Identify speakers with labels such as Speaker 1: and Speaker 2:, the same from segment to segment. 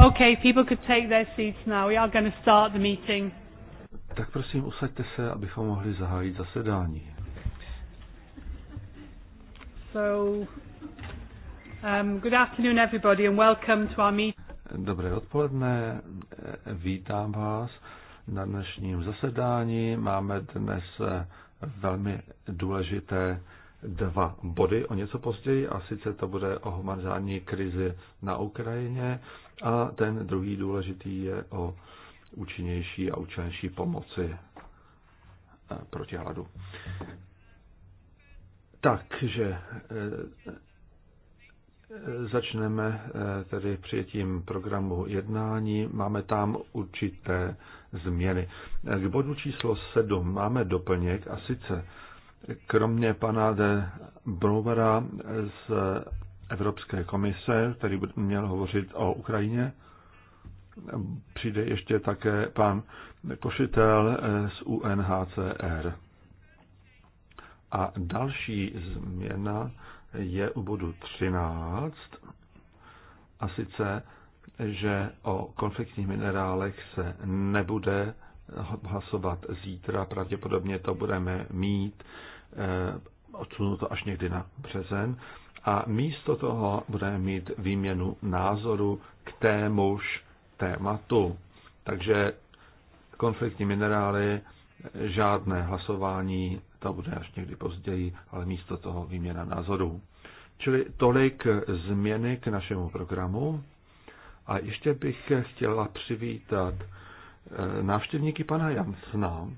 Speaker 1: Okay, people could take their seats now. We are going to start the meeting.
Speaker 2: Tak prosím, usaďte se, abychom mohli zahájit zasedání.
Speaker 1: So, um, good afternoon everybody and welcome to our meeting.
Speaker 2: Dobré odpoledne, vítám vás na dnešním zasedání. Máme dnes velmi důležité dva body o něco později, a sice to bude o humanitární krizi na Ukrajině a ten druhý důležitý je o účinnější a účinnější pomoci e, proti hladu. Takže e, e, začneme tedy přijetím programu jednání. Máme tam určité změny. K bodu číslo 7 máme doplněk a sice kromě pana de Brovera z Evropské komise, který by měl hovořit o Ukrajině. Přijde ještě také pan Košitel eh, z UNHCR. A další změna je u bodu 13, a sice, že o konfliktních minerálech se nebude hlasovat zítra, pravděpodobně to budeme mít eh, odsunuto až někdy na březen a místo toho budeme mít výměnu názoru k témuž tématu. Takže konfliktní minerály, žádné hlasování, to bude až někdy později, ale místo toho výměna názorů. Čili tolik změny k našemu programu. A ještě bych chtěla přivítat eh, návštěvníky pana Jansna,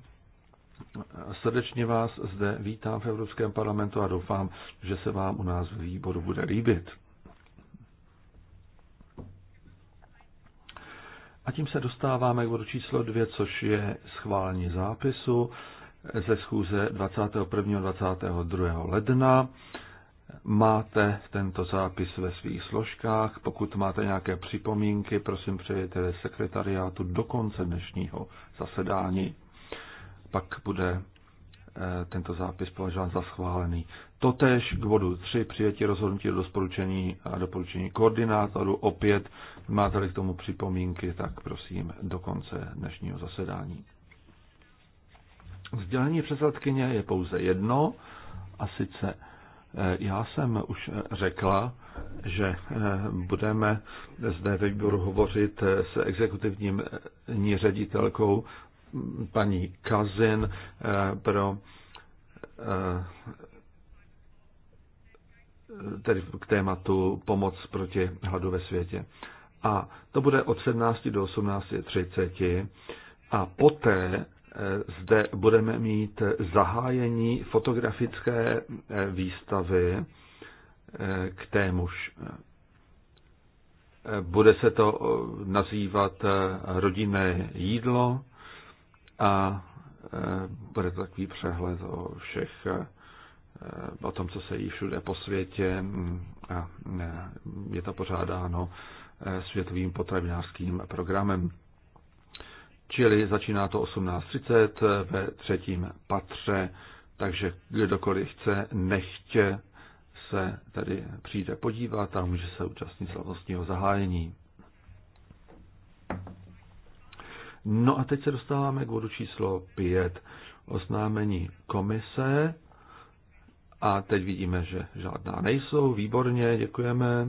Speaker 2: Srdečně vás zde vítám v Evropském parlamentu a doufám, že se vám u nás v výboru bude líbit. A tím se dostáváme k bodu číslo dvě, což je schválení zápisu ze schůze 21. a 22. ledna. Máte tento zápis ve svých složkách. Pokud máte nějaké připomínky, prosím přejete sekretariátu do konce dnešního zasedání pak bude eh, tento zápis považován za schválený. Totež k bodu 3 přijetí rozhodnutí do doporučení a doporučení koordinátoru. Opět máte-li k tomu připomínky, tak prosím do konce dnešního zasedání. Vzdělení předsedkyně je pouze jedno, a sice eh, já jsem už řekla, že eh, budeme zde ve výboru hovořit s exekutivním ředitelkou paní Kazin eh, pro eh, tedy k tématu pomoc proti hladu ve světě. A to bude od 17 do 18.30 a poté eh, zde budeme mít zahájení fotografické výstavy k témuž. Bude se to nazývat rodinné jídlo a eh, bude to takový přehled o všech, eh, o tom, co se jí všude po světě mm, a je to pořádáno eh, světovým potravinářským programem. Čili začíná to 18.30 ve třetím patře, takže kdokoliv chce, nechtě se tady přijde podívat a může se účastnit slavnostního zahájení. No a teď se dostáváme k bodu číslo 5. Oznámení komise. A teď vidíme, že žádná nejsou. Výborně, děkujeme.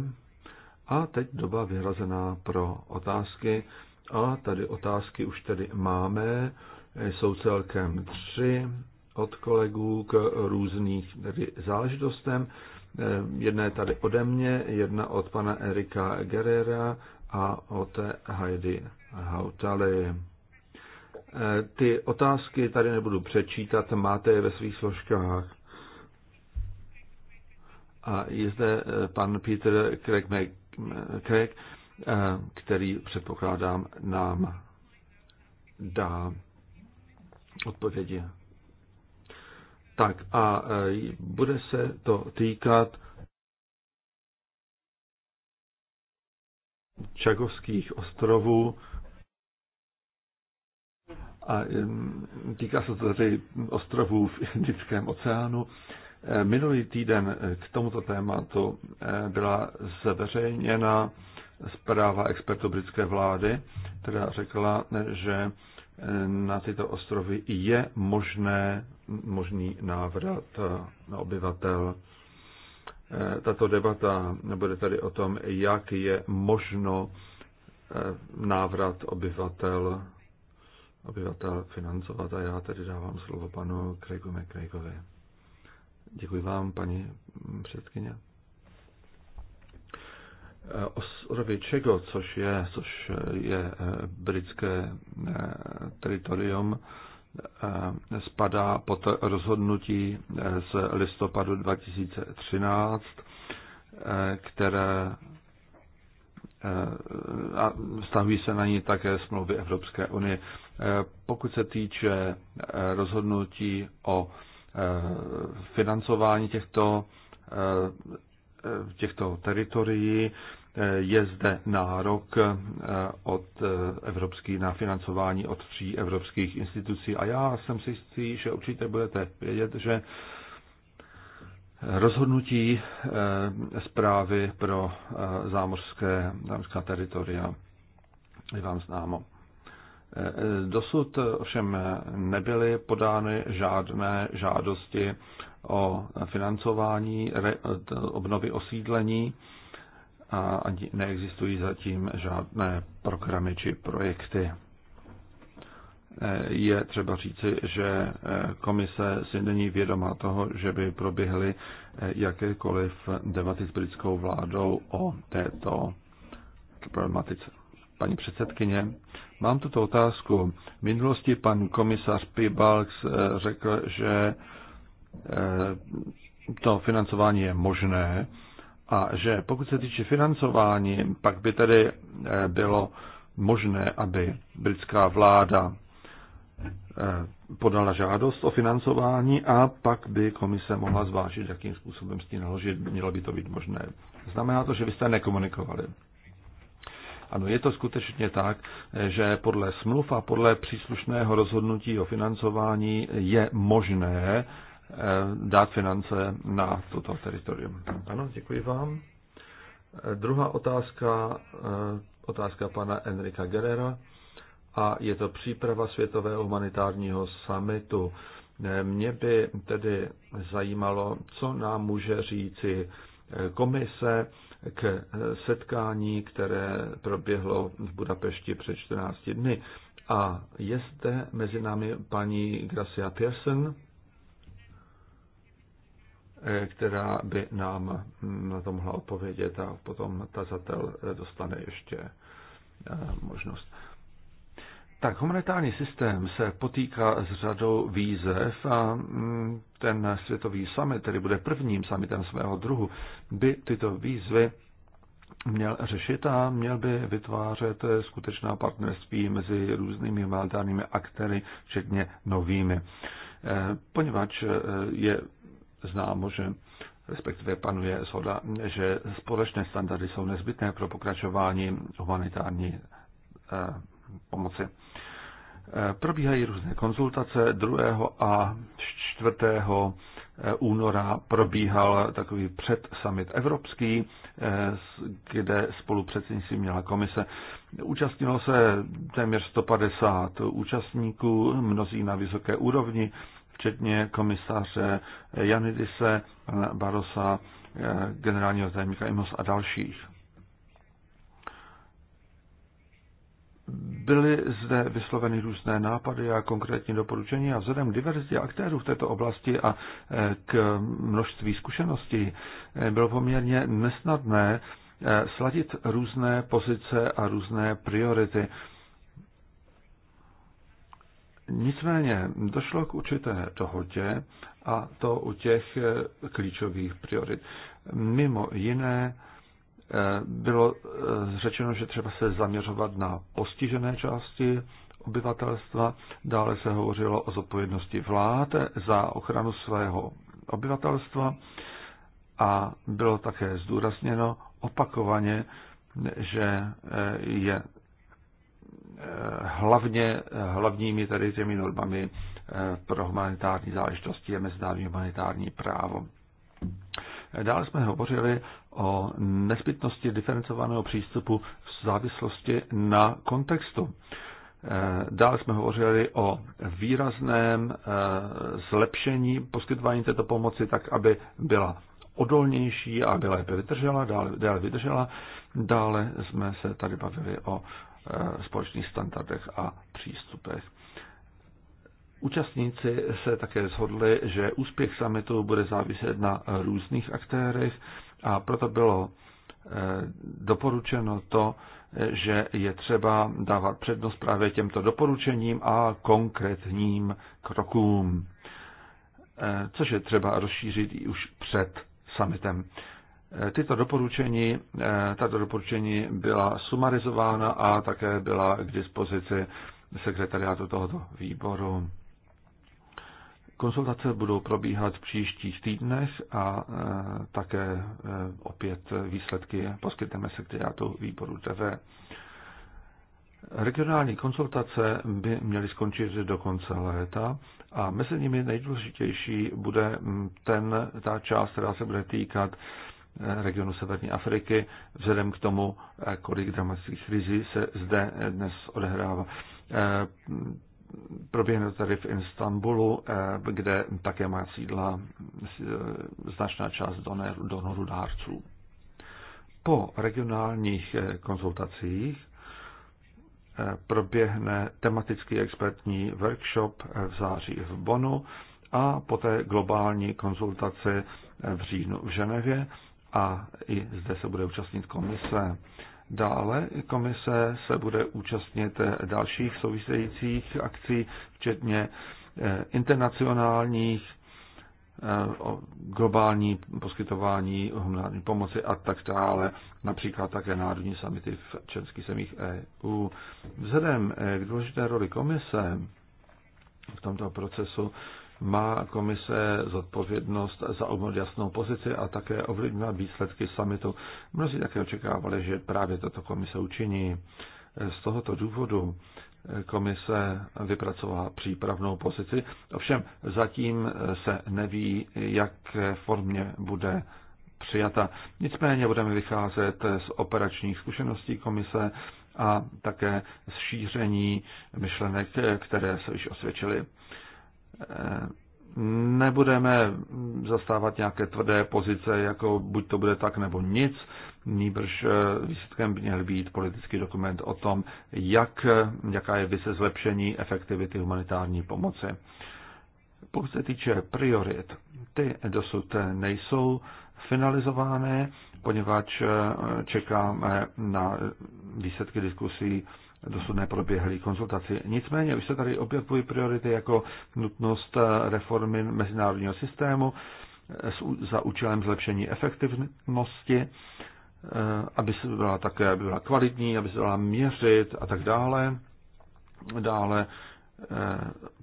Speaker 2: A teď doba vyhrazená pro otázky. A tady otázky už tedy máme. Jsou celkem tři od kolegů k různých tedy záležitostem. Jedna je tady ode mě, jedna od pana Erika Gerera a od Heidi Hautali. Eh, ty otázky tady nebudu přečítat, máte je ve svých složkách. A je zde eh, pan Peter Craig, Craig eh, který předpokládám nám dá odpovědi. Tak a bude se to týkat Čagovských ostrovů a týká se to tedy ostrovů v Indickém oceánu. E, minulý týden e, k tomuto tématu e, byla zveřejněna zpráva expertů britské vlády, která řekla, že na tyto ostrovy je možné, možný návrat na obyvatel. Tato debata bude tady o tom, jak je možno návrat obyvatel obyvatel financovat. A já tedy dávám slovo panu Craigu McCraigovi. Děkuji vám, paní předkyně. Eh, Ostrovy Čego, což je, což je eh, britské eh, teritorium, spadá pod rozhodnutí z listopadu 2013, které a staví se na ní také smlouvy Evropské unie. Pokud se týče eh, rozhodnutí o eh, financování těchto, eh, těchto teritorií, je zde nárok od evropský na financování od tří evropských institucí. A já jsem si jistý, že určitě budete vědět, že rozhodnutí zprávy pro zámořské, zámořská teritoria je vám známo. Dosud ovšem nebyly podány žádné žádosti o financování obnovy osídlení a neexistují zatím žádné programy či projekty. Je třeba říci, že komise si není vědoma toho, že by proběhly jakékoliv debaty s britskou vládou o této problematice. Paní předsedkyně, mám tuto otázku. V minulosti pan komisař Pibalks eh, řekl, že eh, to financování je možné a že pokud se týče financování, pak by tedy eh, bylo možné, aby britská vláda podala žádost o financování a pak by komise mohla zvážit, jakým způsobem s tím naložit. Mělo by to být možné. Znamená to, že vy jste nekomunikovali. Ano, je to skutečně tak, že podle smluv a podle příslušného rozhodnutí o financování je možné eh, dát finance na toto teritorium. Ano, děkuji vám. Eh, druhá otázka, eh, otázka pana Enrika Gerera a je to příprava Světového humanitárního summitu. Mě by tedy zajímalo, co nám může říci komise, k eh, setkání, které proběhlo v Budapešti před 14 dny. A je zde mezi námi paní Gracia Pearson, eh, která by nám hm, na to mohla odpovědět a potom tazatel eh, dostane ještě možnost. Tak humanitární systém se potýká s řadou výzev a mm, ten světový summit, který bude prvním summitem svého druhu, by tyto výzvy měl řešit a měl by vytvářet skutečná partnerství mezi různými humanitárními aktéry, včetně novými. E, poněvadž e, je známo, že respektive panuje shoda, že společné standardy jsou nezbytné pro pokračování humanitární e, pomoci. Probíhají různé konzultace. 2. a 4. Eh, února probíhal takový předsummit evropský, eh, kde spolu předsednictví měla komise. Účastnilo se téměř 150 účastníků, mnozí na vysoké úrovni, včetně komisaře Janidise, Barosa, eh, generálního tajemníka Imos a dalších. Byly zde vysloveny různé nápady a konkrétní doporučení a vzhledem k diverzitě aktérů v této oblasti a eh, k množství zkušeností eh, bylo poměrně nesnadné eh, sladit různé pozice a různé priority. Nicméně došlo k určité dohodě a to u těch klíčových priorit. Mimo jiné Eh, bylo eh, řečeno, že třeba se zaměřovat na postižené části obyvatelstva. Dále se hovořilo o zodpovědnosti vlád za ochranu svého obyvatelstva a bylo také zdůrazněno opakovaně, že eh, je hlavně, hlavními tady těmi normami pro humanitární záležitosti je mezinárodní humanitární právo. Dále jsme hovořili o nezbytnosti diferencovaného přístupu v závislosti na kontextu. Eh, dále jsme hovořili o výrazném eh, zlepšení poskytování této pomoci tak, aby byla odolnější a aby lépe vydržela, dále, dále vydržela. Dále jsme se tady bavili o eh, společných standardech a přístupech. Účastníci se také shodli, že úspěch summitu bude záviset na různých aktérech, a proto bylo eh, doporučeno to, eh, že je třeba dávat přednost právě těmto doporučením a konkrétním krokům, eh, což je třeba rozšířit i už před summitem. Tyto doporučení, tato doporučení byla sumarizována a také byla k dispozici sekretariátu tohoto výboru. Konzultace budou probíhat v příštích týdnech a e, také e, opět výsledky poskytneme sekretariátu výboru TV. Regionální konzultace by měly skončit do konce léta a mezi nimi nejdůležitější bude ten, ta část, která se bude týkat e, regionu Severní Afriky, vzhledem k tomu, kolik dramatických krizí se zde dnes odehrává proběhne tady v Istanbulu, eh, kde také má sídla eh, značná část donorů dárců. Po regionálních eh, konzultacích proběhne tematický expertní workshop v září v Bonu a poté globální konzultace v říjnu v Ženevě a i zde se bude účastnit komise. Dále komise se bude účastnit dalších souvisejících akcí, včetně eh, internacionálních, eh, globální poskytování humanitární pomoci a tak dále, například také národní samity v členských zemích EU. Vzhledem eh, k důležité roli komise v tomto procesu má komise zodpovědnost za jasnou pozici a také ovlivňovat výsledky summitu. Mnozí také očekávali, že právě toto komise učiní. Z tohoto důvodu komise vypracovala přípravnou pozici. Ovšem zatím se neví, jak formě bude přijata. Nicméně budeme vycházet z operačních zkušeností komise a také z šíření myšlenek, které se již osvědčily nebudeme zastávat nějaké tvrdé pozice, jako buď to bude tak nebo nic, nýbrž eh, výsledkem měl být politický dokument o tom, jak, jaká je vyse zlepšení efektivity humanitární pomoci. Pokud se týče priorit, ty dosud nejsou finalizované, poněvadž eh, čekáme na výsledky diskusí dosud neproběhly konzultaci. Nicméně už se tady objevují priority jako nutnost reformy mezinárodního systému za účelem zlepšení efektivnosti, eh, aby se byla také aby byla kvalitní, aby se byla měřit a tak dále. Dále eh,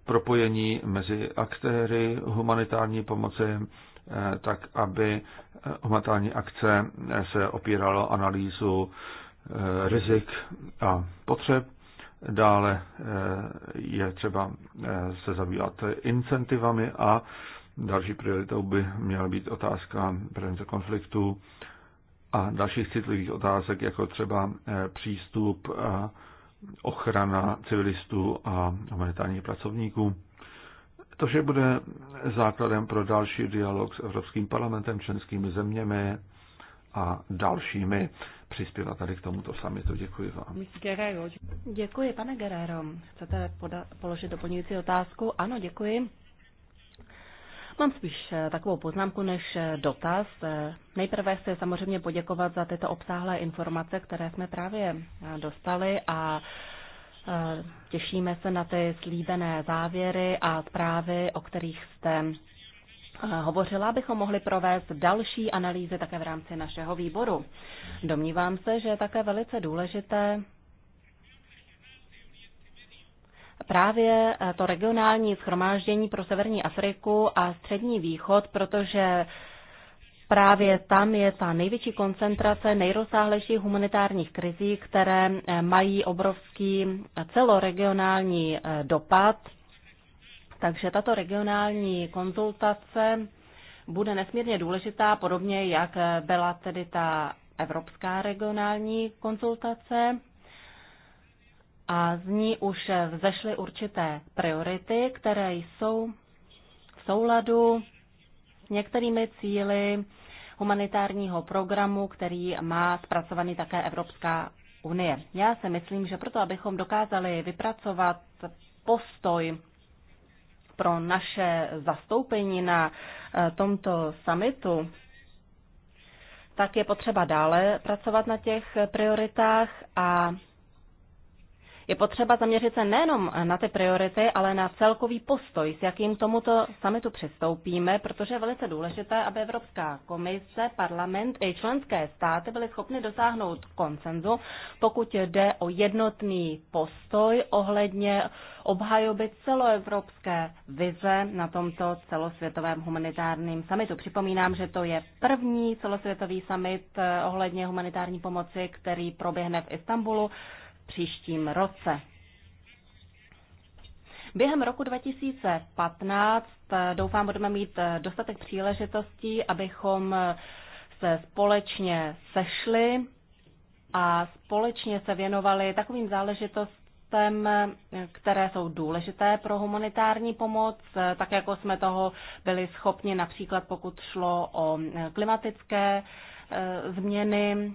Speaker 2: propojení mezi aktéry humanitární pomoci, eh, tak aby humanitární akce se opíralo analýzu Eh, rizik a potřeb. Dále eh, je třeba eh, se zabývat incentivami a další prioritou by měla být otázka prevence konfliktu a dalších citlivých otázek, jako třeba přístup a ochrana civilistů a humanitárních pracovníků. To, že bude základem pro další dialog s Evropským parlamentem, členskými zeměmi, a dalšími přispěvateli k tomuto samitu. Děkuji vám.
Speaker 3: Děkuji, pane Guerrero. Chcete poda- položit doplňující otázku? Ano, děkuji. Mám spíš eh, takovou poznámku než eh, dotaz. Eh, nejprve chci samozřejmě poděkovat za tyto obsáhlé informace, které jsme právě dostali a těšíme se na ty slíbené závěry a zprávy, o kterých jste Eh, hovořila, abychom mohli provést další analýzy také v rámci našeho výboru. Domnívám se, že je také velice důležité právě eh, to regionální schromáždění pro severní Afriku a střední východ, protože právě tam je ta největší koncentrace nejrozsáhlejších humanitárních krizí, které eh, mají obrovský celoregionální dopad takže tato regionální konzultace bude nesmírně důležitá, podobně jak byla tedy ta evropská regionální konzultace a z ní už vzešly určité priority, které jsou v souladu s některými cíly humanitárního programu, který má zpracovaný také Evropská unie. Já si myslím, že proto, abychom dokázali vypracovat postoj pro naše zastoupení na eh, tomto summitu, tak je potřeba dále pracovat na těch prioritách a je potřeba zaměřit se nejenom na ty priority, ale na celkový postoj, s jakým tomuto samitu přistoupíme, protože je velice důležité, aby Evropská komise, parlament i členské státy byly schopny dosáhnout koncenzu, pokud jde o jednotný postoj ohledně obhajoby celoevropské vize na tomto celosvětovém humanitárním samitu. Připomínám, že to je první celosvětový summit eh, ohledně humanitární pomoci, který proběhne v Istanbulu příštím roce. Během roku 2015 eh, doufám budeme mít eh, dostatek příležitostí, abychom eh, se společně sešli a společně se věnovali takovým záležitostem, které jsou důležité pro humanitární pomoc, tak jako jsme toho byli schopni například pokud šlo o klimatické změny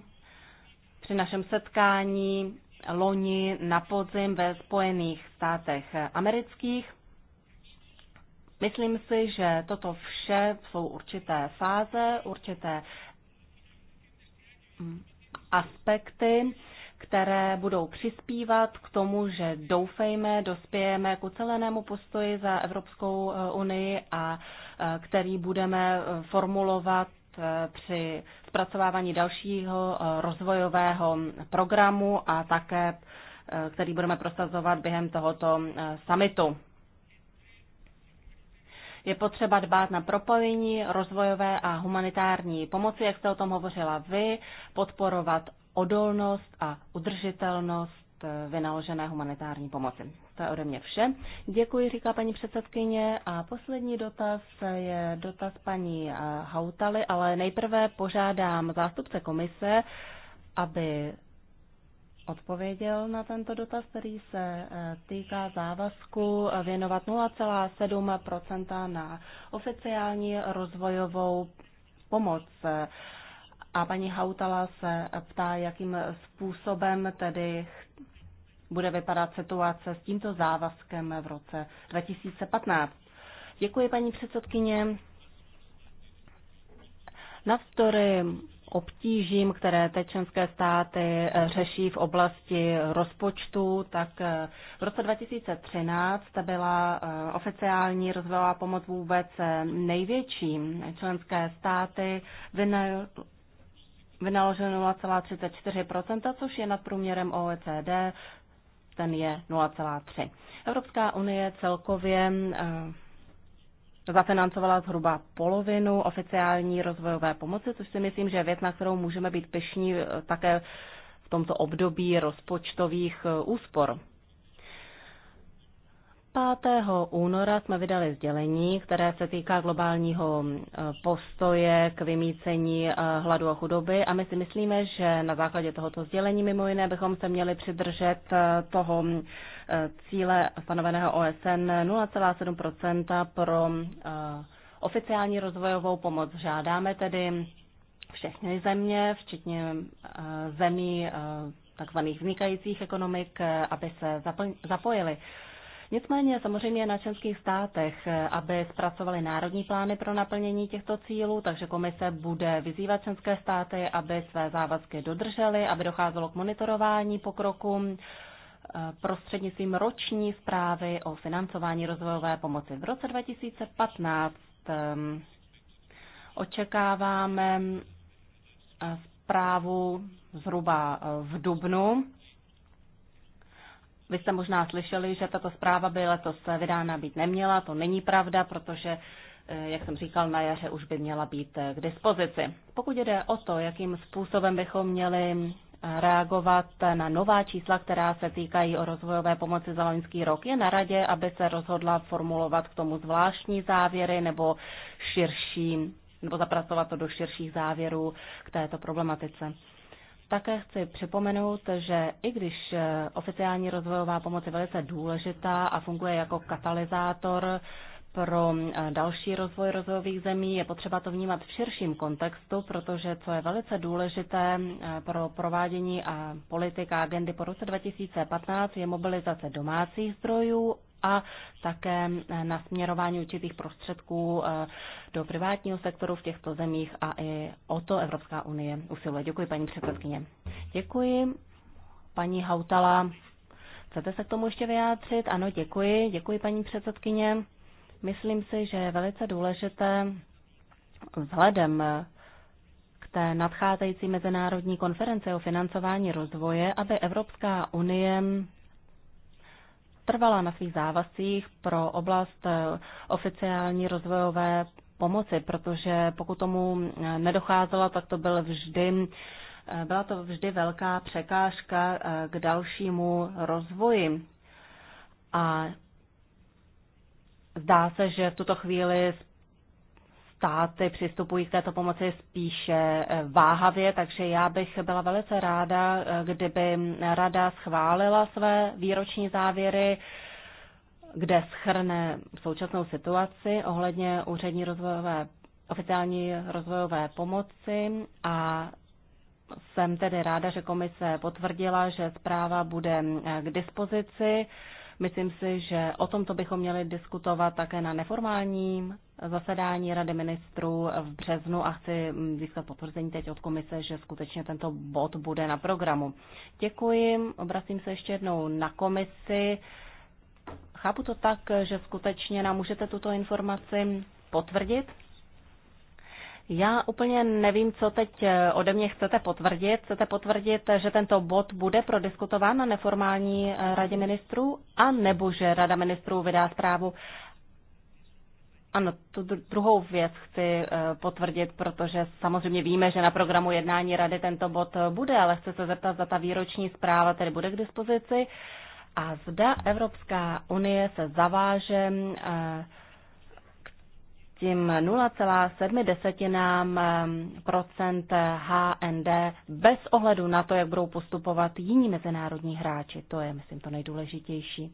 Speaker 3: při našem setkání loni na podzim ve Spojených státech amerických. Myslím si, že toto vše jsou určité fáze, určité aspekty, které budou přispívat k tomu, že doufejme, dospějeme k ucelenému postoji za Evropskou eh, unii a eh, který budeme eh, formulovat E, při zpracovávání dalšího e, rozvojového programu a také, e, který budeme prosazovat během tohoto summitu. Je potřeba dbát na propojení rozvojové a humanitární pomoci, jak jste o tom hovořila vy, podporovat odolnost a udržitelnost vynaložené humanitární pomoci. To je ode mě vše. Děkuji, říká paní předsedkyně. A poslední dotaz je dotaz paní eh, Hautaly, ale nejprve požádám zástupce komise, aby odpověděl na tento dotaz, který se eh, týká závazku věnovat 0,7 na oficiální rozvojovou pomoc. A paní Hautala se ptá, jakým způsobem tedy bude vypadat situace s tímto závazkem v roce 2015. Děkuji, paní předsedkyně. Navzdory obtížím, které teď členské státy eh, řeší v oblasti rozpočtu, tak eh, v roce 2013 byla eh, oficiální rozvojová pomoc vůbec největší. Členské státy vynaložily 0,34%, což je nad průměrem OECD, ten je 0,3. Evropská unie celkově eh, zafinancovala zhruba polovinu oficiální rozvojové pomoci, což si myslím, že je věc, na kterou můžeme být pyšní eh, také v tomto období rozpočtových eh, úspor. 5. února jsme vydali sdělení, které se týká globálního eh, postoje k vymícení eh, hladu a chudoby a my si myslíme, že na základě tohoto sdělení mimo jiné bychom se měli přidržet eh, toho cíle stanoveného OSN 0,7 pro oficiální rozvojovou pomoc. Žádáme tedy všechny země, včetně zemí takzvaných vznikajících ekonomik, aby se zapojili. Nicméně samozřejmě na členských státech, aby zpracovali národní plány pro naplnění těchto cílů, takže komise bude vyzývat členské státy, aby své závazky dodržely, aby docházelo k monitorování pokroku eh, prostřednictvím roční zprávy o financování rozvojové pomoci. V roce 2015 eh, očekáváme eh, zprávu zhruba v dubnu vy jste možná slyšeli, že tato zpráva by letos vydána být neměla. To není pravda, protože, eh, jak jsem říkal, na jaře už by měla být eh, k dispozici. Pokud jde o to, jakým způsobem bychom měli eh, reagovat na nová čísla, která se týkají o rozvojové pomoci za loňský rok, je na radě, aby se rozhodla formulovat k tomu zvláštní závěry nebo širší nebo zapracovat to do širších závěrů k této problematice. Také chci připomenout, že i když eh, oficiální rozvojová pomoc je velice důležitá a funguje jako katalyzátor pro eh, další rozvoj rozvojových zemí, je potřeba to vnímat v širším kontextu, protože co je velice důležité eh, pro provádění a politika agendy po roce 2015 je mobilizace domácích zdrojů a také eh, na směrování určitých prostředků eh, do privátního sektoru v těchto zemích a i o to Evropská unie usiluje. Děkuji, paní předsedkyně. Děkuji. Paní Hautala, chcete se k tomu ještě vyjádřit? Ano, děkuji. Děkuji, paní předsedkyně. Myslím si, že je velice důležité vzhledem té nadcházející mezinárodní konferenci o financování rozvoje, aby Evropská unie trvala na svých závazcích pro oblast eh, oficiální rozvojové pomoci, protože pokud tomu eh, nedocházelo, tak to byl vždy eh, byla to vždy velká překážka k dalšímu rozvoji. A zdá se, že v tuto chvíli státy přistupují k této pomoci spíše eh, váhavě, takže já bych byla velice ráda, eh, kdyby rada schválila své výroční závěry, kde schrne současnou situaci ohledně úřední rozvojové, oficiální rozvojové pomoci a jsem tedy ráda, že komise potvrdila, že zpráva bude eh, k dispozici Myslím si, že o tomto bychom měli diskutovat také na neformálním zasedání Rady ministrů v březnu a chci mm, získat potvrzení teď od komise, že skutečně tento bod bude na programu. Děkuji, obracím se ještě jednou na komisi. Chápu to tak, že skutečně nám můžete tuto informaci potvrdit? Já úplně nevím, co teď eh, ode mě chcete potvrdit. Chcete potvrdit, že tento bod bude prodiskutován na neformální eh, radě ministrů, a nebo že rada ministrů vydá zprávu? Ano, tu druhou věc chci eh, potvrdit, protože samozřejmě víme, že na programu jednání rady tento bod bude, ale chci se zeptat, za ta výroční zpráva tedy bude k dispozici a zda Evropská unie se zaváže tím 0,7 HND bez ohledu na to, jak budou postupovat jiní mezinárodní hráči. To je, myslím, to nejdůležitější.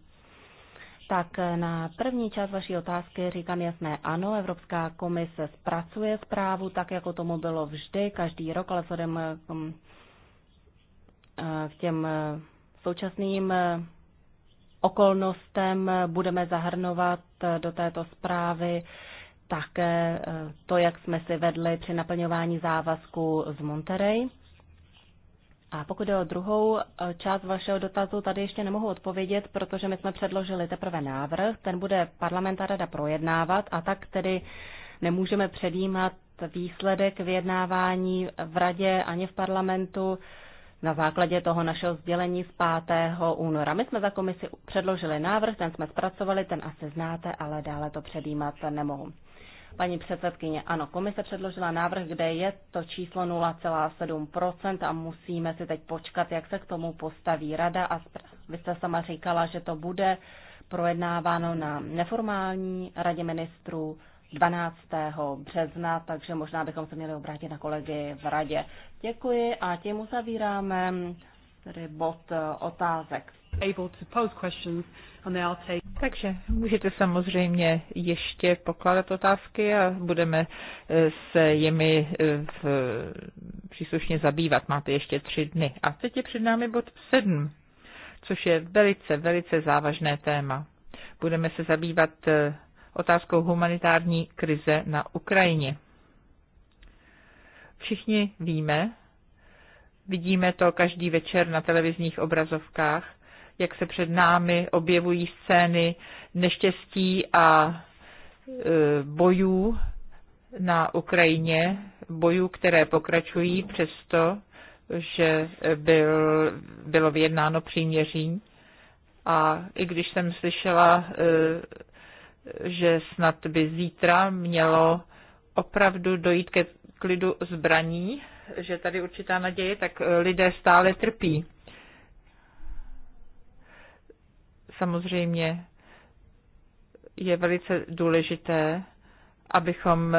Speaker 3: Tak na první část vaší otázky říkám jasné ano, Evropská komise zpracuje zprávu tak, jako tomu bylo vždy, každý rok, ale vzhledem k těm současným okolnostem budeme zahrnovat do této zprávy také eh, to, jak jsme si vedli při naplňování závazku z Monterey. A pokud je o druhou eh, část vašeho dotazu, tady ještě nemohu odpovědět, protože my jsme předložili teprve návrh, ten bude parlament a rada projednávat a tak tedy nemůžeme předjímat výsledek vyjednávání v radě ani v parlamentu na základě toho našeho sdělení z 5. února. My jsme za komisi předložili návrh, ten jsme zpracovali, ten asi znáte, ale dále to předjímat nemohu. Paní předsedkyně, ano, komise předložila návrh, kde je to číslo 0,7% a musíme si teď počkat, jak se k tomu postaví rada a vy jste sama říkala, že to bude projednáváno na neformální radě ministrů 12. března, takže možná bychom se měli obrátit na kolegy v radě. Děkuji a tím uzavíráme tedy
Speaker 1: bod eh, otázek. Takže můžete samozřejmě ještě pokládat otázky a budeme eh, se jimi eh, v, příslušně zabývat. Máte ještě tři dny. A teď je před námi bod sedm, což je velice, velice závažné téma. Budeme se zabývat eh, otázkou humanitární krize na Ukrajině. Všichni víme, vidíme to každý večer na televizních obrazovkách, jak se před námi objevují scény neštěstí a e, bojů na Ukrajině, bojů, které pokračují přesto, že byl, bylo vyjednáno příměří. A i když jsem slyšela, e, že snad by zítra mělo opravdu dojít ke klidu zbraní, že tady určitá naděje, tak lidé stále trpí. samozřejmě je velice důležité, abychom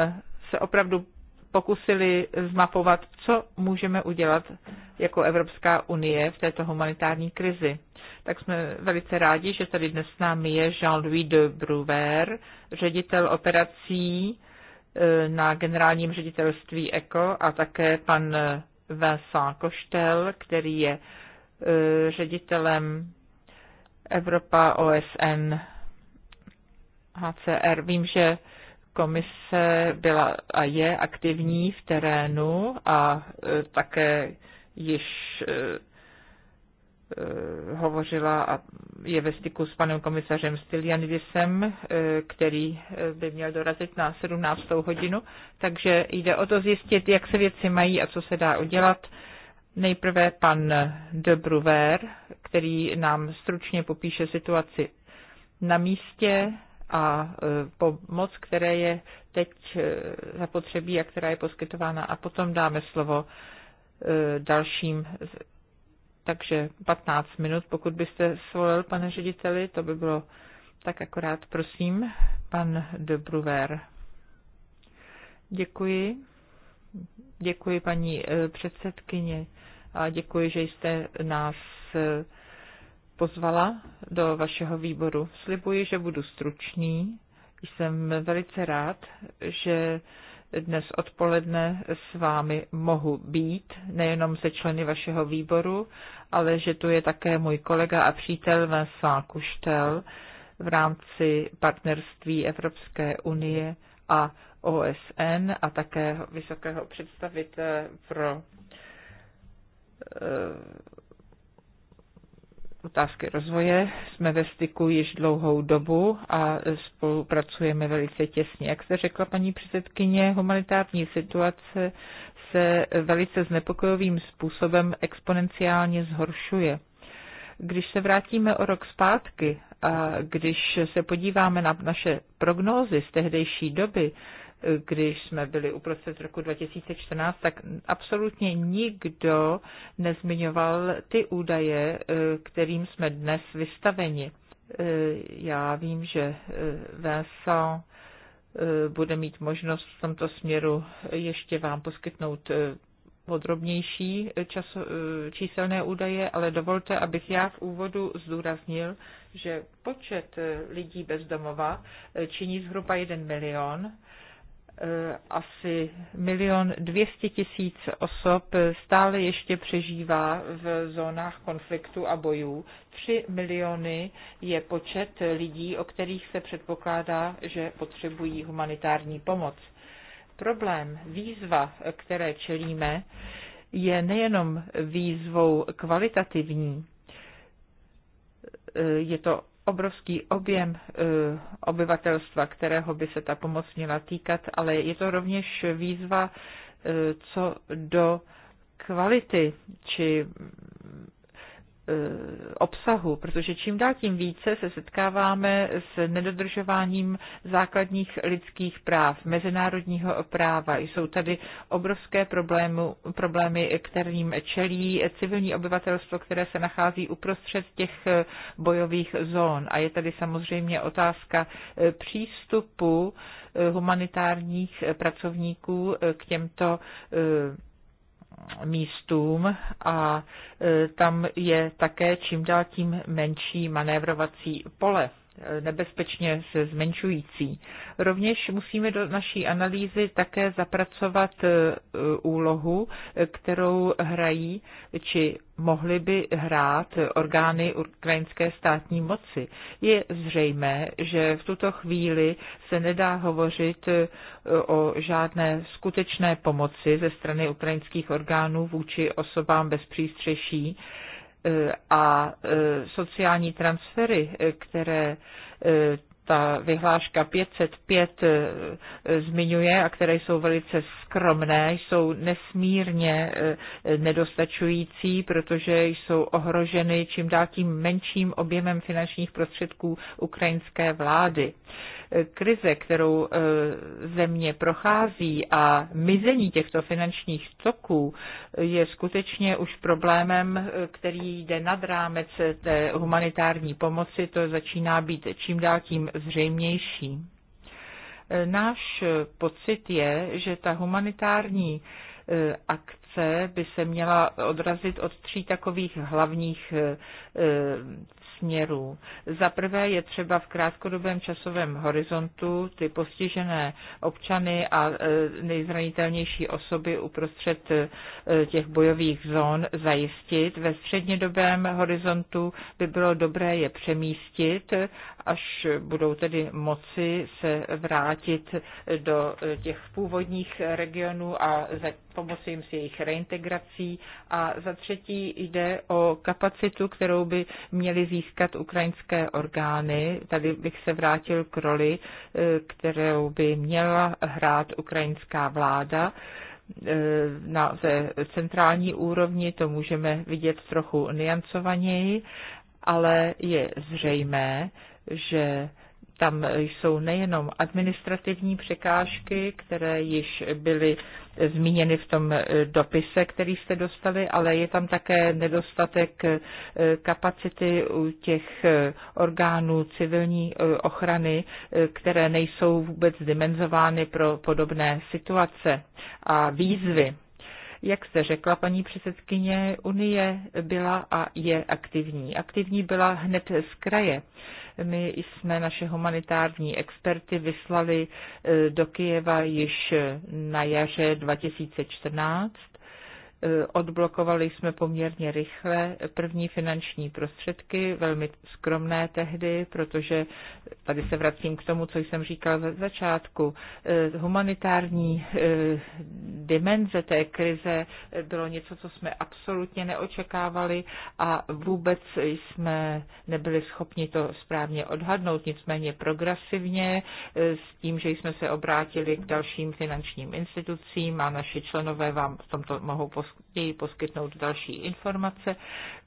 Speaker 1: se opravdu pokusili zmapovat, co můžeme udělat jako Evropská unie v této humanitární krizi. Tak jsme velice rádi, že tady dnes s námi je Jean-Louis de Bruver, ředitel operací e, na generálním ředitelství ECO a také pan Vincent Koštel, který je e, ředitelem Evropa, OSN, HCR. Vím, že komise byla a je aktivní v terénu a e, také již e, e, hovořila a je ve styku s panem komisařem Stylianidisem, který by měl dorazit na 17. hodinu. Takže jde o to zjistit, jak se věci mají a co se dá udělat Nejprve pan de Bruver, který nám stručně popíše situaci na místě a e, pomoc, které je teď e, zapotřebí a která je poskytována. A potom dáme slovo e, dalším. Takže 15 minut, pokud byste svolil, pane řediteli, to by bylo tak akorát, prosím, pan de Bruver. Děkuji. Děkuji, paní eh, předsedkyně, a děkuji, že jste nás eh, pozvala do vašeho výboru. Slibuji, že budu stručný. Jsem velice rád, že dnes odpoledne s vámi mohu být, nejenom se členy vašeho výboru, ale že tu je také můj kolega a přítel Vincent Kuštel v rámci partnerství Evropské unie a OSN a také vysokého představitele pro eh, otázky rozvoje. Jsme ve styku již dlouhou dobu a spolupracujeme velice těsně. Jak se řekla paní předsedkyně, humanitární situace se velice znepokojovým způsobem exponenciálně zhoršuje. Když se vrátíme o rok zpátky a když se podíváme na naše prognózy z tehdejší doby, když jsme byli uprostřed roku 2014, tak absolutně nikdo nezmiňoval ty údaje, eh, kterým jsme dnes vystaveni. Eh, já vím, že eh, Vincent bude mít možnost v tomto směru ještě vám poskytnout podrobnější čas, číselné údaje, ale dovolte, abych já v úvodu zdůraznil, že počet lidí bez domova činí zhruba 1 milion Eh, asi milion dvěstě tisíc osob stále ještě přežívá v zónách konfliktu a bojů. Tři miliony je počet lidí, o kterých se předpokládá, že potřebují humanitární pomoc. Problém, výzva, které čelíme, je nejenom výzvou kvalitativní, eh, je to obrovský objem eh, obyvatelstva, kterého by se ta pomoc měla týkat, ale je to rovněž výzva eh, co do kvality či Eh, obsahu, protože čím dál tím více se setkáváme s nedodržováním základních lidských práv, mezinárodního práva. Jsou tady obrovské problémy, problémy, kterým čelí civilní obyvatelstvo, které se nachází uprostřed těch eh, bojových zón. A je tady samozřejmě otázka eh, přístupu humanitárních pracovníků k těmto místům a e, tam je také čím dál tím menší manévrovací pole nebezpečně se zmenšující. Rovněž musíme do naší analýzy také zapracovat e, úlohu, kterou hrají či mohly by hrát orgány ukrajinské státní moci. Je zřejmé, že v tuto chvíli se nedá hovořit e, o žádné skutečné pomoci ze strany ukrajinských orgánů vůči osobám bez přístřeší, a e, sociální transfery, e, které e, ta vyhláška 505 zmiňuje a které jsou velice skromné, jsou nesmírně nedostačující, protože jsou ohroženy čím dál tím menším objemem finančních prostředků ukrajinské vlády krize, kterou eh, země prochází a mizení těchto finančních toků je skutečně už problémem, který jde nad rámec té humanitární pomoci, to začíná být čím dál tím zřejmější. Eh, náš pocit je, že ta humanitární eh, akce práce by se měla odrazit od tří takových hlavních e, e, směrů. Za prvé je třeba v krátkodobém časovém horizontu ty postižené občany a e, nejzranitelnější osoby uprostřed těch bojových zón zajistit. Ve střednědobém horizontu by bylo dobré je přemístit až budou tedy moci se vrátit do těch původních regionů a za, pomoci jim s jejich reintegrací. A za třetí jde o kapacitu, kterou by měly získat ukrajinské orgány. Tady bych se vrátil k roli, eh, kterou by měla hrát ukrajinská vláda eh, na centrální úrovni to můžeme vidět trochu niancovaněji, ale je zřejmé, že tam jsou nejenom administrativní překážky, které již byly zmíněny v tom dopise, který jste dostali, ale je tam také nedostatek eh, kapacity u těch eh, orgánů civilní eh, ochrany, které nejsou vůbec dimenzovány pro podobné situace a výzvy. Jak jste řekla, paní předsedkyně, Unie byla a je aktivní. Aktivní byla hned z kraje. My jsme naše humanitární experty vyslali eh, do Kyjeva již na jaře 2014 Eh, odblokovali jsme poměrně rychle první finanční prostředky, velmi skromné tehdy, protože tady se vracím k tomu, co jsem říkal ze začátku. Eh, humanitární eh, dimenze té krize bylo něco, co jsme absolutně neočekávali a vůbec jsme nebyli schopni to správně odhadnout, nicméně progresivně s tím, že jsme se obrátili k dalším finančním institucím a naši členové vám v tomto mohou poskytnout později poskytnout další informace.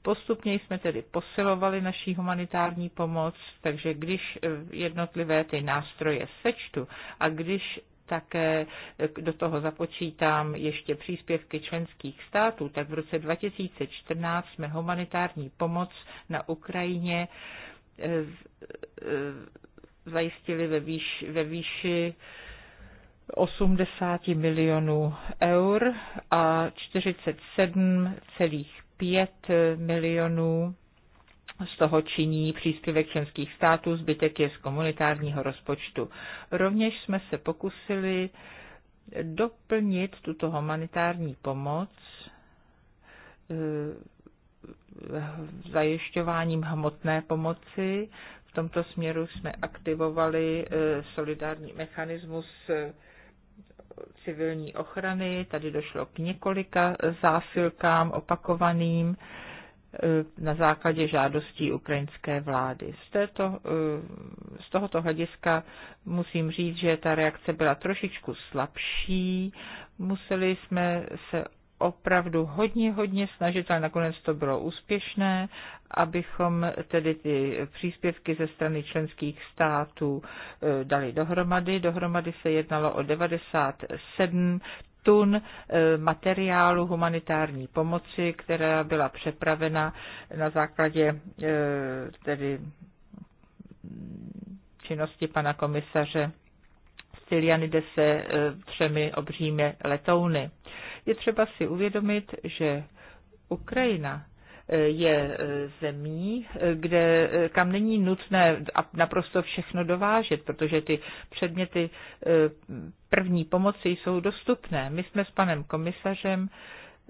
Speaker 1: Postupně jsme tedy posilovali naší humanitární pomoc, takže když eh, jednotlivé ty nástroje sečtu a když také eh, do toho započítám ještě příspěvky členských států, tak v roce 2014 jsme humanitární pomoc na Ukrajině eh, zajistili ve, výši, ve výši 80 milionů eur a 47,5 milionů z toho činí příspěvek členských států, zbytek je z komunitárního rozpočtu. Rovněž jsme se pokusili doplnit tuto humanitární pomoc eh, zajišťováním hmotné pomoci. V tomto směru jsme aktivovali eh, solidární mechanismus eh, civilní ochrany. Tady došlo k několika zásilkám opakovaným eh, na základě žádostí ukrajinské vlády. Z, této, eh, z tohoto hlediska musím říct, že ta reakce byla trošičku slabší. Museli jsme se opravdu hodně, hodně snažit, ale nakonec to bylo úspěšné, abychom tedy ty příspěvky ze strany členských států e, dali dohromady. Dohromady se jednalo o 97 tun e, materiálu humanitární pomoci, která byla přepravena na základě e, tedy činnosti pana komisaře Stylianidese třemi obřími letouny. Je třeba si uvědomit, že Ukrajina eh, je eh, zemí, eh, kde, kam není nutné naprosto všechno dovážet, protože ty předměty první pomoci jsou dostupné. My jsme s panem komisařem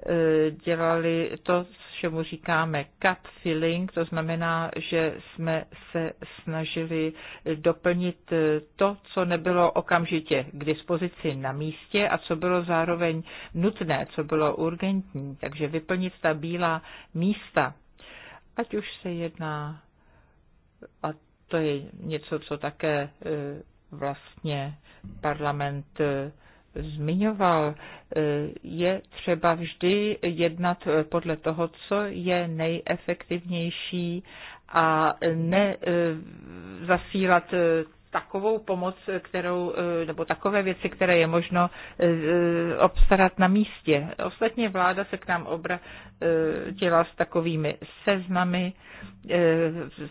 Speaker 1: Eh, dělali to, mu říkáme cut filling, to znamená, že jsme se snažili doplnit eh, to, co nebylo okamžitě k dispozici na místě a co bylo zároveň nutné, co bylo urgentní. Takže vyplnit ta bílá místa, ať už se jedná, a to je něco, co také eh, vlastně parlament zmiňoval, e, je třeba vždy jednat podle toho, co je nejefektivnější a ne e, zasílat e, takovou pomoc, kterou, eh, nebo takové věci, které je možno eh, obstarat na místě. Ostatně vláda se k nám obratila eh, s takovými seznamy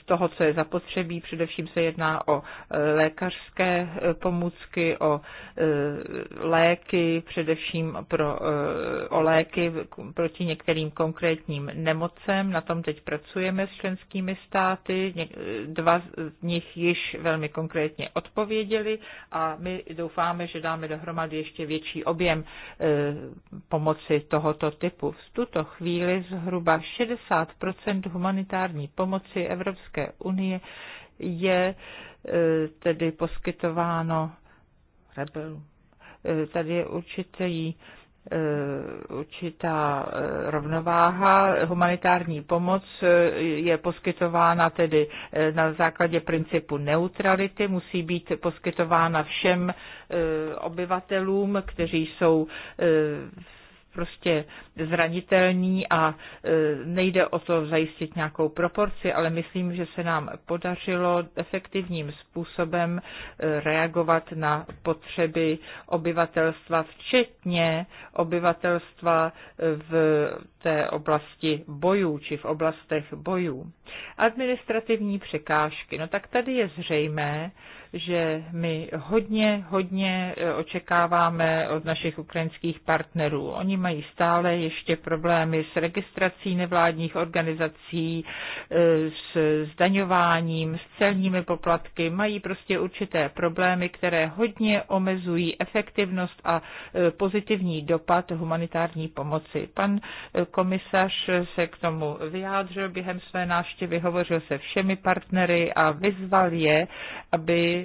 Speaker 1: z toho, co je zapotřebí. Především se jedná o lékařské pomůcky, o léky, především pro, o léky proti některým konkrétním nemocem. Na tom teď pracujeme s členskými státy. Dva z nich již velmi konkrétně konkrétně odpověděli a my doufáme, že dáme dohromady ještě větší objem eh, pomoci tohoto typu. V tuto chvíli zhruba 60 humanitární pomoci Evropské unie je eh, tedy poskytováno rebelům. Eh, tady je určitý Eh, určitá eh, rovnováha. Humanitární pomoc eh, je poskytována tedy na základě principu neutrality, musí být poskytována všem obyvatelům, kteří jsou v prostě zranitelní a e, nejde o to zajistit nějakou proporci, ale myslím, že se nám podařilo efektivním způsobem e, reagovat na potřeby obyvatelstva, včetně obyvatelstva e, v té oblasti bojů či v oblastech bojů. Administrativní překážky. No tak tady je zřejmé, že my hodně, hodně eh, očekáváme od našich ukrajinských partnerů. Oni mají stále ještě problémy s registrací nevládních organizací, eh, s zdaňováním, s celními poplatky, mají prostě určité problémy, které hodně omezují efektivnost a eh, pozitivní dopad humanitární pomoci. Pan komisař se k tomu vyjádřil během své návštěvy, hovořil se všemi partnery a vyzval je, aby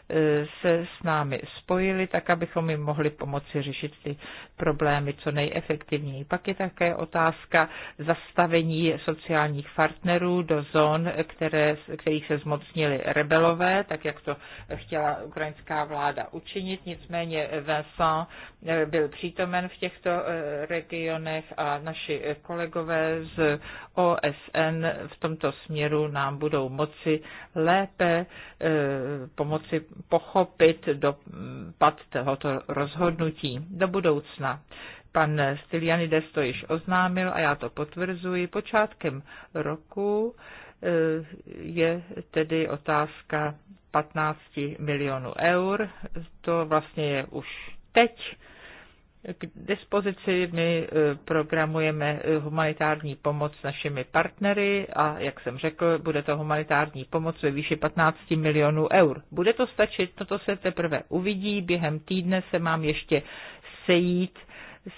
Speaker 1: se s námi spojili, tak abychom jim mohli pomoci řešit ty problémy co nejefektivněji. Pak je také otázka zastavení sociálních partnerů do zón, které, kterých se zmocnili rebelové, tak jak to chtěla ukrajinská vláda učinit. Nicméně Vincent eh, byl přítomen v těchto eh, regionech a naši kolegové z OSN v tomto směru nám budou moci lépe eh, pomoci pochopit dopad tohoto rozhodnutí do budoucna. Pan Stylianides to již oznámil a já to potvrzuji. Počátkem roku eh, je tedy otázka 15 milionů eur. To vlastně je už teď k dispozici. My eh, programujeme eh, humanitární pomoc s našimi partnery a, jak jsem řekl, bude to humanitární pomoc ve výši 15 milionů eur. Bude to stačit? No to se teprve uvidí. Během týdne se mám ještě sejít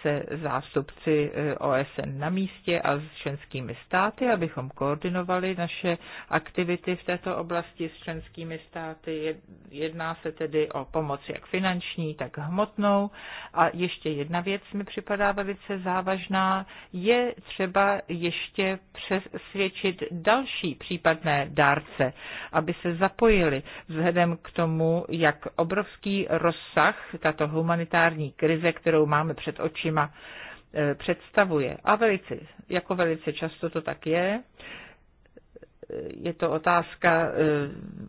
Speaker 1: se zástupci eh, OSN na místě a s členskými státy, abychom koordinovali naše aktivity v této oblasti s členskými státy. Jedná se tedy o pomoc jak finanční, tak hmotnou. A ještě jedna věc mi připadá velice závažná. Je třeba ještě přesvědčit další případné dárce, aby se zapojili vzhledem k tomu, jak obrovský rozsah tato humanitární krize, kterou máme před očí, očima eh, představuje. A velice, jako velice často to tak je, eh, je to otázka eh,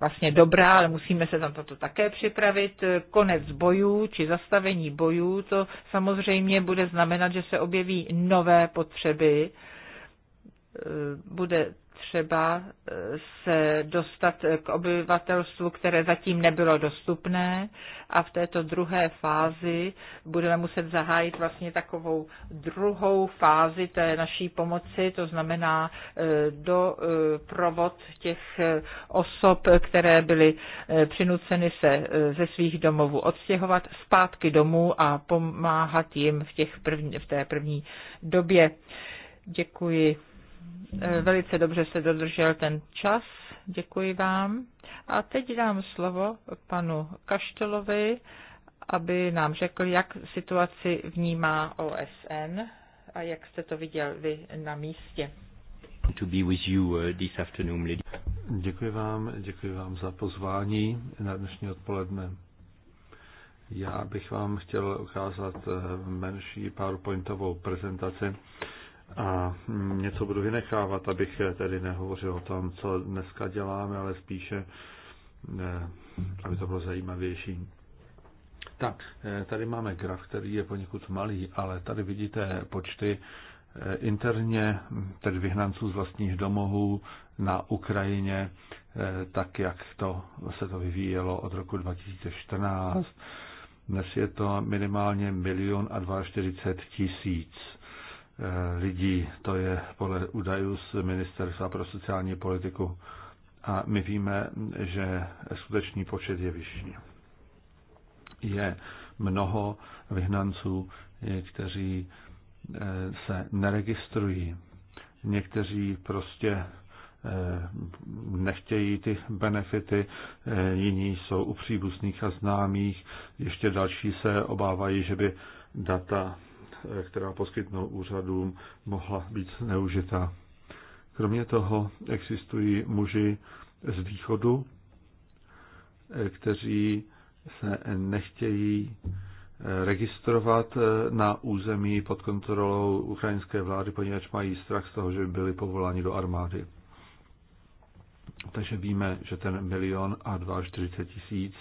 Speaker 1: vlastně dobrá, ale musíme se tam toto také připravit. Konec bojů či zastavení bojů, to samozřejmě bude znamenat, že se objeví nové potřeby, bude třeba eh, se dostat k obyvatelstvu, které zatím nebylo dostupné a v této druhé fázi budeme muset zahájit vlastně takovou druhou fázi té naší pomoci, to znamená eh, do eh, provod těch osob, které byly přinuceny se ze svých domovů odstěhovat zpátky domů a pomáhat jim v, těch první, v té první době. Děkuji. Eh, velice dobře se dodržel ten čas. Děkuji vám. A teď dám slovo panu Kaštelovi, aby nám řekl, jak situaci vnímá OSN a jak jste to viděl vy na místě.
Speaker 2: To be with you eh, this afternoon, lady. Děkuji vám, děkuji vám za pozvání na dnešní odpoledne. Já bych vám chtěl ukázat eh, menší PowerPointovou prezentaci a mm, něco budu vynechávat, abych eh, tedy nehovořil o tom, co dneska děláme, ale spíše, eh, aby to bylo zajímavější. Tak, eh, tady máme graf, který je poněkud malý, ale tady vidíte počty interně, tedy vyhnanců z vlastních domovů na Ukrajině, tak jak to se to vyvíjelo od roku 2014. Dnes je to minimálně milion a 42 tisíc Eh, lidí. To je podle údajů z Ministerstva pro sociální politiku. A my víme, že skutečný počet je vyšší. Je mnoho vyhnanců, eh, kteří eh, se neregistrují. Někteří prostě nechtějí ty benefity, jiní jsou u příbuzných a známých, ještě další se obávají, že by data která poskytnou úřadům, mohla být zneužita. Kromě toho existují muži z východu, eh, kteří se nechtějí eh, registrovat eh, na území pod kontrolou ukrajinské vlády, poněvadž mají strach z toho, že by byli povoláni do armády. Takže víme, že ten milion a 42 tisíc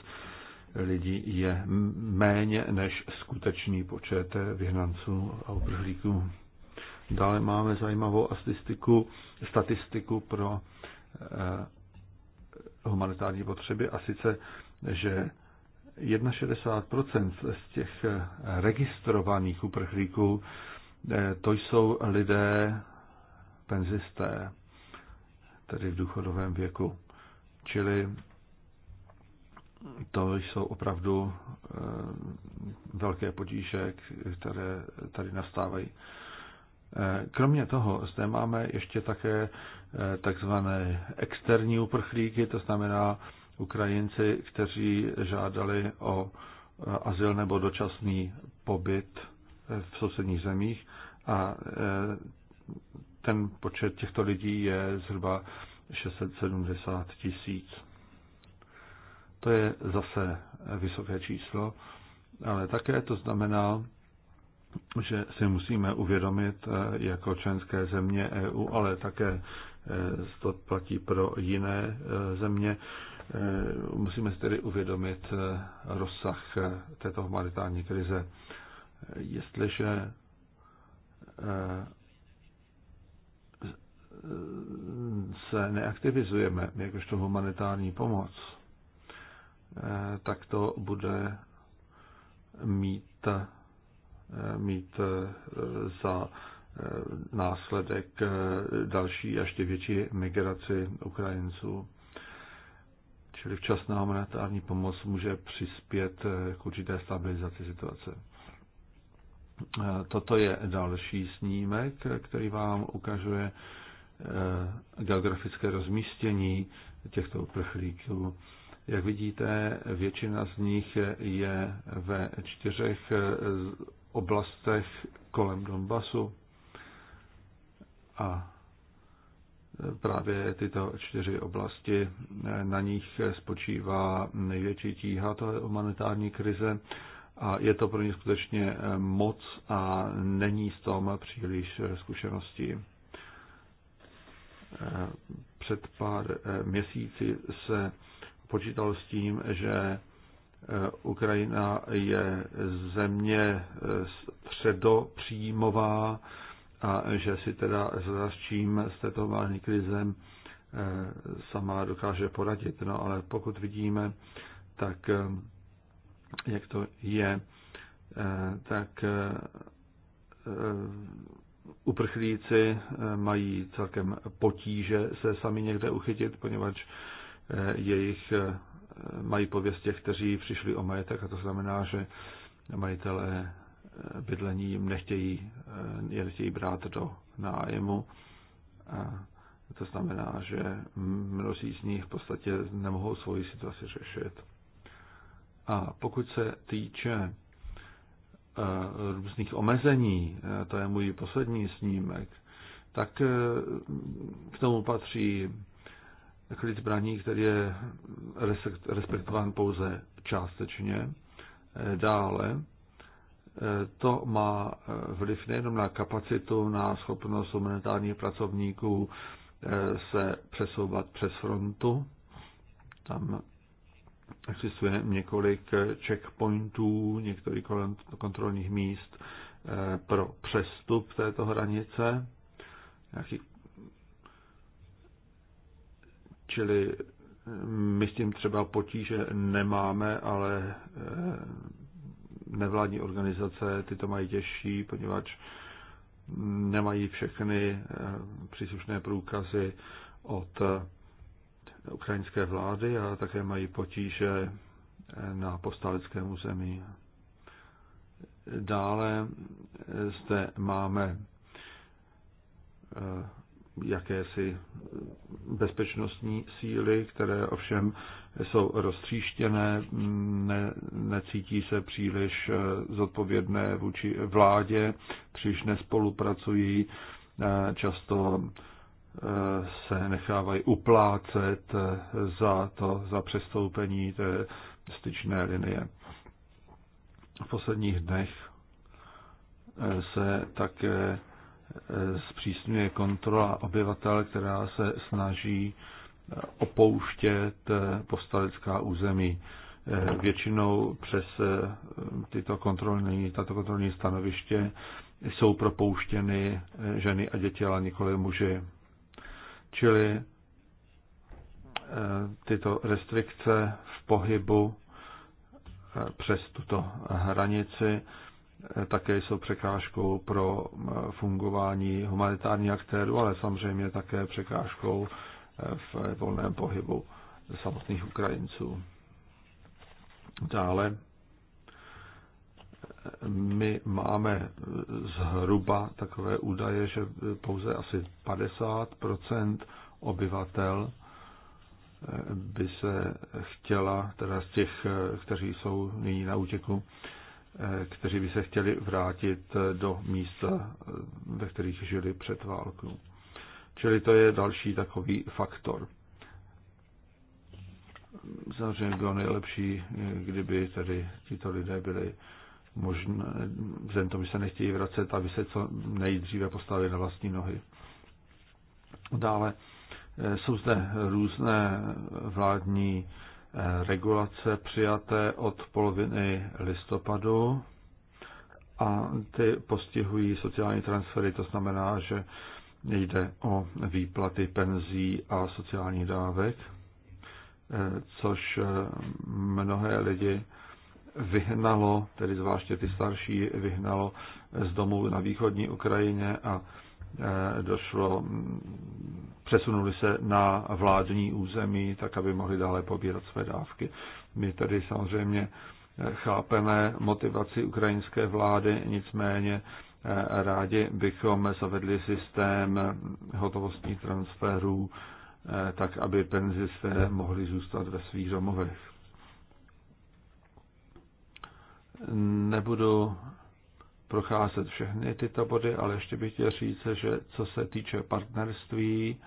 Speaker 2: lidí je méně než skutečný počet vyhnanců a uprchlíků. Dále máme zajímavou statistiku, statistiku pro eh, humanitární potřeby a sice, že 61% z těch eh, registrovaných uprchlíků eh, to jsou lidé penzisté, tedy v důchodovém věku. Čili to jsou opravdu eh, velké potíže, které tady nastávají. Eh, kromě toho zde máme ještě také eh, takzvané externí uprchlíky, to znamená Ukrajinci, kteří žádali o azyl nebo dočasný pobyt v sousedních zemích a ten počet těchto lidí je zhruba 670 tisíc. To je zase vysoké číslo, ale také to znamená, že si musíme uvědomit eh, jako členské země EU, ale také eh, to platí pro jiné eh, země, musíme si tedy uvědomit rozsah této humanitární krize. Jestliže se neaktivizujeme jakožto humanitární pomoc, Eh, tak to bude mít, eh, mít eh, za následek další a ještě větší migraci Ukrajinců. Čili včasná humanitární pomoc může přispět k určité stabilizaci situace. Toto je další snímek, který vám ukazuje geografické rozmístění těchto uprchlíků. Jak vidíte, většina z nich je ve čtyřech eh, oblastech kolem Donbasu a eh, právě tyto čtyři oblasti, eh, na nich spočívá největší tíha, to je humanitární krize a je to pro ně skutečně moc a není s tom příliš zkušeností. Před pár měsíci se počítal s tím, že eh, Ukrajina je země eh, středopříjmová a že si teda s čím s této vážné krize eh, sama dokáže poradit. No ale pokud vidíme, tak jak to je, tak uprchlíci mají celkem potíže se sami někde uchytit, poněvadž Eh, jejich eh, mají pověst těch, kteří přišli o majetek a to znamená, že majitelé eh, bydlení jim nechtějí, je nechtějí brát do nájmu. A to znamená, že mnozí z nich v podstatě nemohou svoji situaci řešit. A pokud se týče různých omezení, to je můj poslední snímek, tak k tomu patří klid braní, který je respektován pouze částečně. Eh, dále eh, to má eh, vliv nejenom na kapacitu, na schopnost humanitárních pracovníků se přesouvat přes frontu. Tam existuje několik checkpointů, několik kontrolních míst pro přestup této hranice, nějakých Čili eh, my s tím třeba potíže nemáme, ale eh, nevládní organizace ty to mají těžší, poněvadž nemají všechny eh, příslušné průkazy od ukrajinské vlády a také mají potíže na postaleckém území. Dále zde máme jakési bezpečnostní síly, které ovšem jsou roztříštěné, ne, necítí se příliš eh, zodpovědné vůči vládě, příliš nespolupracují, eh, často eh, se nechávají uplácet za to, za přestoupení té styčné linie. V posledních dnech se také zpřísňuje kontrola obyvatel, která se snaží eh, opouštět eh, postalická území. Eh, většinou přes tyto kontrolní, tato kontrolní stanoviště jsou propouštěny ženy a děti, ale nikoli muži. Čili tyto restrikce v pohybu přes tuto hranici Eh, také jsou překážkou pro eh, fungování humanitárních aktérů, ale samozřejmě také překážkou eh, v volném pohybu samotných Ukrajinců. Dále my máme zhruba takové údaje, že pouze asi 50 obyvatel by se chtěla, teda z těch, kteří jsou nyní na útěku, Eh, kteří by se chtěli vrátit eh, do místa, eh, ve kterých žili před válkou. Čili to je další takový faktor. Samozřejmě bylo nejlepší, kdyby tedy tito lidé byli možné, vzhledem tomu, že se nechtějí vracet, aby se co nejdříve postavili na vlastní nohy. Dále jsou zde různé vládní regulace přijaté od poloviny listopadu a ty postihují sociální transfery, to znamená, že jde o výplaty penzí a sociálních dávek, eh, což eh, mnohé lidi vyhnalo, tedy zvláště ty starší, vyhnalo z domů na východní Ukrajině a eh, došlo mm, přesunuli se na vládní území, tak aby mohli dále pobírat své dávky. My tady samozřejmě eh, chápeme motivaci ukrajinské vlády, nicméně eh, rádi bychom zavedli systém eh, hotovostních transferů, tak aby penzisté mohli zůstat ve svých domovech. Nebudu procházet všechny tyto body, ale ještě bych chtěl říct, že co se týče partnerství,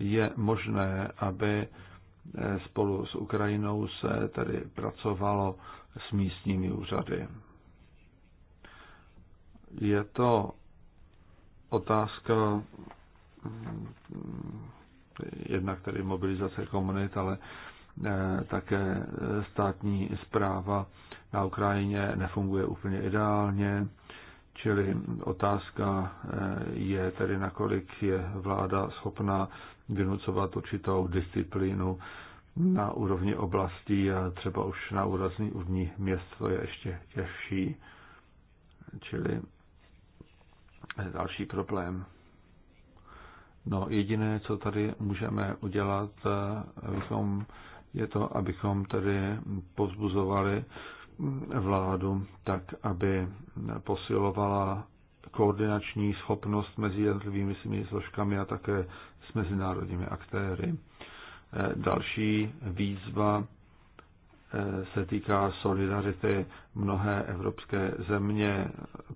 Speaker 2: je možné, aby eh, spolu s Ukrajinou se tedy pracovalo s místními úřady. Je to otázka mm, jednak tedy mobilizace komunit, ale eh, také eh, státní zpráva na Ukrajině nefunguje úplně ideálně, čili otázka je tedy, nakolik je vláda schopná vynucovat určitou disciplínu na úrovni oblastí a třeba už na úrovni úrovni měst to je ještě těžší. Čili další problém. No jediné, co tady můžeme udělat, eh, abychom, je to, abychom tady pozbuzovali vládu tak, aby posilovala koordinační schopnost mezi jednotlivými svými složkami a také s mezinárodními aktéry. Eh, další výzva eh, se týká solidarity. Mnohé evropské země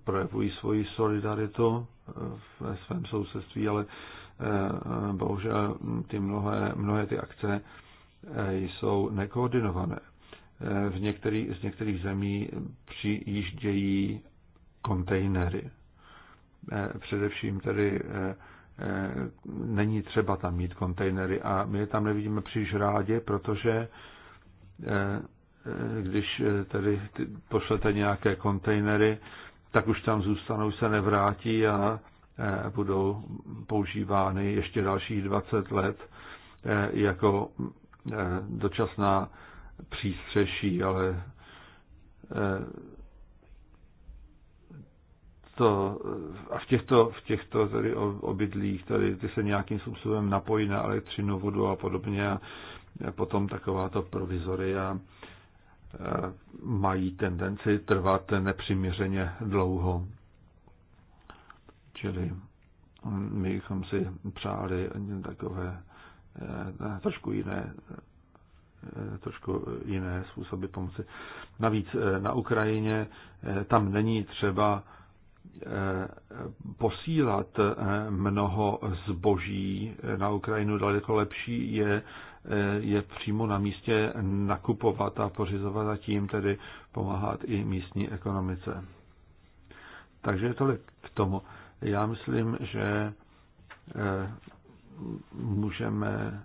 Speaker 2: projevují svoji solidaritu eh, ve svém sousedství, ale bohužel ty mnohé, mnohé ty akce jsou nekoordinované. V některých, z některých zemí přijíždějí kontejnery. Eh, především tedy eh, eh, není třeba tam mít kontejnery a my je tam nevidíme příliš rádi, protože když tedy pošlete nějaké kontejnery, tak už tam zůstanou, se nevrátí a budou používány ještě dalších 20 let jako dočasná přístřeší, ale to, a v těchto, v těchto tady obydlích, tady ty se nějakým způsobem napojí na elektřinu, vodu a podobně a potom takováto provizoria mají tendenci trvat nepřiměřeně dlouho. Čili my bychom si přáli takové e, trošku jiné e, trošku jiné způsoby pomoci. Navíc e, na Ukrajině tam není třeba Eh, posílat eh, mnoho zboží na Ukrajinu daleko lepší je, eh, je přímo na místě nakupovat a pořizovat a tím tedy pomáhat i místní ekonomice. Takže tolik k tomu. Já myslím, že můžeme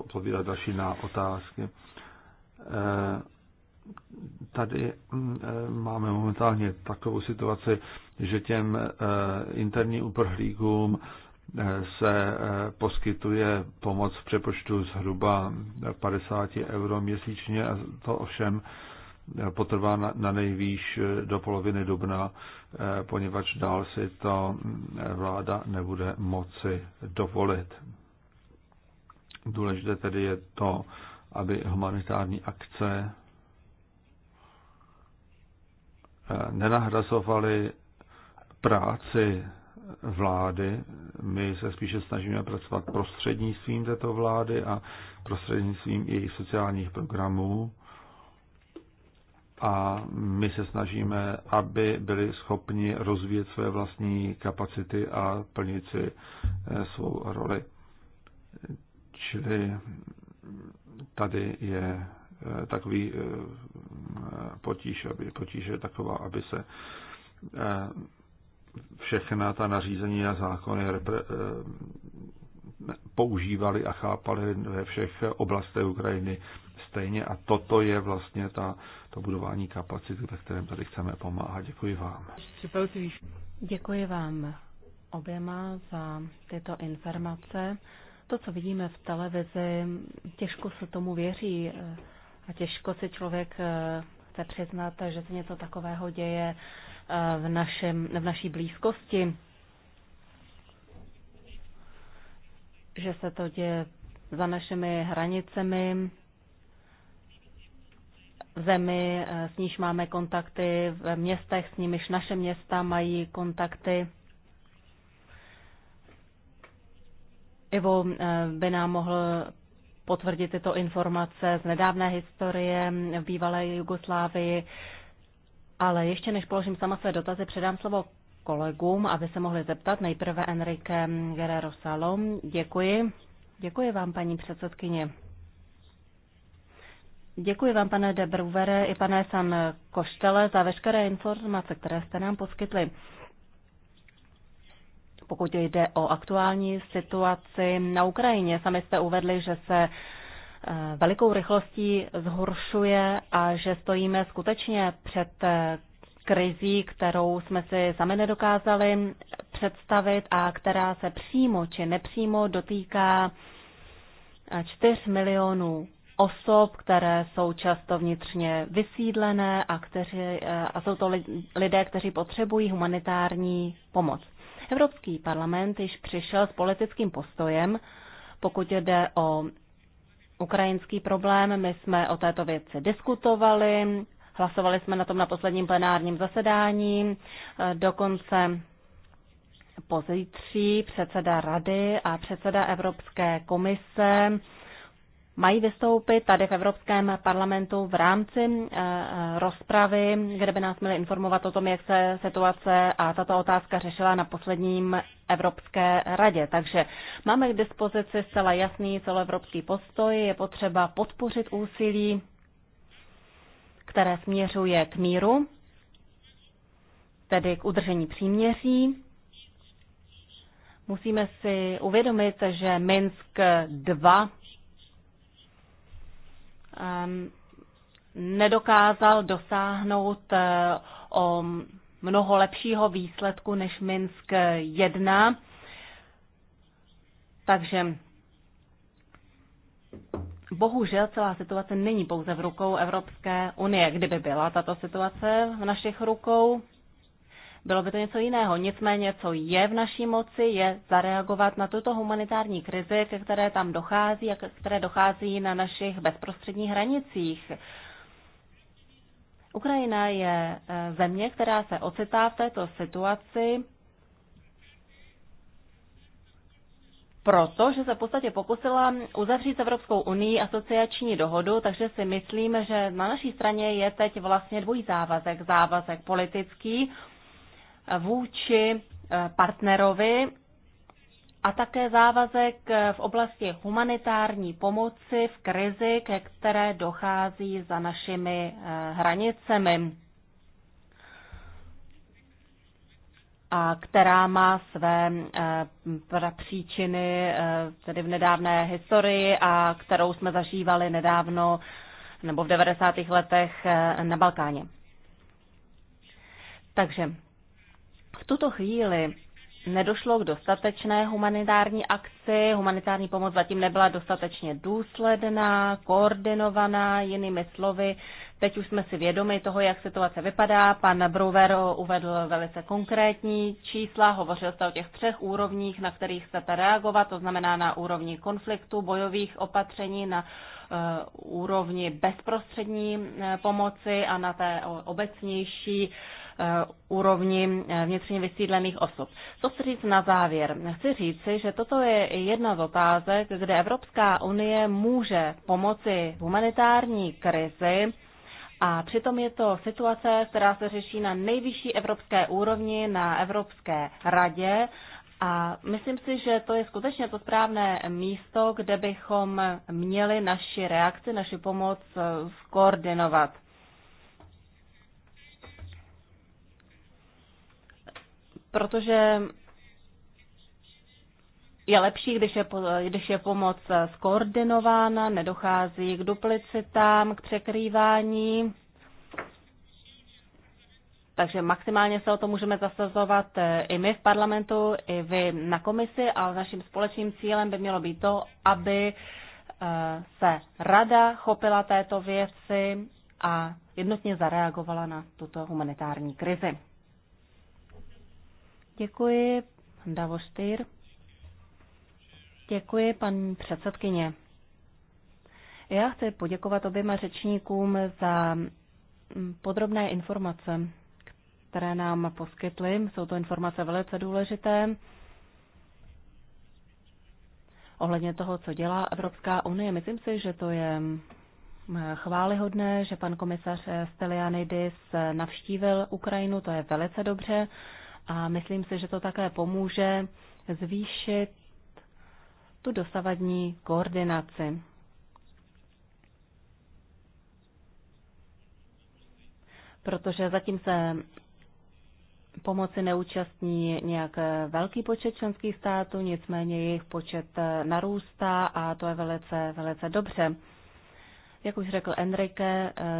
Speaker 2: odpovídat další na otázky tady mm, eh, máme momentálně takovou situaci, že těm eh, interním uprhlíkům eh, se poskytuje pomoc v přepočtu zhruba 50 euro měsíčně a to ovšem potrvá na, na nejvýš do poloviny dubna, poněvadž dál si to mm, vláda nebude moci dovolit. Důležité tedy je to, aby humanitární akce nenahrazovali práci vlády. My se spíše snažíme pracovat prostřednictvím této vlády a prostřednictvím jejich sociálních programů. A my se snažíme, aby byli schopni rozvíjet své vlastní kapacity a plnit si eh, svou roli. Čili tady je Eh, takový eh, eh, potíž, aby, potíž je taková, aby se všechna ta nařízení a zákony repre, používali a chápali ve všech oblastech Ukrajiny stejně a toto je vlastně ta, to budování kapacit, ve kterém tady chceme pomáhat. Děkuji vám.
Speaker 3: Děkuji vám oběma za tyto informace. To, co vidíme v televizi, těžko se tomu věří. A těžko se člověk eh, chce přiznat, že se něco takového děje eh, v, našem, v naší blízkosti, že se to děje za našimi hranicemi, v zemi, eh, s níž máme kontakty, v městech, s nimiž naše města mají kontakty. Ivo by nám mohl potvrdit tyto informace z nedávné historie v bývalé Jugoslávii. Ale ještě než položím sama své dotazy, předám slovo kolegům, aby se mohli zeptat. Nejprve Enrique Guerrero Salom. Děkuji. Děkuji vám, paní předsedkyně. Děkuji vám, pane Debruvere i pane San Koštele, za veškeré informace, které jste nám poskytli pokud jde o aktuální situaci na Ukrajině. Sami jste uvedli, že se eh, velikou rychlostí zhoršuje a že stojíme skutečně před eh, krizí, kterou jsme si sami nedokázali představit a která se přímo či nepřímo dotýká 4 eh, milionů osob, které jsou často vnitřně vysídlené a, kteři, a jsou to lidé, kteří potřebují humanitární pomoc. Evropský parlament již přišel s politickým postojem, pokud jde o ukrajinský problém. My jsme o této věci diskutovali, hlasovali jsme na tom na posledním plenárním zasedání, dokonce pozítří předseda rady a předseda Evropské komise mají vystoupit tady v Evropském parlamentu v rámci eh, eh, rozpravy, kde by nás měli informovat o tom, jak se situace a tato otázka řešila na posledním Evropské radě. Takže máme k dispozici zcela jasný celoevropský postoj, je potřeba podpořit úsilí, které směřuje k míru, tedy k udržení příměří. Musíme si uvědomit, že Minsk 2 nedokázal dosáhnout eh, o mnoho lepšího výsledku než Minsk 1. Takže bohužel celá situace není pouze v rukou Evropské unie. Kdyby byla tato situace v našich rukou, bylo by to něco jiného. Nicméně, co je v naší moci, je zareagovat na tuto humanitární krizi, ke které tam dochází a které dochází na našich bezprostředních hranicích. Ukrajina je e, země, která se ocitá v této situaci protože se v podstatě pokusila uzavřít s Evropskou unii asociační dohodu, takže si myslím, že na naší straně je teď vlastně dvojí závazek. Závazek politický, vůči eh, partnerovi a také závazek eh, v oblasti humanitární pomoci v krizi, ke které dochází za našimi eh, hranicemi a která má své příčiny tedy v nedávné historii a kterou jsme zažívali nedávno nebo v 90. letech na Balkáně. Takže tuto chvíli nedošlo k dostatečné humanitární akci, humanitární pomoc zatím nebyla dostatečně důsledná, koordinovaná, jinými slovy. Teď už jsme si vědomi toho, jak situace vypadá. Pan Bruver uvedl velice konkrétní čísla, hovořil jste o těch třech úrovních, na kterých chcete reagovat, to znamená na úrovni konfliktu, bojových opatření, na uh, úrovni bezprostřední uh, pomoci a na té obecnější uh, Eh, úrovni eh, vnitřně vysídlených osob. Co chci říct na závěr? Chci říct, že toto je jedna z otázek, kde Evropská unie může pomoci humanitární krizi, a přitom je to situace, která se řeší na nejvyšší evropské úrovni, na Evropské radě. A myslím si, že to je skutečně to správné místo, kde bychom měli naši reakci, naši pomoc eh, skoordinovat. protože je lepší, když je, když je pomoc skoordinována, nedochází k duplicitám, k překrývání. Takže maximálně se o to můžeme zasazovat eh, i my v parlamentu, i vy na komisi, ale naším společným cílem by mělo být to, aby eh, se rada chopila této věci a jednotně zareagovala na tuto humanitární krizi. Děkuji, pan Davostýr. Děkuji, pan předsedkyně. Já chci poděkovat oběma řečníkům za podrobné informace, které nám poskytly. Jsou to informace velice důležité ohledně toho, co dělá Evropská unie. Myslím si, že to je chválihodné, že pan komisař Stelianidis navštívil Ukrajinu, to je velice dobře a myslím si, že to také pomůže zvýšit tu dosavadní koordinaci. Protože zatím se pomoci neúčastní nějak velký počet členských států, nicméně jejich počet narůstá a to je velice, velice dobře. Jak už řekl Enrique,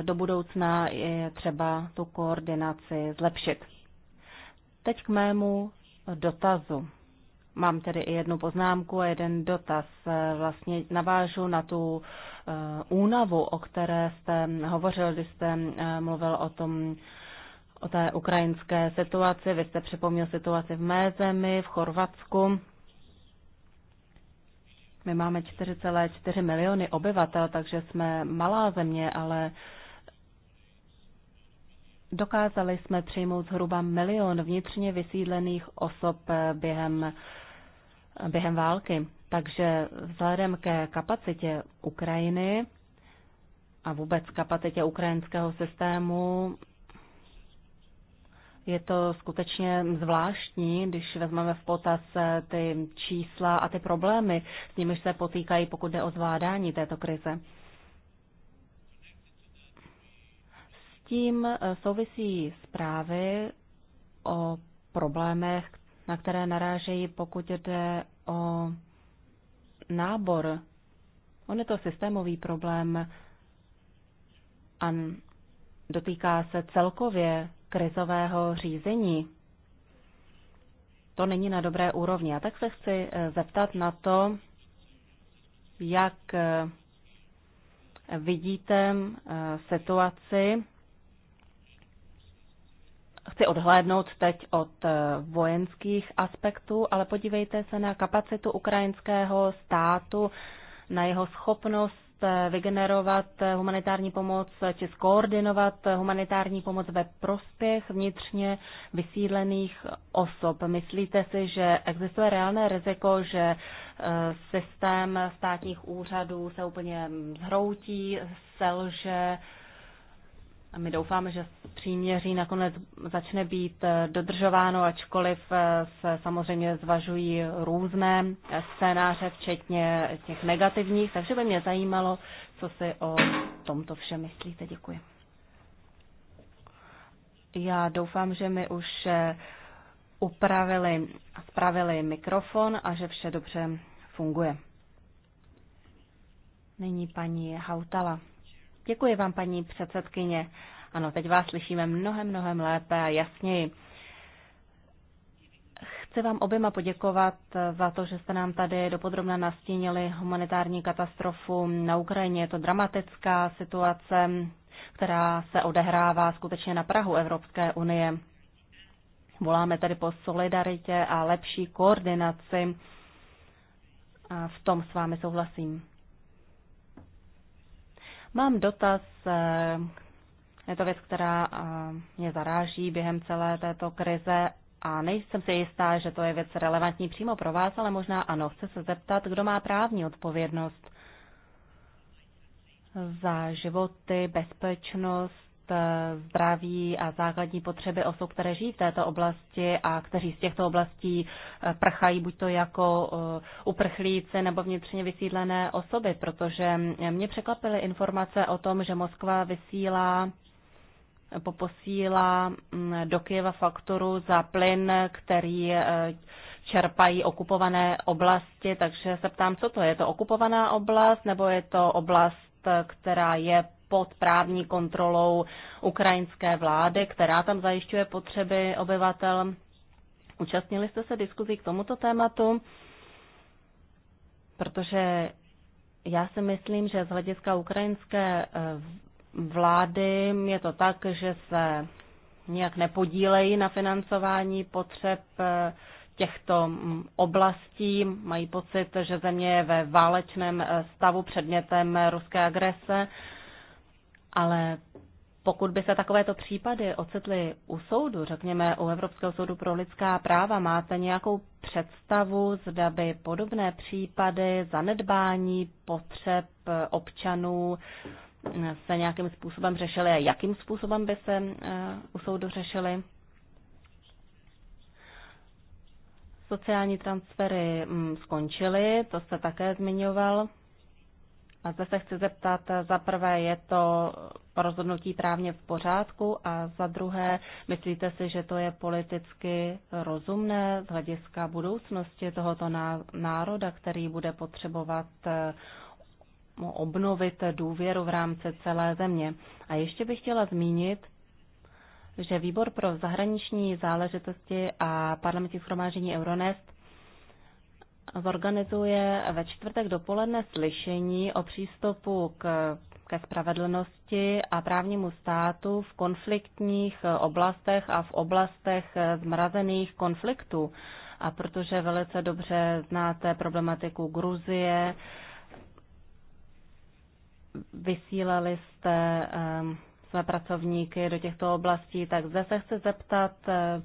Speaker 3: do budoucna je třeba tu koordinaci zlepšit. Teď k mému dotazu. Mám tedy i jednu poznámku a jeden dotaz. Vlastně navážu na tu eh, únavu, o které jste hovořil, když jste eh, mluvil o tom, o té ukrajinské situaci. Vy jste připomněl situaci v mé zemi, v Chorvatsku. My máme 4,4 miliony obyvatel, takže jsme malá země, ale Dokázali jsme přijmout zhruba milion vnitřně vysídlených osob eh, během, eh, během války. Takže vzhledem ke kapacitě Ukrajiny a vůbec kapacitě ukrajinského systému je to skutečně zvláštní, když vezmeme v potaz eh, ty čísla a ty problémy, s nimiž se potýkají, pokud jde o zvládání této krize. tím eh, souvisí zprávy o problémech, na které narážejí, pokud jde o nábor. On je to systémový problém a dotýká se celkově krizového řízení. To není na dobré úrovni. A tak se chci eh, zeptat na to, jak eh, vidíte situaci chci odhlédnout teď od eh, vojenských aspektů, ale podívejte se na kapacitu ukrajinského státu, na jeho schopnost eh, vygenerovat eh, humanitární pomoc či skoordinovat humanitární pomoc ve prospěch vnitřně vysídlených osob. Myslíte si, že existuje reálné riziko, že systém státních úřadů se úplně zhroutí, selže, a my doufáme, že příměří nakonec začne být eh, dodržováno, ačkoliv eh, se samozřejmě zvažují různé eh, scénáře, včetně těch negativních. Takže by mě zajímalo, co si o tomto všem myslíte. Děkuji. Já doufám, že mi už upravili a spravili mikrofon a že vše dobře funguje. Nyní paní Hautala. Děkuji vám, paní předsedkyně. Ano, teď vás slyšíme mnohem, mnohem lépe a jasněji. Chci vám oběma poděkovat za to, že jste nám tady dopodrobna nastínili humanitární katastrofu na Ukrajině. Je to dramatická situace, která se odehrává skutečně na Prahu Evropské unie. Voláme tedy po solidaritě a lepší koordinaci. A v tom s vámi souhlasím. Mám dotaz, eh, je to věc, která eh, mě zaráží během celé této krize a nejsem si jistá, že to je věc relevantní přímo pro vás, ale možná ano. Chci se zeptat, kdo má právní odpovědnost za životy, bezpečnost Eh, zdraví a základní potřeby osob, které žijí v této oblasti a kteří z těchto oblastí eh, prchají, buď to jako eh, uprchlíci nebo vnitřně vysídlené osoby, protože mě překvapily informace o tom, že Moskva vysílá poposílá mm, do Kyjeva fakturu za plyn, který čerpají okupované oblasti, takže se ptám, co to je? Je to okupovaná oblast nebo je to oblast, která je pod právní kontrolou ukrajinské vlády, která tam zajišťuje potřeby obyvatel. Účastnili jste se diskuzí k tomuto tématu, protože já si myslím, že z hlediska ukrajinské eh, vlády je to tak, že se nějak nepodílejí na financování potřeb eh, těchto mm, oblastí. Mají pocit, že země je ve válečném eh, stavu předmětem ruské agrese ale pokud by se takovéto případy ocitly u soudu, řekněme u Evropského soudu pro lidská práva, máte nějakou představu, zda by podobné případy zanedbání potřeb občanů se nějakým způsobem řešily a jakým způsobem by se eh, u soudu řešily? Sociální transfery mm, skončily, to se také zmiňoval. A zde se chci zeptat, za prvé, je to rozhodnutí právně v pořádku a za druhé, myslíte si, že to je politicky rozumné z hlediska budoucnosti tohoto národa, který bude potřebovat eh, obnovit důvěru v rámci celé země. A ještě bych chtěla zmínit, že výbor pro zahraniční záležitosti a parlamentní schromáždění Euronest zorganizuje ve čtvrtek dopoledne slyšení o přístupu k, ke spravedlnosti a právnímu státu v konfliktních oblastech a v oblastech zmrazených konfliktů. A protože velice dobře znáte problematiku Gruzie, vysílali jste ehm, své pracovníky do těchto oblastí, tak zde se chci zeptat, ehm,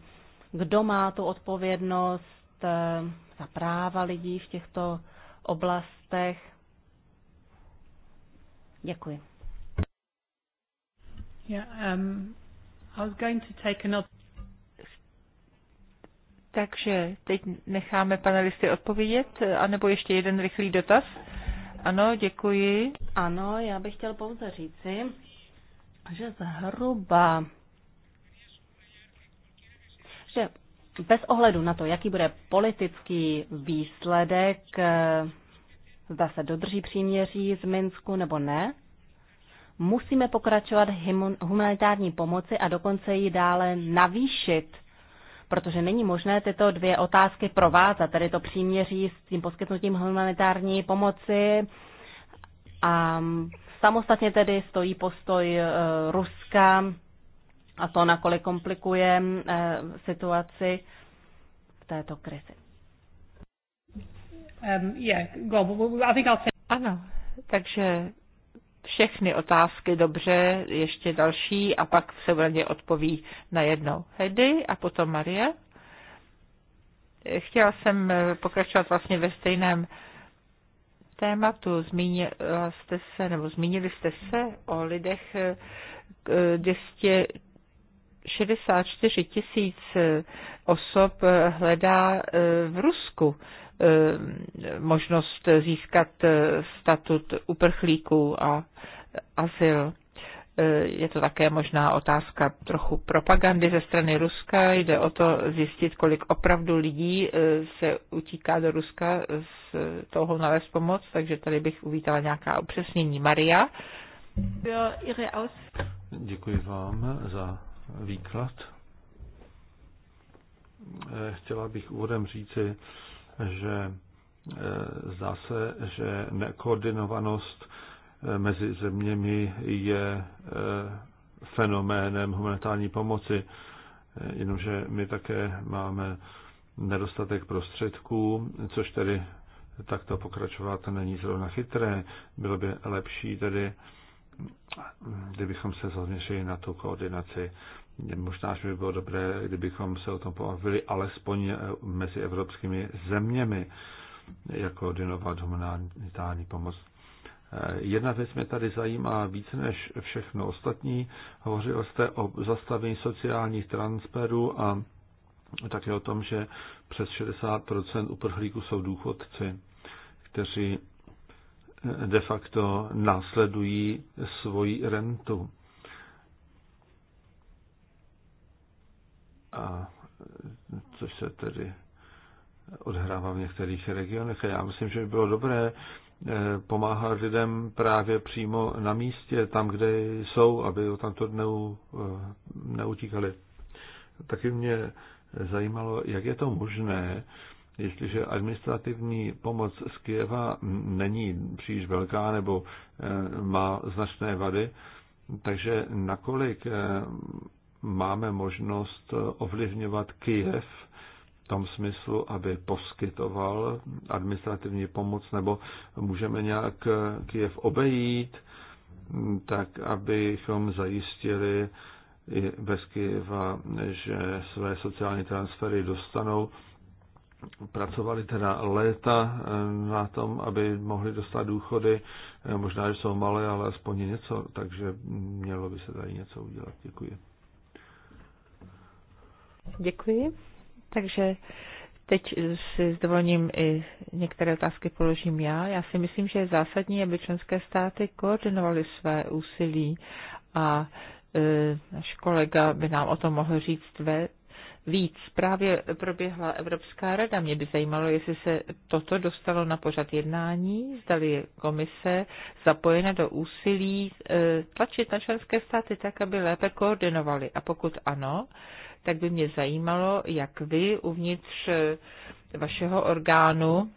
Speaker 3: kdo má tu odpovědnost, ehm, za práva lidí v těchto oblastech. Děkuji.
Speaker 1: Yeah, um, I was going to take another... Takže teď necháme panelisty odpovědět, anebo ještě jeden rychlý dotaz. Ano, děkuji. Ano, já bych chtěl pouze říci,
Speaker 3: že zhruba že bez ohledu na to, jaký bude politický výsledek, eh, zda se dodrží příměří z Minsku nebo ne, musíme pokračovat humanitární pomoci a dokonce ji dále navýšit, protože není možné tyto dvě otázky provázat, tedy to příměří s tím poskytnutím humanitární pomoci a mm, samostatně tedy stojí postoj eh, Ruska a to nakolik komplikuje eh,
Speaker 1: situaci v této krizi. Um, ano, takže všechny otázky dobře, ještě další a pak se vlně odpoví na jednou Hedy a potom Marie. Chtěla jsem eh, pokračovat vlastně ve stejném tématu. Zmínila jste se, nebo zmínili jste se o lidech 200 eh, 64 tisíc eh, osob eh, hledá eh, v Rusku možnost získat statut uprchlíků a azyl. Je to také možná otázka trochu propagandy ze strany Ruska. Jde o to zjistit, kolik opravdu lidí se utíká do Ruska z toho nalézt pomoc, takže tady bych uvítala nějaká upřesnění. Maria.
Speaker 2: Děkuji vám za výklad. Eh, chtěla bych úvodem říci, že eh, zdá se, že nekoordinovanost eh, mezi zeměmi je fenoménem humanitární pomoci, jenomže my také máme nedostatek prostředků, což tedy takto pokračovat není zrovna chytré. Bylo by lepší tedy, kdybychom se zaměřili na tu koordinaci. Možná, že by bylo dobré, kdybychom se o tom pobavili alespoň eh, mezi evropskými zeměmi, jako ordinovat humanitární pomoc. Eh, jedna věc mě tady zajímá více než všechno ostatní. Hovořil jste o zastavení sociálních transferů a také o tom, že přes 60 uprchlíků jsou důchodci, kteří eh, de facto následují svoji rentu. a což se tedy odhrává v některých regionech. A já myslím, že by bylo dobré eh, pomáhat lidem právě přímo na místě, tam, kde jsou, aby o tamto dnu eh, neutíkali. Taky mě zajímalo, jak je to možné, jestliže administrativní pomoc z Kieva není příliš velká nebo eh, má značné vady, takže nakolik máme možnost ovlivňovat Kyjev v tom smyslu, aby poskytoval administrativní pomoc, nebo můžeme nějak Kyjev obejít, tak abychom zajistili i bez Kyjeva, že své sociální transfery dostanou. Pracovali teda léta na tom, aby mohli dostat důchody. Možná, že jsou malé, ale aspoň něco, takže mělo by se tady něco udělat. Děkuji.
Speaker 1: Děkuji. Takže teď si s dovolením i některé otázky položím já. Já si myslím, že je zásadní, aby členské státy koordinovaly své úsilí a e, náš kolega by nám o tom mohl říct ve víc. Právě proběhla Evropská rada. Mě by zajímalo, jestli se toto dostalo na pořad jednání, zdali je komise zapojena do úsilí e, tlačit na členské státy tak, aby lépe koordinovali. A pokud ano, tak by mě zajímalo, jak vy uvnitř eh, vašeho orgánu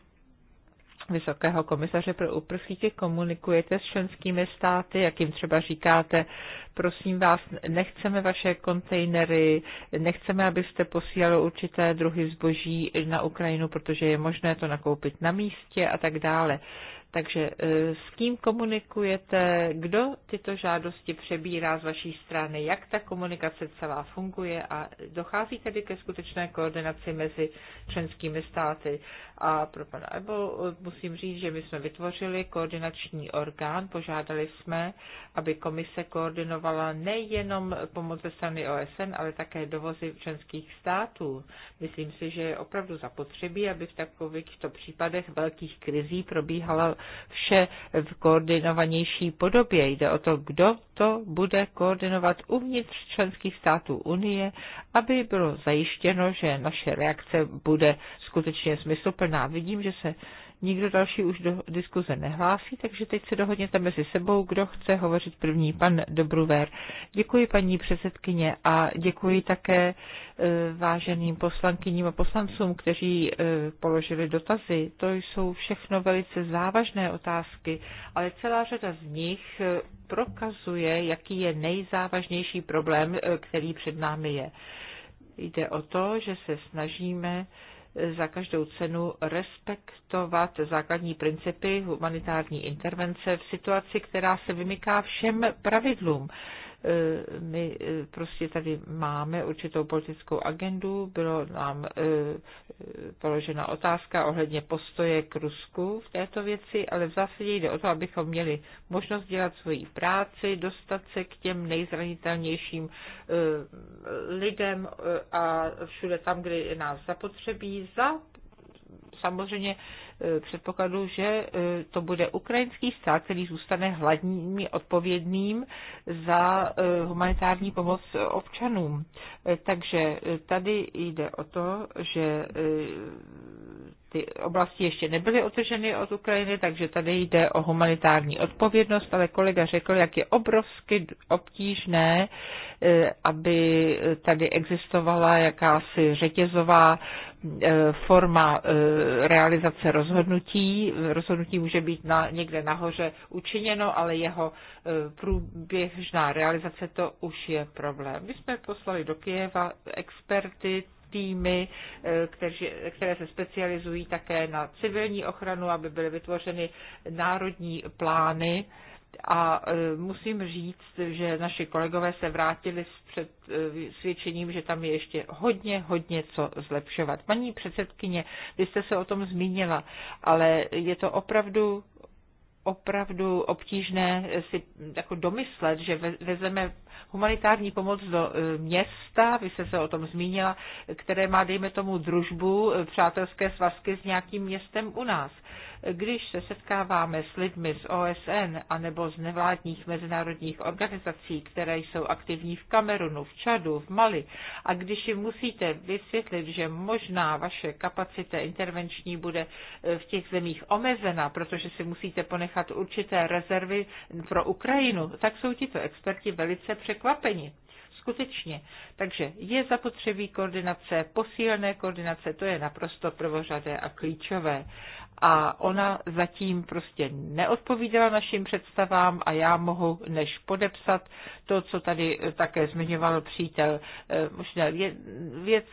Speaker 1: Vysokého komisaře pro uprchlíky komunikujete s členskými státy, jak jim třeba říkáte, prosím vás, nechceme vaše kontejnery, nechceme, abyste posílali určité druhy zboží na Ukrajinu, protože je možné to nakoupit na místě a tak dále. Takže e, s kým komunikujete, kdo tyto žádosti přebírá z vaší strany, jak ta komunikace celá funguje a dochází tedy ke skutečné koordinaci mezi členskými státy. A pro pana Ebo e, musím říct, že my jsme vytvořili koordinační orgán, požádali jsme, aby komise koordinovala nejenom pomoc ze strany OSN, ale také dovozy členských států. Myslím si, že je opravdu zapotřebí, aby v takovýchto případech velkých krizí probíhala vše v koordinovanější podobě. Jde o to, kdo to bude koordinovat uvnitř členských států Unie, aby bylo zajištěno, že naše reakce bude skutečně smysluplná. Vidím, že se Nikdo další už do diskuze nehlásí, takže teď se dohodněte mezi sebou, kdo chce hovořit první, pan Dobruver. Děkuji paní předsedkyně a děkuji také e, váženým poslankyním a poslancům, kteří e, položili dotazy. To jsou všechno velice závažné otázky, ale celá řada z nich e, prokazuje, jaký je nejzávažnější problém, který před námi je. Jde o to, že se snažíme za každou cenu respektovat základní principy humanitární intervence v situaci, která se vymyká všem pravidlům. Eh, my eh, prostě tady máme určitou politickou agendu, bylo nám eh, položena otázka ohledně postoje k Rusku v této věci, ale v zásadě jde o to, abychom měli možnost dělat svoji práci, dostat se k těm nejzranitelnějším lidem a všude tam, kde nás zapotřebí, za samozřejmě E, předpokladu, že e, to bude ukrajinský stát, který zůstane hladním odpovědným za e, humanitární pomoc občanům. Takže tady jde o to, že ty oblasti ještě nebyly otrženy od Ukrajiny, takže tady jde o humanitární odpovědnost, ale kolega řekl, jak je obrovsky obtížné, eh, aby tady existovala jakási řetězová eh, forma eh, realizace rozhodnutí. Rozhodnutí může být na, někde nahoře učiněno, ale jeho průběžná realizace to už je problém. My jsme poslali do Kijeva experty, týmy, eh, které se specializují také na civilní ochranu, aby byly vytvořeny národní plány. A eh, musím říct, že naši kolegové se vrátili s eh, svědčením, že tam je ještě hodně, hodně co zlepšovat. Paní předsedkyně, vy jste se o tom zmínila, ale je to opravdu opravdu obtížné si jako domyslet, že vezeme humanitární pomoc do e, města, vy jste se o tom zmínila, které má, dejme tomu, družbu, e, přátelské svazky s nějakým městem u nás. Když se setkáváme s lidmi z OSN anebo z nevládních mezinárodních organizací, které jsou aktivní v Kamerunu, v Čadu, v Mali, a když jim musíte vysvětlit, že možná vaše kapacita intervenční bude e, v těch zemích omezena, protože si musíte ponechat určité rezervy pro Ukrajinu, tak jsou tito experti velice překvapeni. Skutečně. Takže je zapotřebí koordinace, posílené koordinace, to je naprosto prvořadé a klíčové a ona zatím prostě neodpovídala našim představám a já mohu než podepsat to, co tady také zmiňoval přítel. Eh, možná věc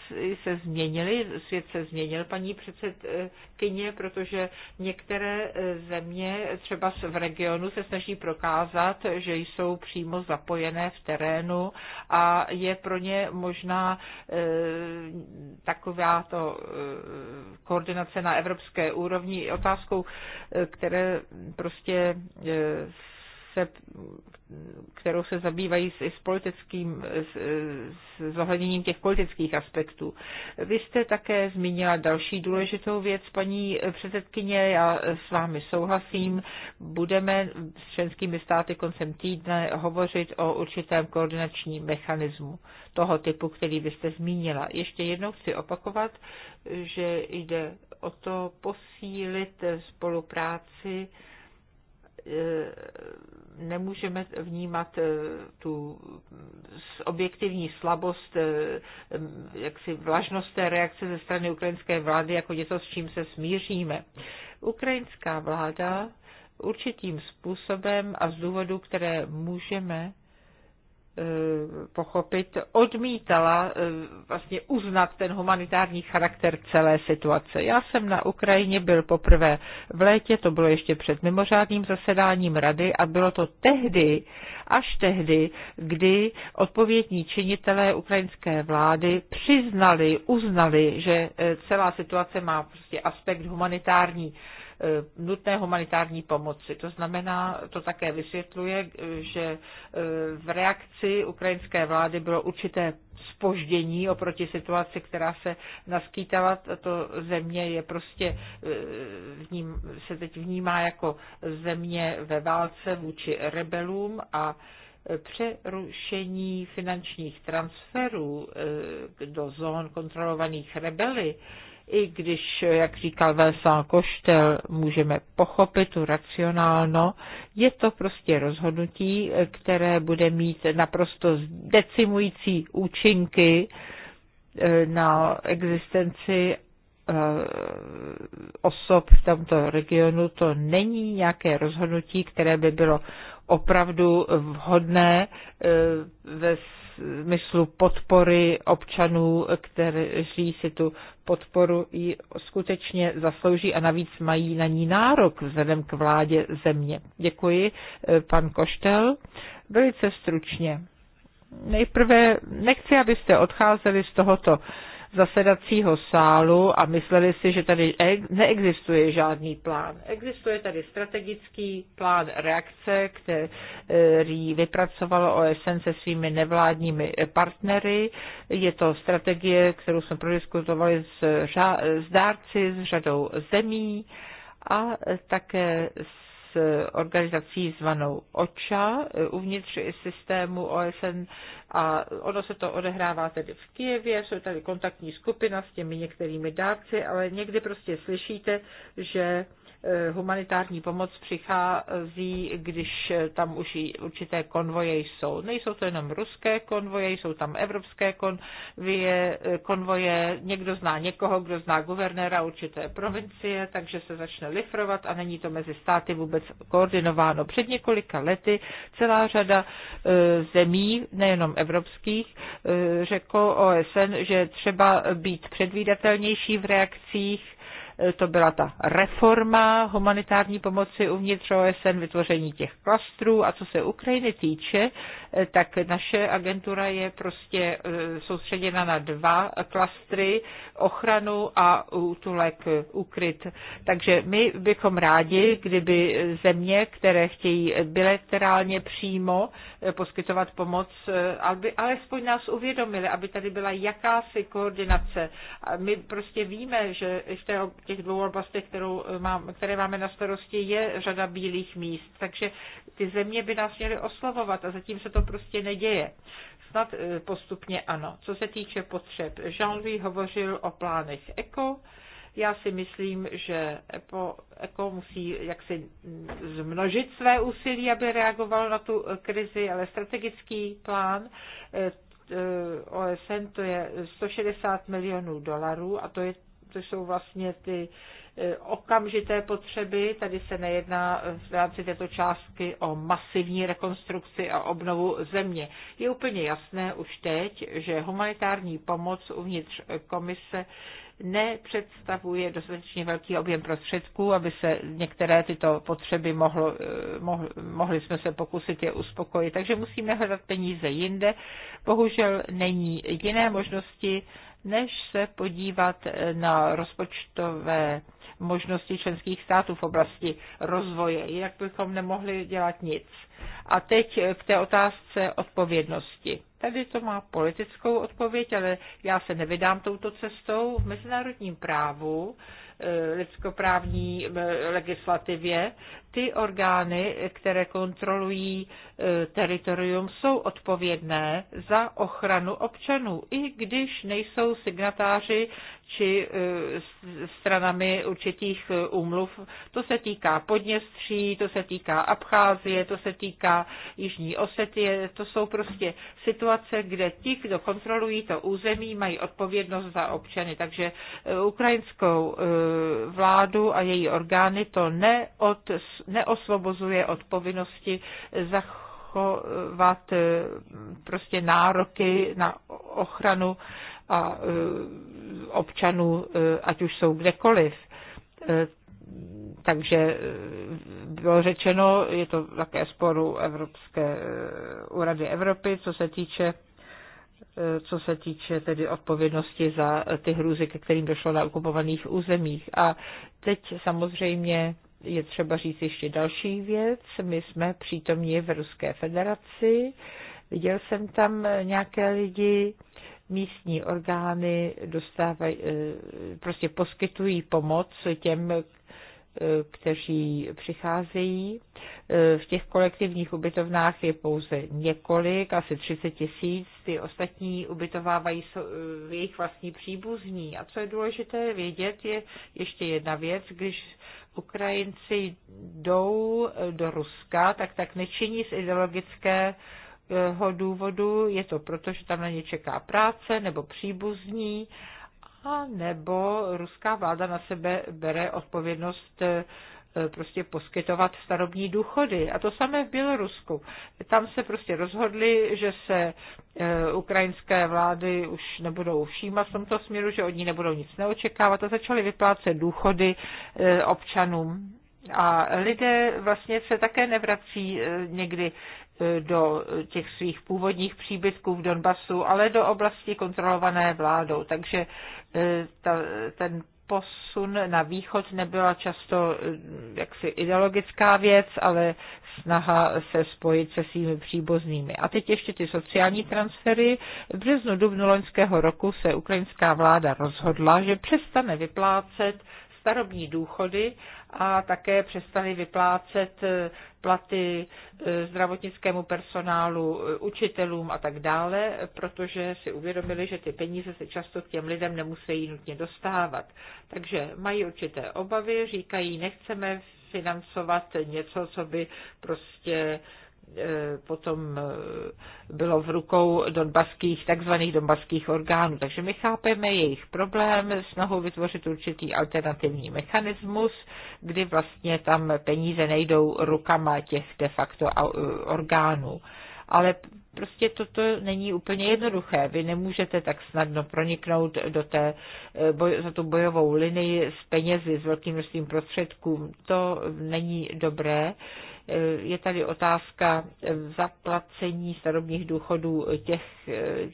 Speaker 1: se změnily, svět se změnil, paní předsedkyně, protože některé eh, země třeba v regionu se snaží prokázat, že jsou přímo zapojené v terénu a je pro ně možná eh, taková to koordinace na evropské úrovni otázkou, eh, které prostě eh, se kterou se zabývají s, i s politickým, s, s zohledněním těch politických aspektů. Vy jste také zmínila další důležitou věc, paní předsedkyně, já s vámi souhlasím. Budeme s členskými státy koncem týdne hovořit o určitém koordinačním mechanismu toho typu, který byste zmínila. Ještě jednou chci opakovat, že jde o to posílit spolupráci Eh, nemůžeme vnímat eh, tu objektivní slabost, eh, jaksi vlažnost té reakce ze strany ukrajinské vlády jako něco, s čím se smíříme. Ukrajinská vláda určitým způsobem a z důvodu, které můžeme Eh, pochopit, odmítala eh, vlastně uznat ten humanitární charakter celé situace. Já jsem na Ukrajině byl poprvé v létě, to bylo ještě před mimořádným zasedáním rady a bylo to tehdy, až tehdy, kdy odpovědní činitelé ukrajinské vlády přiznali, uznali, že eh, celá situace má prostě aspekt humanitární Eh, nutné humanitární pomoci. To znamená, to také vysvětluje, eh, že eh, v reakci ukrajinské vlády bylo určité spoždění oproti situaci, která se naskýtala. Tato země je prostě, vním, se teď vnímá jako země ve válce vůči rebelům a přerušení finančních transferů do zón kontrolovaných rebely i když, jak říkal Velsá Koštel, můžeme pochopit tu racionálno, je to prostě rozhodnutí, které bude mít naprosto decimující účinky eh, na existenci eh, osob v tomto regionu. To není nějaké rozhodnutí, které by bylo opravdu vhodné eh, ve smyslu podpory občanů, kteří si tu podporu ji skutečně zaslouží a navíc mají na ní nárok vzhledem k vládě země. Děkuji, eh, pan Koštel. Velice stručně. Nejprve nechci, abyste odcházeli z tohoto zasedacího sálu a mysleli si, že tady neexistuje žádný plán. Existuje tady strategický plán reakce, který vypracovalo OSN se svými nevládními partnery. Je to strategie, kterou jsme prodiskutovali s, s dárci, s řadou zemí a také s organizací zvanou OCHA eh, uvnitř systému OSN a ono se to odehrává tedy v Kijevě, jsou tady kontaktní skupina s těmi některými dárci, ale někdy prostě slyšíte, že Eh, humanitární pomoc přichází, když tam už určité konvoje jsou. Nejsou to jenom ruské konvoje, jsou tam evropské konvoje, eh, konvoje někdo zná někoho, kdo zná guvernéra určité provincie, takže se začne lifrovat a není to mezi státy vůbec koordinováno. Před několika lety celá řada eh, zemí, nejenom evropských, řekl OSN, že třeba být předvídatelnější v reakcích, to byla ta reforma humanitární pomoci uvnitř OSN, vytvoření těch klastrů a co se Ukrajiny týče, eh, tak naše agentura je prostě eh, soustředěna na dva klastry, ochranu a útulek ukryt. Takže my bychom rádi, kdyby země, které chtějí bilaterálně přímo eh, poskytovat pomoc, aby alespoň nás uvědomili, aby tady byla jakási koordinace. My prostě víme, že v té těch dvou oblastech, kterou eh, mám, které máme na starosti, je řada bílých míst. Takže ty země by nás měly oslavovat a zatím se to prostě neděje. Snad eh, postupně ano. Co se týče potřeb, Jean-Louis hovořil o plánech ECO, já si myslím, že EPO, ECO musí jaksi zmnožit své úsilí, aby reagoval na tu eh, krizi, ale strategický plán OSN to je 160 milionů dolarů a to je to jsou vlastně ty eh, okamžité potřeby. Tady se nejedná v rámci této částky o masivní rekonstrukci a obnovu země. Je úplně jasné už teď, že humanitární pomoc uvnitř komise nepředstavuje dostatečně velký objem prostředků, aby se některé tyto potřeby mohlo, eh, mohli, mohli jsme se pokusit je uspokojit. Takže musíme hledat peníze jinde. Bohužel není jiné možnosti, než se podívat eh, na rozpočtové možnosti členských států v oblasti rozvoje. Jinak bychom nemohli dělat nic. A teď eh, k té otázce odpovědnosti. Tady to má politickou odpověď, ale já se nevydám touto cestou. V mezinárodním právu Eh, lidskoprávní eh, legislativě, ty orgány, které kontrolují eh, teritorium, jsou odpovědné za ochranu občanů, i když nejsou signatáři či stranami určitých úmluv. To se týká Podněstří, to se týká Abcházie, to se týká Jižní Osetie. To jsou prostě situace, kde ti, kdo kontrolují to území, mají odpovědnost za občany. Takže ukrajinskou Eh, vládu a její orgány to neod, neosvobozuje od povinnosti zachovat eh, prostě nároky na ochranu a eh, občanů, ať už jsou kdekoliv. Takže bylo řečeno, je to také sporu Evropské, úrady Evropy, co se týče Eh, co se týče tedy odpovědnosti za eh, ty hrůzy, ke kterým došlo na okupovaných územích. A teď samozřejmě je třeba říct ještě další věc. My jsme přítomní v Ruské federaci. Viděl jsem tam nějaké lidi, místní orgány dostávají, eh, prostě poskytují pomoc těm, kteří přicházejí. Eh, v těch kolektivních ubytovnách je pouze několik, asi 30 tisíc. Ty ostatní ubytovávají eh, jejich vlastní příbuzní. A co je důležité vědět, je ještě jedna věc, když Ukrajinci jdou eh, do Ruska, tak tak nečiní z ideologické důvodu, je to proto, že tam na ně čeká práce nebo příbuzní a nebo ruská vláda na sebe bere odpovědnost eh, prostě poskytovat starobní důchody. A to samé v Bělorusku. Tam se prostě rozhodli, že se eh, ukrajinské vlády už nebudou všímat v tomto směru, že od ní nebudou nic neočekávat a začaly vyplácet důchody eh, občanům. A lidé vlastně se také nevrací někdy do těch svých původních příbytků v Donbasu, ale do oblasti kontrolované vládou. Takže e, ta, ten posun na východ nebyla často e, jaksi ideologická věc, ale snaha se spojit se svými příbuznými. A teď ještě ty sociální transfery. V březnu dubnu loňského roku se ukrajinská vláda rozhodla, že přestane vyplácet starobní důchody a také přestali vyplácet eh, platy eh, zdravotnickému personálu, eh, učitelům a tak dále, protože si uvědomili, že ty peníze se často k těm lidem nemusí nutně dostávat. Takže mají určité obavy, říkají, nechceme financovat něco, co by prostě E, potom e, bylo v rukou donbaských, takzvaných donbaských orgánů. Takže my chápeme jejich problém, snahu vytvořit určitý alternativní mechanismus, kdy vlastně tam peníze nejdou rukama těch de facto e, orgánů. Ale prostě toto není úplně jednoduché. Vy nemůžete tak snadno proniknout do té, boj, za tu bojovou linii s penězi, s velkým množstvím prostředků. To není dobré. Je tady otázka zaplacení starobních důchodů těch,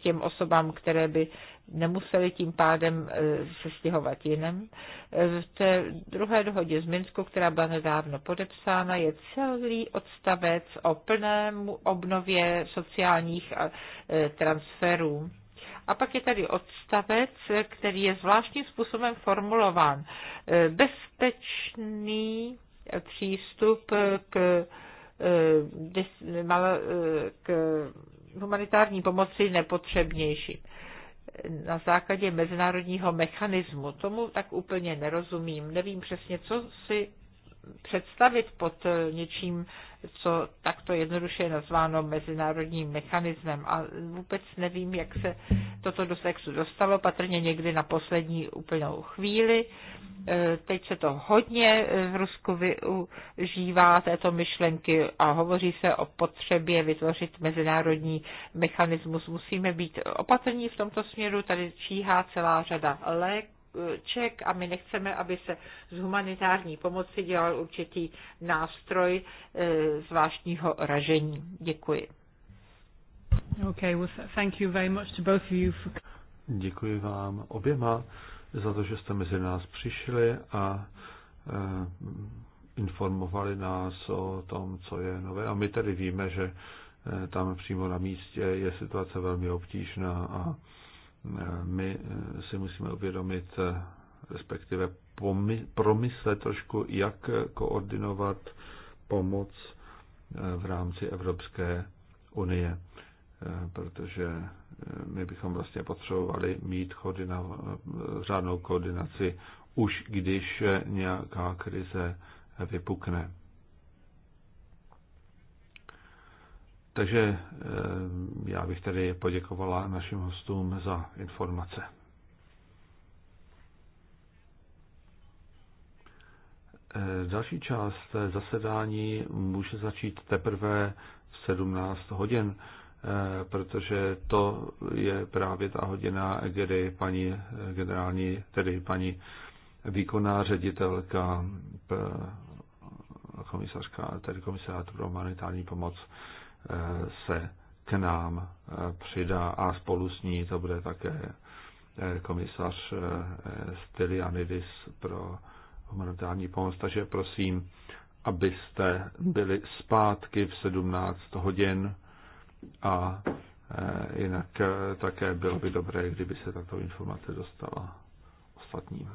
Speaker 1: těm osobám, které by nemuseli tím pádem e, se stěhovat jinem. E, v té druhé dohodě z Minsku, která byla nedávno podepsána, je celý odstavec o plném obnově sociálních e, transferů. A pak je tady odstavec, který je zvláštním způsobem formulován. Bezpečný přístup eh, k, eh, eh, k humanitární pomoci nepotřebnějším na základě mezinárodního mechanismu. Tomu tak úplně nerozumím. Nevím přesně, co si představit pod něčím, co takto jednoduše je nazváno mezinárodním mechanismem. A vůbec nevím, jak se toto do sexu dostalo, patrně někdy na poslední úplnou chvíli. E, teď se to hodně v Rusku využívá této myšlenky a hovoří se o potřebě vytvořit mezinárodní mechanismus. Musíme být opatrní v tomto směru, tady číhá celá řada lék ček a my nechceme, aby se z humanitární pomoci dělal určitý nástroj eh, zvláštního ražení. Děkuji. Okay, well, thank you very much to both of you for...
Speaker 2: Děkuji vám oběma za to, že jste mezi nás přišli a eh, informovali nás o tom, co je nové. A my tady víme, že eh, tam přímo na místě je situace velmi obtížná a my eh, si musíme uvědomit, eh, respektive promyslet trošku, jak koordinovat pomoc eh, v rámci Evropské unie, protože my bychom vlastně potřebovali mít koordina, řádnou koordinaci, už když nějaká krize vypukne. Takže eh, já bych tedy poděkovala našim hostům za informace. Eh, další část zasedání může začít teprve v 17 hodin, eh, protože to je právě ta hodina, kdy paní generální, tedy paní výkonná ředitelka komisařka, tedy komisář pro humanitární pomoc se k nám eh, přidá a spolu s ní to bude také eh, komisař eh, Stylianidis pro humanitární pomoc. Takže prosím, abyste byli zpátky v 17 hodin a jinak také bylo by dobré, kdyby se tato informace dostala ostatním.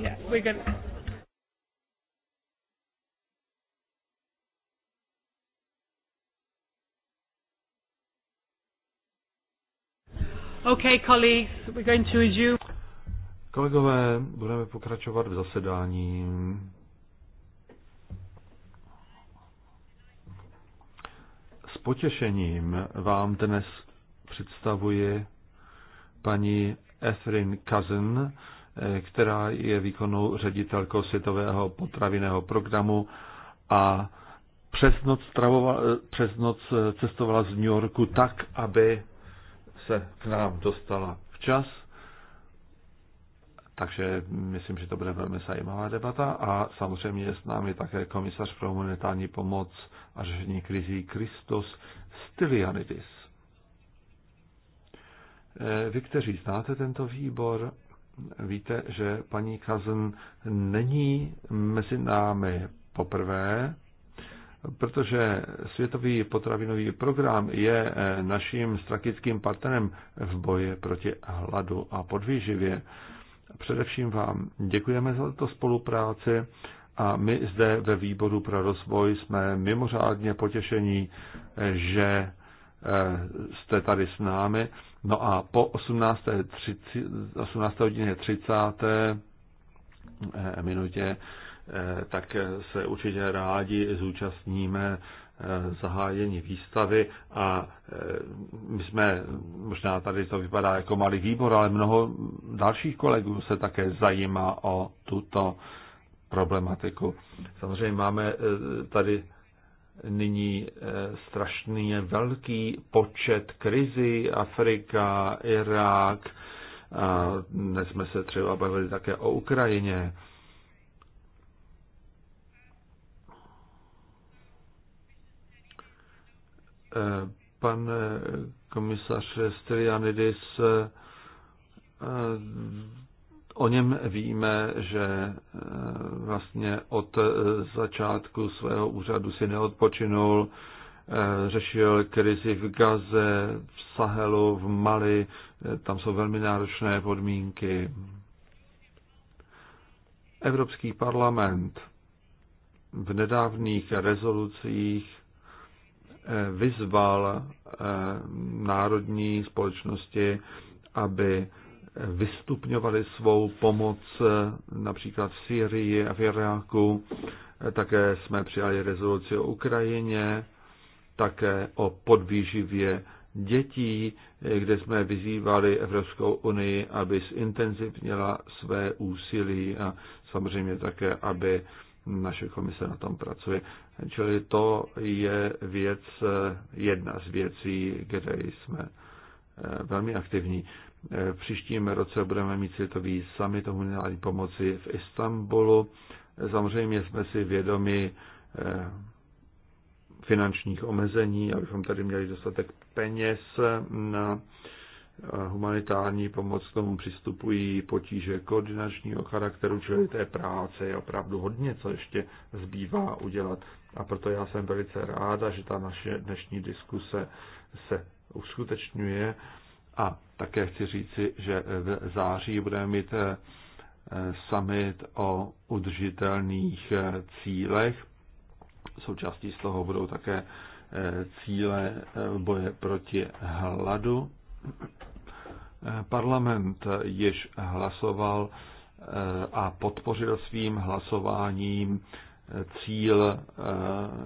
Speaker 1: Yeah, we're gonna. Okay, colleagues, we're going to resume.
Speaker 2: Kolegové, budeme pokračovat v zasedání. S potěšením vám dnes představuji paní Etherin Cousin, Eh, která je výkonnou ředitelkou Světového potravinného programu a přes noc, travoval, eh, přes noc eh, cestovala z New Yorku tak, aby se k nám dostala včas. Takže myslím, že to bude velmi zajímavá debata a samozřejmě je s námi také komisař pro humanitární pomoc a řešení krizí Kristos Stylianidis. Vy, kteří znáte tento výbor, víte, že paní Kazen není mezi námi poprvé, protože Světový potravinový program je eh, naším strategickým partnerem v boji proti hladu a podvýživě. Především vám děkujeme za tuto spolupráci a my zde ve Výboru pro rozvoj jsme mimořádně potěšení, eh, že eh, jste tady s námi No a po 18. 30, 18. hodině 30. Eh, minutě eh, tak se určitě rádi zúčastníme eh, zahájení výstavy a my jsme, možná tady to vypadá jako malý výbor, ale mnoho dalších kolegů se také zajímá o tuto problematiku. Samozřejmě máme tady nyní eh, strašný je velký počet krizí, Afrika, Irák, a dnes jsme se třeba bavili také o Ukrajině. Eh, pan eh, komisař Stylianidis O něm víme, že eh, vlastně od eh, začátku svého úřadu si neodpočinul, eh, řešil krizi v Gaze, v Sahelu, v Mali, tam jsou velmi náročné podmínky. Evropský parlament v nedávných rezolucích vyzval národní společnosti, aby vystupňovali svou pomoc eh, například v Syrii a v Iráku. Eh, také jsme přijali rezoluci o Ukrajině, také o podvýživě dětí, eh, kde jsme vyzývali Evropskou unii, aby zintenzivnila své úsilí a samozřejmě také, aby naše komise na tom pracuje. Čili to je věc, jedna z věcí, kde jsme velmi aktivní. V eh, příštím roce budeme mít světový summit o humanitární pomoci v Istanbulu. Eh, samozřejmě jsme si vědomi eh, finančních omezení, abychom tady měli dostatek peněz na humanitární pomoc, k tomu přistupují potíže koordinačního charakteru, čili té práce je opravdu hodně, co ještě zbývá udělat. A proto já jsem velice ráda, že ta naše dnešní diskuse se uskutečňuje a také chci říci, že v září budeme mít eh, summit o udržitelných eh, cílech. Součástí z toho budou také eh, cíle boje proti hladu. Parlament již hlasoval a podpořil svým hlasováním cíl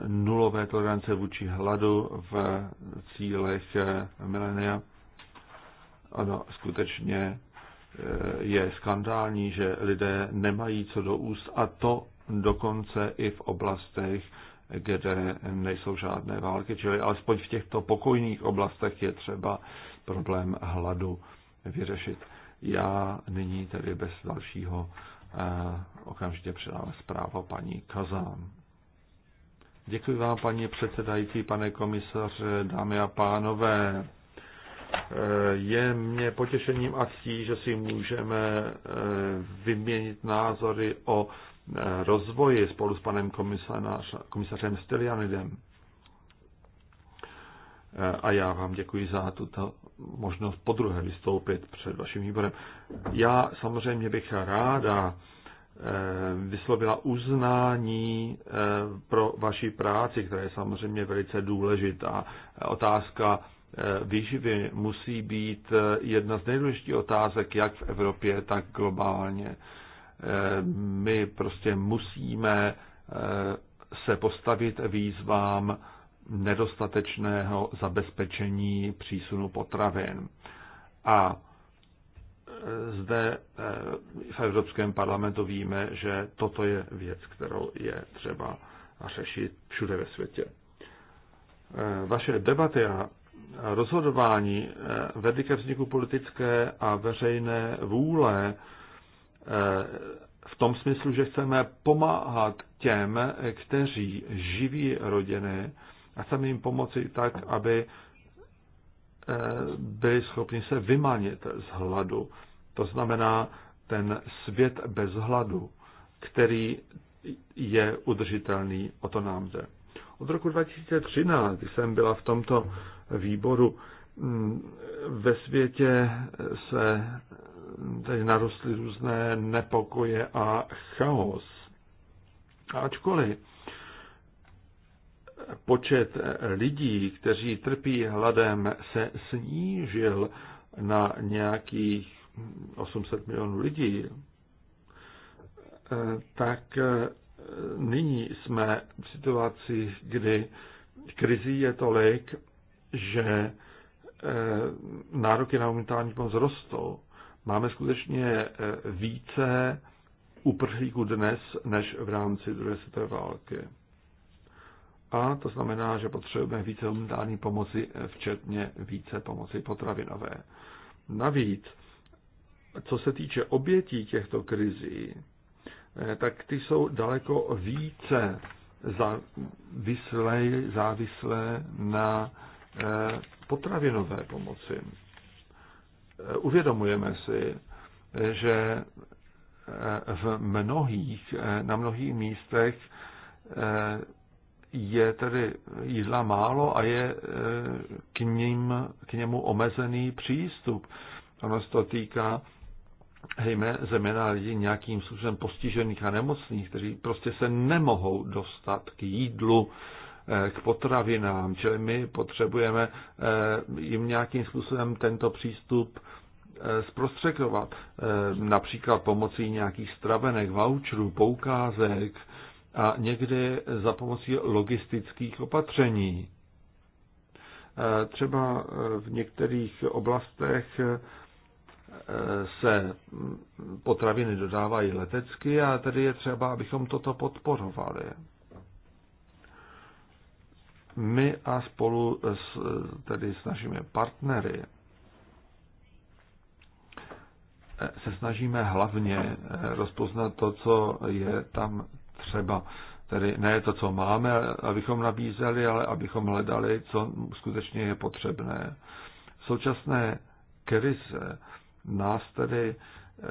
Speaker 2: nulové tolerance vůči hladu v cílech milenia ano, skutečně eh, je skandální, že lidé nemají co do úst a to dokonce i v oblastech, kde nejsou žádné války, čili alespoň v těchto pokojných oblastech je třeba problém hladu vyřešit. Já nyní tedy bez dalšího eh, okamžitě předám zprávu paní Kazán. Děkuji vám, paní předsedající, pane komisaře, dámy a pánové. Je mě potěšením a ctí, že si můžeme eh, vyměnit názory o eh, rozvoji spolu s panem komisařem Stylianidem. Eh, a já vám děkuji za tuto možnost podruhé vystoupit před vaším výborem. Já samozřejmě bych ráda vyslovila uznání pro vaší práci, která je samozřejmě velice důležitá. Otázka Eh, výživy musí být eh, jedna z nejdůležitějších otázek jak v Evropě, tak globálně. Eh, my prostě musíme se postavit výzvám nedostatečného zabezpečení přísunu potravin. A zde v Evropském parlamentu víme, že toto je věc, kterou je třeba řešit všude ve světě. Vaše debaty a rozhodování eh, vedly ke vzniku politické a veřejné vůle eh, v tom smyslu, že chceme pomáhat těm, kteří živí rodiny a chceme jim pomoci tak, aby eh, byli schopni se vymanit z hladu. To znamená ten svět bez hladu, který je udržitelný, o to nám jde. Od roku 2013, kdy jsem byla v tomto výboru, mm, ve světě se teď narostly různé nepokoje a chaos. Ačkoliv počet lidí, kteří trpí hladem, se snížil na nějakých 800 milionů lidí, eh, tak eh, nyní jsme v situaci, kdy krizí je tolik, že e, nároky na humanitární pomoc rostou. Máme skutečně e, více uprchlíků dnes než v rámci druhé světové války. A to znamená, že potřebujeme více humanitární pomoci, e, včetně více pomoci potravinové. Navíc, co se týče obětí těchto krizí, Eh, tak ty jsou daleko více závislé, závislé na eh, potravinové pomoci. Eh, uvědomujeme si, že v mnohých, na mnohých místech je tedy jídla málo a je k, ním, k němu omezený přístup. Ono se to týká hejme zejména lidí nějakým způsobem postižených a nemocných, kteří prostě se nemohou dostat k jídlu, eh, k potravinám, čili my potřebujeme eh, jim nějakým způsobem tento přístup eh, zprostřekovat, například pomocí nějakých stravenek, voucherů, poukázek a někdy za pomocí logistických opatření. Třeba v některých oblastech se potraviny dodávají letecky a tedy je třeba, abychom toto podporovali. My a spolu s, tedy s našimi partnery se snažíme hlavně rozpoznat to, co je tam třeba. Tedy ne to, co máme, abychom nabízeli, ale abychom hledali, co skutečně je potřebné. současné krize nás tedy eh,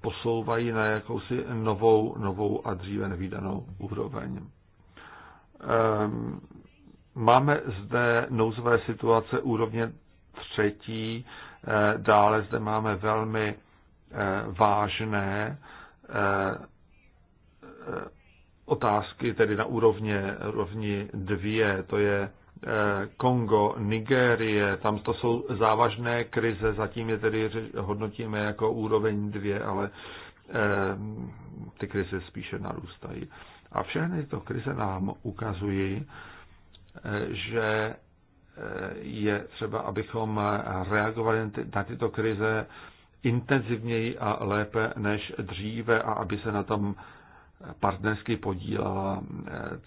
Speaker 2: posouvají na jakousi novou, novou a dříve nevýdanou úroveň. Ehm, máme zde nouzové situace úrovně třetí, eh, dále zde máme velmi eh, vážné otázky, tedy na úrovně, úrovni dvě, to je Eh, Kongo, Nigérie, tam to jsou závažné krize, zatím je tedy hodnotíme jako úroveň dvě, ale eh, ty krize spíše narůstají. A všechny tyto krize nám ukazují, eh, že je třeba, abychom reagovali na tyto krize intenzivněji a lépe než dříve a aby se na tom partnersky podílela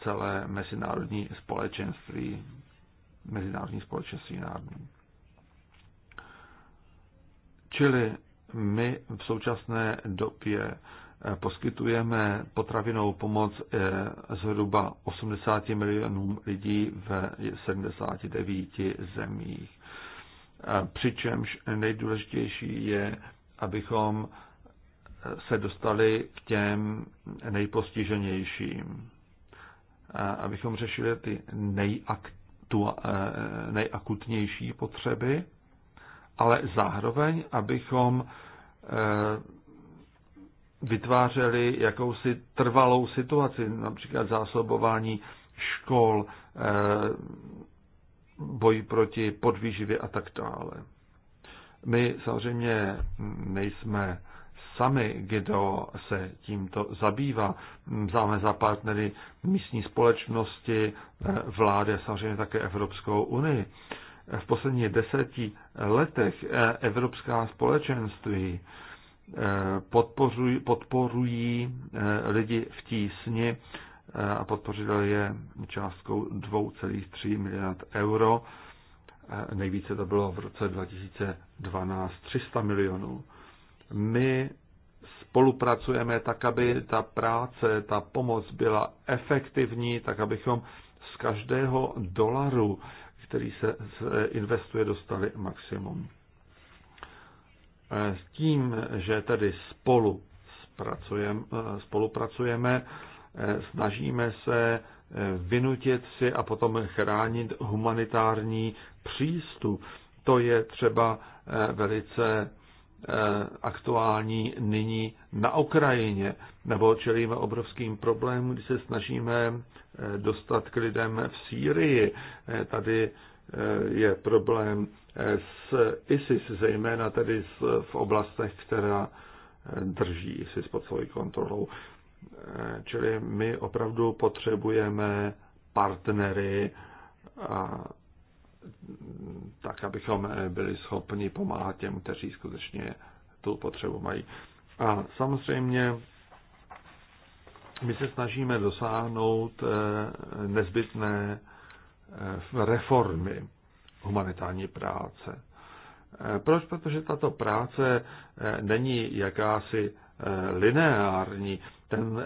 Speaker 2: celé mezinárodní společenství mezinárodní společenství národní. Čili my v současné době eh, poskytujeme potravinou pomoc eh, zhruba 80 milionům lidí v 79 zemích. Eh, přičemž nejdůležitější je, abychom se dostali k těm nejpostiženějším, abychom řešili ty nejaktivnější tu eh, nejakutnější potřeby, ale zároveň, abychom eh, vytvářeli jakousi trvalou situaci, například zásobování škol, eh, boj proti podvýživě a tak dále. My samozřejmě nejsme sami, kdo se tímto zabývá. Máme za partnery místní společnosti, eh, vlády a samozřejmě také Evropskou unii. V posledních deseti letech eh, evropská společenství eh, podporují, podporují lidi v tísni a podpořil je částkou 2,3 miliard euro. Nejvíce to bylo v roce 2012 300 milionů. My spolupracujeme tak, aby ta práce, ta pomoc byla efektivní, tak abychom z každého dolaru, který se investuje, dostali maximum. S tím, že tedy spolu spolupracujeme, snažíme se vynutit si a potom chránit humanitární přístup. To je třeba velice Eh, aktuální nyní na Ukrajině, nebo čelíme obrovským problémům, když se snažíme eh, dostat k lidem v Sýrii. Eh, tady je problém s ISIS, zejména tedy v oblastech, která drží ISIS pod svojí kontrolou. Čili my opravdu potřebujeme partnery a tak abychom eh, byli schopni pomáhat těm, kteří skutečně tu potřebu mají. A samozřejmě my se snažíme dosáhnout eh, nezbytné eh, reformy humanitární práce. Proč? Protože tato práce není jakási lineární. Ten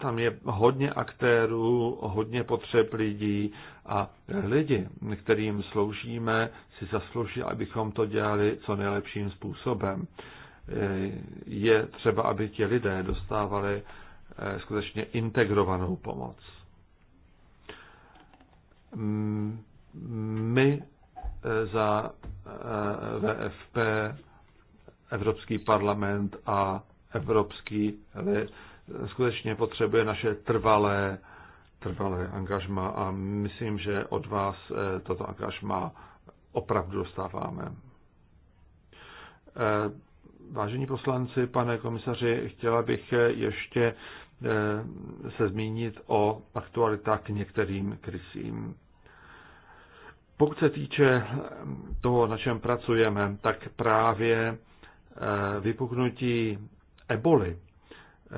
Speaker 2: tam je hodně aktérů, hodně potřeb lidí a lidi, kterým sloužíme, si zaslouží, abychom to dělali co nejlepším způsobem. Je třeba, aby ti lidé dostávali eh, skutečně integrovanou pomoc. Mm, my eh, za eh, VFP, Evropský parlament a Evropský lid skutečně potřebuje naše trvalé, trvalé angažma a myslím, že od vás eh, toto angažma opravdu dostáváme. Eh, vážení poslanci, pane komisaři, chtěla bych eh, ještě se zmínit o aktualitách k některým krysím. Pokud se týče toho, na čem pracujeme, tak právě vypuknutí eboli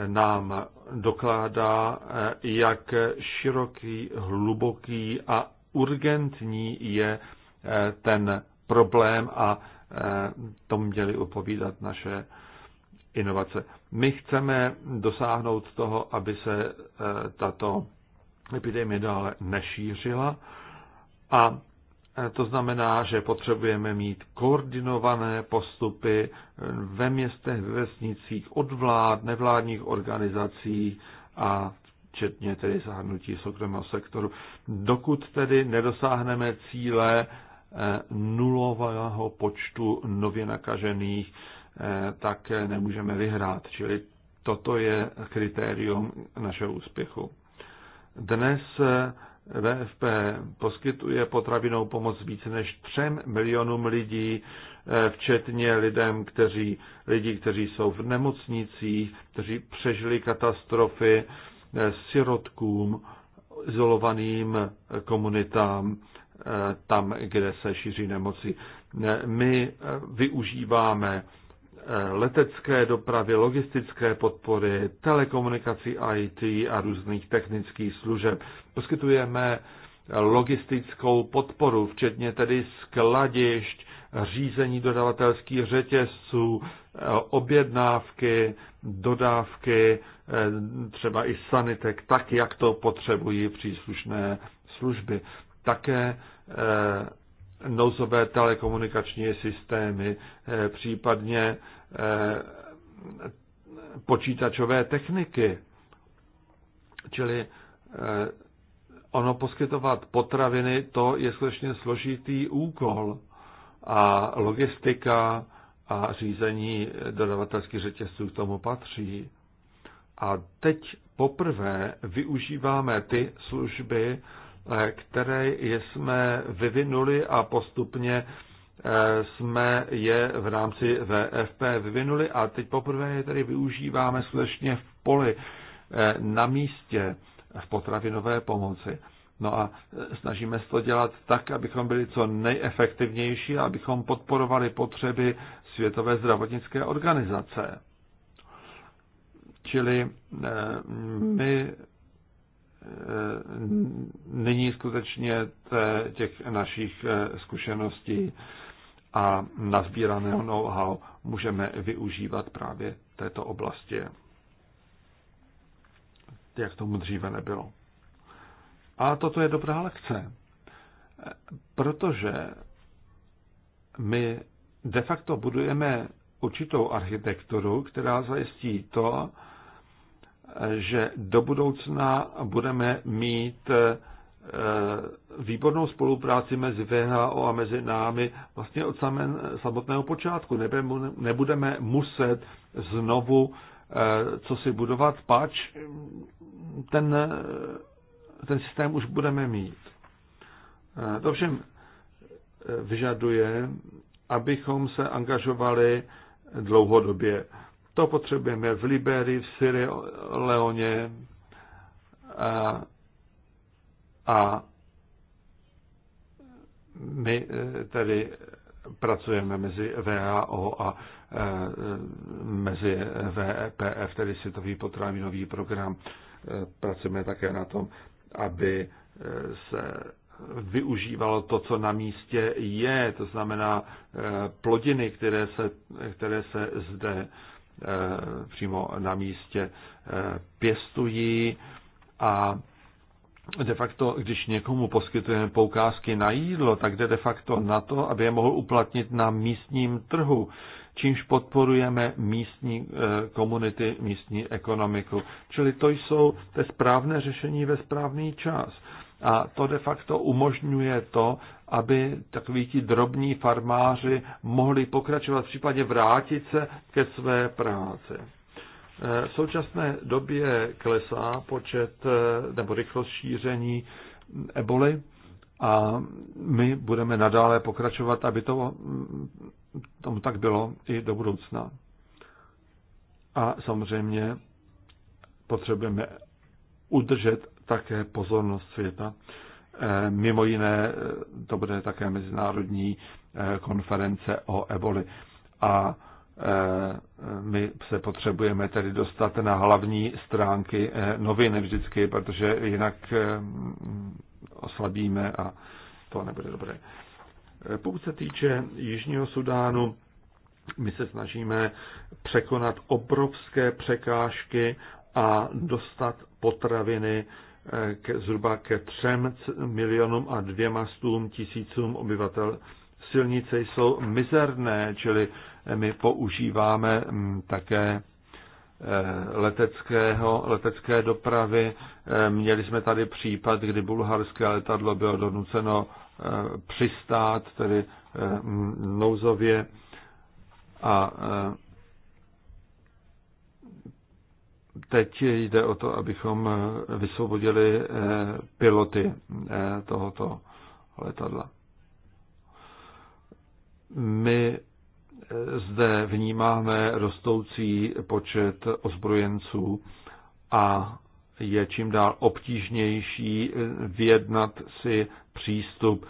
Speaker 2: nám dokládá, eh, jak široký, hluboký a urgentní je eh, ten problém a eh, to měly upovídat naše inovace. My chceme dosáhnout toho, aby se tato epidemie dále nešířila a to znamená, že potřebujeme mít koordinované postupy ve městech, ve vesnicích, od vlád, nevládních organizací a včetně tedy zahrnutí soukromého sektoru. Dokud tedy nedosáhneme cíle eh, nulového počtu nově nakažených, eh, tak nemůžeme vyhrát. Čili toto je kritérium našeho úspěchu. Dnes eh, VFP poskytuje potravinou pomoc více než třem milionům lidí, eh, včetně lidem, kteří, lidí, kteří jsou v nemocnicích, kteří přežili katastrofy, eh, sirotkům, izolovaným eh, komunitám, tam, kde se šíří nemoci. My využíváme Eh, letecké dopravy, logistické podpory, telekomunikací IT a různých technických služeb. Poskytujeme logistickou podporu, včetně tedy skladišť, řízení dodavatelských řetězců, eh, objednávky, dodávky, eh, třeba i sanitek, tak jak to potřebují příslušné služby. Také nouzové telekomunikační systémy, eh, případně eh, počítačové techniky. Čili eh, ono poskytovat potraviny, to je skutečně složitý úkol. A logistika a řízení dodavatelských řetězců k tomu patří. A teď poprvé využíváme ty služby, které jsme vyvinuli a postupně eh, jsme je v rámci VFP vyvinuli a teď poprvé je tedy využíváme skutečně v poli, eh, na místě, v potravinové pomoci. No a eh, snažíme se to dělat tak, abychom byli co nejefektivnější a abychom podporovali potřeby Světové zdravotnické organizace. Čili my Eh, není skutečně těch našich eh, zkušeností a nazbíraného know-how můžeme využívat právě této oblasti, jak tomu dříve nebylo. A toto je dobrá lekce, protože my de facto budujeme určitou architekturu, která zajistí to, že do budoucna budeme mít eh, výbornou spolupráci mezi VHO a mezi námi vlastně od samotného počátku. Nebudeme muset znovu eh, co si budovat, pač ten, ten systém už budeme mít. Eh, to všem vyžaduje, abychom se angažovali dlouhodobě. To potřebujeme v Liberii, v Syrii, Leoně a, a my eh, tedy pracujeme mezi VAO a eh, mezi VEPF, tedy Světový potravinový program. Eh, pracujeme také na tom, aby se využívalo to, co na místě je, to znamená plodiny, které se, které se zde Eh, přímo na místě eh, pěstují a de facto, když někomu poskytujeme poukázky na jídlo, tak jde de facto na to, aby je mohl uplatnit na místním trhu, čímž podporujeme místní eh, komunity, místní ekonomiku. Čili to jsou to správné řešení ve správný čas. A to de facto umožňuje to, aby takoví ti drobní farmáři mohli pokračovat, případně vrátit se ke své práci. V současné době klesá počet eh, nebo rychlost šíření eboli a my budeme nadále pokračovat, aby to, mm, tomu tak bylo i do budoucna. A samozřejmě potřebujeme udržet také pozornost světa. Eh, mimo jiné eh, to bude také mezinárodní eh, konference o eboli. A my se potřebujeme tedy dostat na hlavní stránky novin vždycky, protože jinak oslabíme a to nebude dobré. Pokud se týče Jižního Sudánu, my se snažíme překonat obrovské překážky a dostat potraviny Eh, k zhruba ke třem milionům a dvěma stům tisícům obyvatel. Silnice jsou mizerné, čili eh, my používáme mm, také eh, leteckého, letecké dopravy. Měli jsme tady případ, kdy bulharské letadlo bylo donuceno přistát, tedy nouzově a Teď jde o to, abychom eh, vysvobodili eh, piloty eh, tohoto letadla. My zde vnímáme rostoucí počet ozbrojenců a je čím dál obtížnější vyjednat si přístup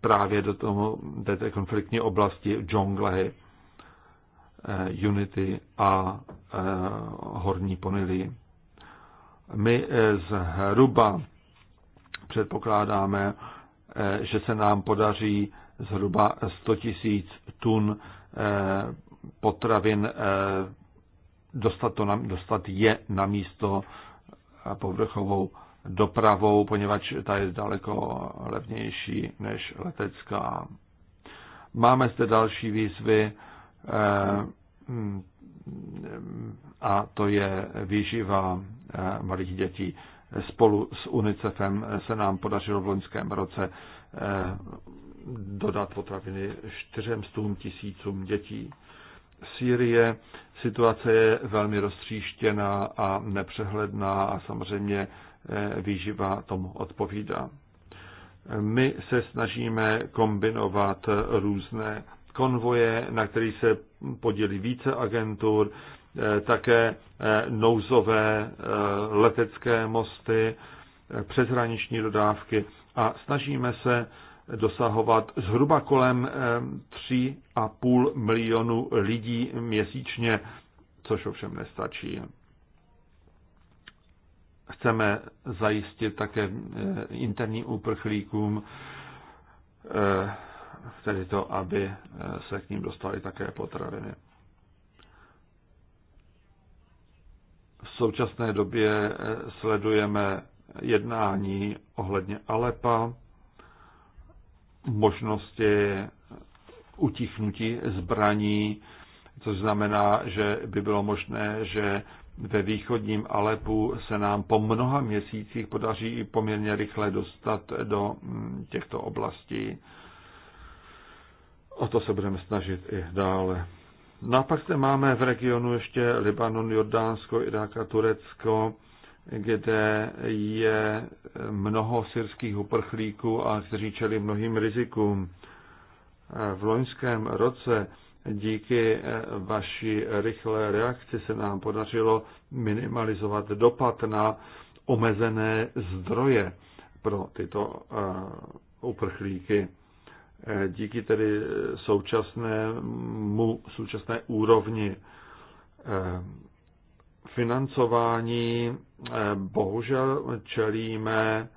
Speaker 2: právě do, tomu, do té konfliktní oblasti džonglehy. Eh, Unity a eh, Horní Ponily. My eh, zhruba předpokládáme, že se nám podaří zhruba 100 tisíc tun potravin dostat, to na, dostat je na místo povrchovou dopravou, poněvadž ta je daleko levnější než letecká. Máme zde další výzvy, Eh, mm, a to je výživa eh, malých dětí. Spolu s UNICEFem se nám podařilo v loňském roce eh, dodat potraviny 400 tisícům dětí. Sýrie situace je velmi roztříštěná a nepřehledná a samozřejmě výživa tomu odpovídá. My se snažíme kombinovat různé konvoje, na který se podělí více agentur, eh, také eh, nouzové eh, letecké mosty, přeshraniční dodávky a snažíme se dosahovat zhruba kolem 3,5 milionu lidí měsíčně, což ovšem nestačí. Chceme zajistit také interním uprchlíkům tedy to, aby eh, se k ním dostaly také potraviny. V současné době eh, sledujeme jednání ohledně Alepa, možnosti utichnutí zbraní, což znamená, že by bylo možné, že ve východním Alepu se nám po mnoha měsících podaří poměrně rychle dostat do mm, těchto oblastí. O to se budeme snažit i dále. No a pak zde máme v regionu ještě Libanon, Jordánsko, Irák a Turecko, kde je mnoho syrských uprchlíků a kteří čelí mnohým rizikům. V loňském roce díky vaší rychlé reakci se nám podařilo minimalizovat dopad na omezené zdroje pro tyto eh, uprchlíky. Eh, díky tedy eh, současnému, současné úrovni eh, financování bohužel čelíme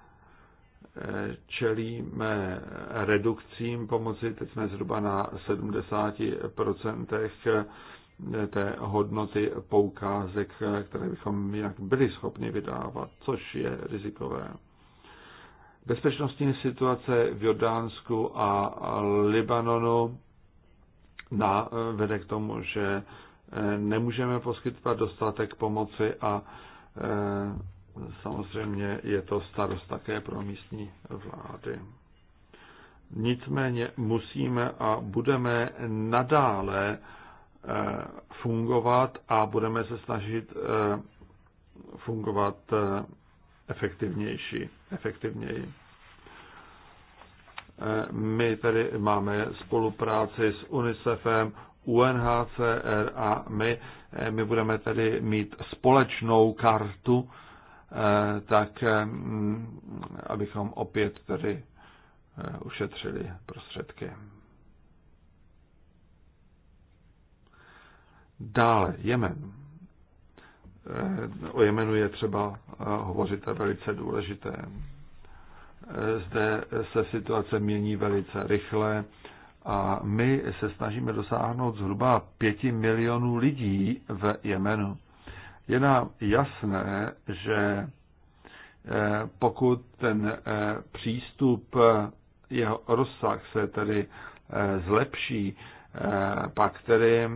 Speaker 2: čelíme redukcím pomoci, teď jsme zhruba na 70% té hodnoty poukázek, které bychom jinak byli schopni vydávat, což je rizikové. Bezpečnostní situace v Jordánsku a Libanonu na, vede k tomu, že eh, nemůžeme poskytovat dostatek pomoci a eh, samozřejmě je to starost také pro místní vlády. Nicméně musíme a budeme nadále eh, fungovat a budeme se snažit fungovat efektivnější, efektivněji. Eh, my tady máme spolupráci s UNICEFem, UNHCR a my, eh, my budeme tady mít společnou kartu, eh, tak abychom opět tady ušetřili prostředky. Dále Jemen. Eh, o Jemenu je třeba eh, hovořit a velice důležité. Eh, zde se situace mění velice rychle a my se snažíme dosáhnout zhruba pěti milionů lidí v Jemenu. Je nám jasné, že pokud ten přístup, jeho rozsah se tedy zlepší, Eh, pak tedy eh,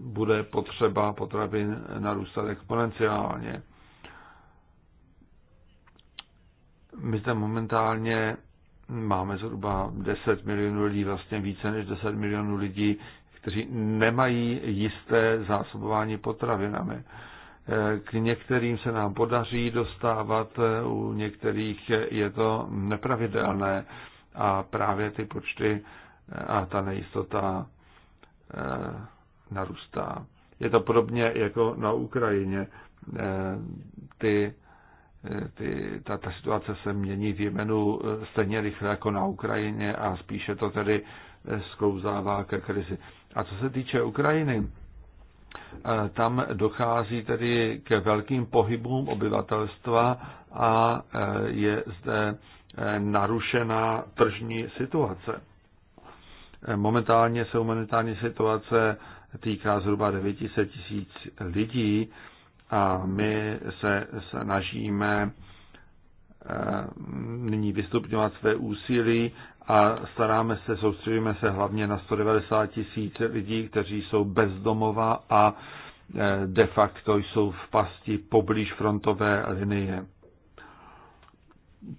Speaker 2: bude potřeba potravin narůstat exponenciálně. My zde momentálně máme zhruba 10 milionů lidí, vlastně více než 10 milionů lidí, kteří nemají jisté zásobování potravinami. Eh, k některým se nám podaří dostávat, u některých je to nepravidelné a právě ty počty a ta nejistota eh, narůstá. Je to podobně jako na Ukrajině. Eh, ty, eh, ty, ta, ta situace se mění v jmenu stejně rychle jako na Ukrajině a spíše to tedy sklouzává ke krizi. A co se týče Ukrajiny, tam dochází tedy ke velkým pohybům obyvatelstva a je zde narušená tržní situace. Momentálně se humanitární situace týká zhruba 900 tisíc lidí a my se snažíme eh, nyní vystupňovat své úsilí a staráme se, soustředíme se hlavně na 190 tisíc lidí, kteří jsou bezdomova a eh, de facto jsou v pasti poblíž frontové linie.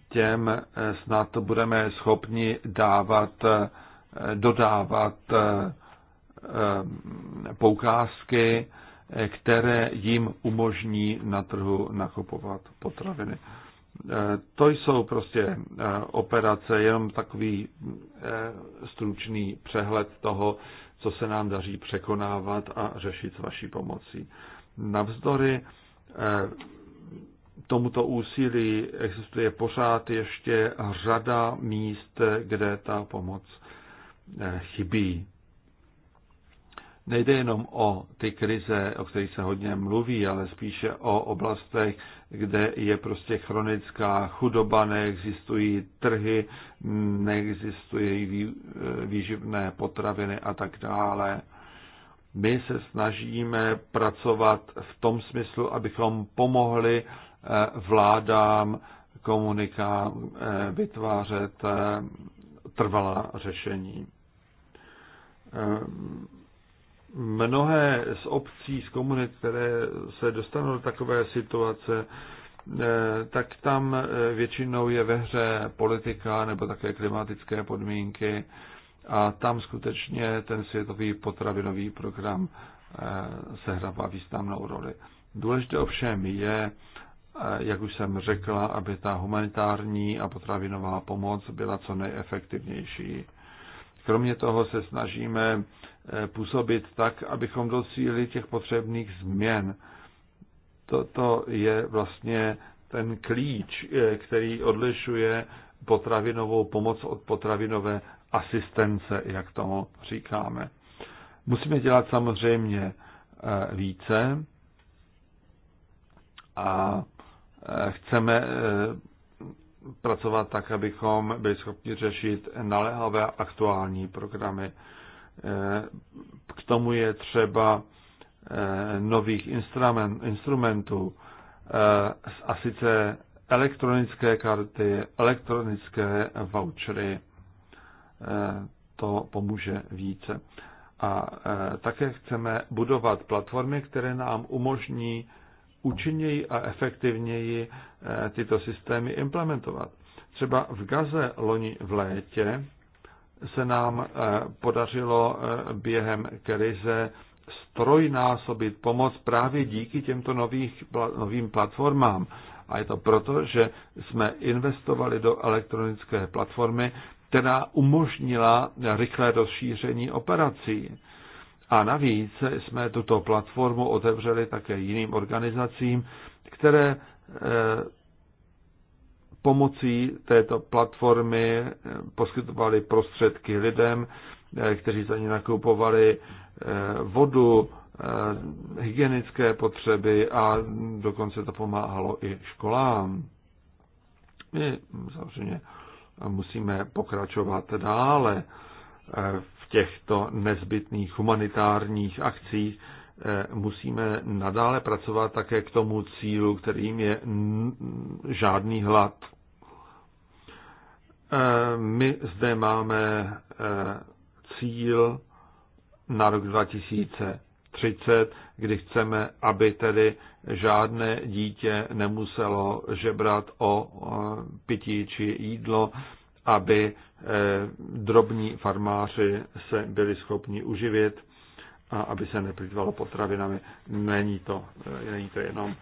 Speaker 2: Těm eh, snad budeme schopni dávat dodávat eh, eh, poukázky, které jim umožní na trhu nakupovat potraviny. Eh, to jsou prostě operace, jenom takový stručný přehled toho, co se nám daří překonávat a řešit s vaší pomocí. Navzdory tomuto úsilí existuje pořád ještě řada míst, kde ta pomoc Eh, chybí. Nejde jenom o ty krize, o kterých se hodně mluví, ale spíše o oblastech, kde je prostě chronická chudoba, neexistují trhy, neexistují eh, výživné potraviny a tak dále. My se snažíme pracovat v tom smyslu, abychom pomohli eh, vládám, komunikám vytvářet trvalá řešení. Ehm, mnohé z obcí, z komunit, které se dostanou do takové situace, eh, tak tam eh, většinou je ve hře politika nebo také klimatické podmínky a tam skutečně ten světový potravinový program eh, sehrává významnou roli. Důležité ovšem je, jak už jsem řekla, aby ta humanitární a potravinová pomoc byla co nejefektivnější. Kromě toho se snažíme eh, působit tak, abychom docílili těch potřebných změn. Toto je vlastně ten klíč, eh, který odlišuje potravinovou pomoc od potravinové asistence, jak tomu říkáme. Musíme dělat samozřejmě eh, více a chceme pracovat tak, abychom byli schopni řešit naléhavé aktuální programy. Eh, k tomu je třeba eh, nových instrumentů, eh, a sice elektronické karty, elektronické vouchery. To pomůže více. A také chceme budovat platformy, které nám umožní účinněji a efektivněji eh, tyto systémy implementovat. Třeba v Gaze loni v létě se nám eh, podařilo eh, během krize strojnásobit pomoc právě díky těmto nových, novým platformám. A je to proto, že jsme investovali do elektronické platformy, která umožnila rychlé rozšíření operací. A navíc jsme tuto platformu otevřeli také jiným organizacím, které eh, pomocí této platformy eh, poskytovali prostředky lidem, eh, kteří za ně nakupovali vodu, hygienické potřeby a dokonce to pomáhalo i školám. My samozřejmě musíme pokračovat dále těchto nezbytných humanitárních akcích eh, musíme nadále pracovat také k tomu cílu, kterým je žádný hlad. Eh, my zde máme eh, cíl na rok 2030, kdy chceme, aby tedy žádné dítě nemuselo žebrat o pití či jídlo, aby Eh, drobní farmáři se byli schopni uživit a aby se neplitvalo potravinami. Není to, eh, není to jenom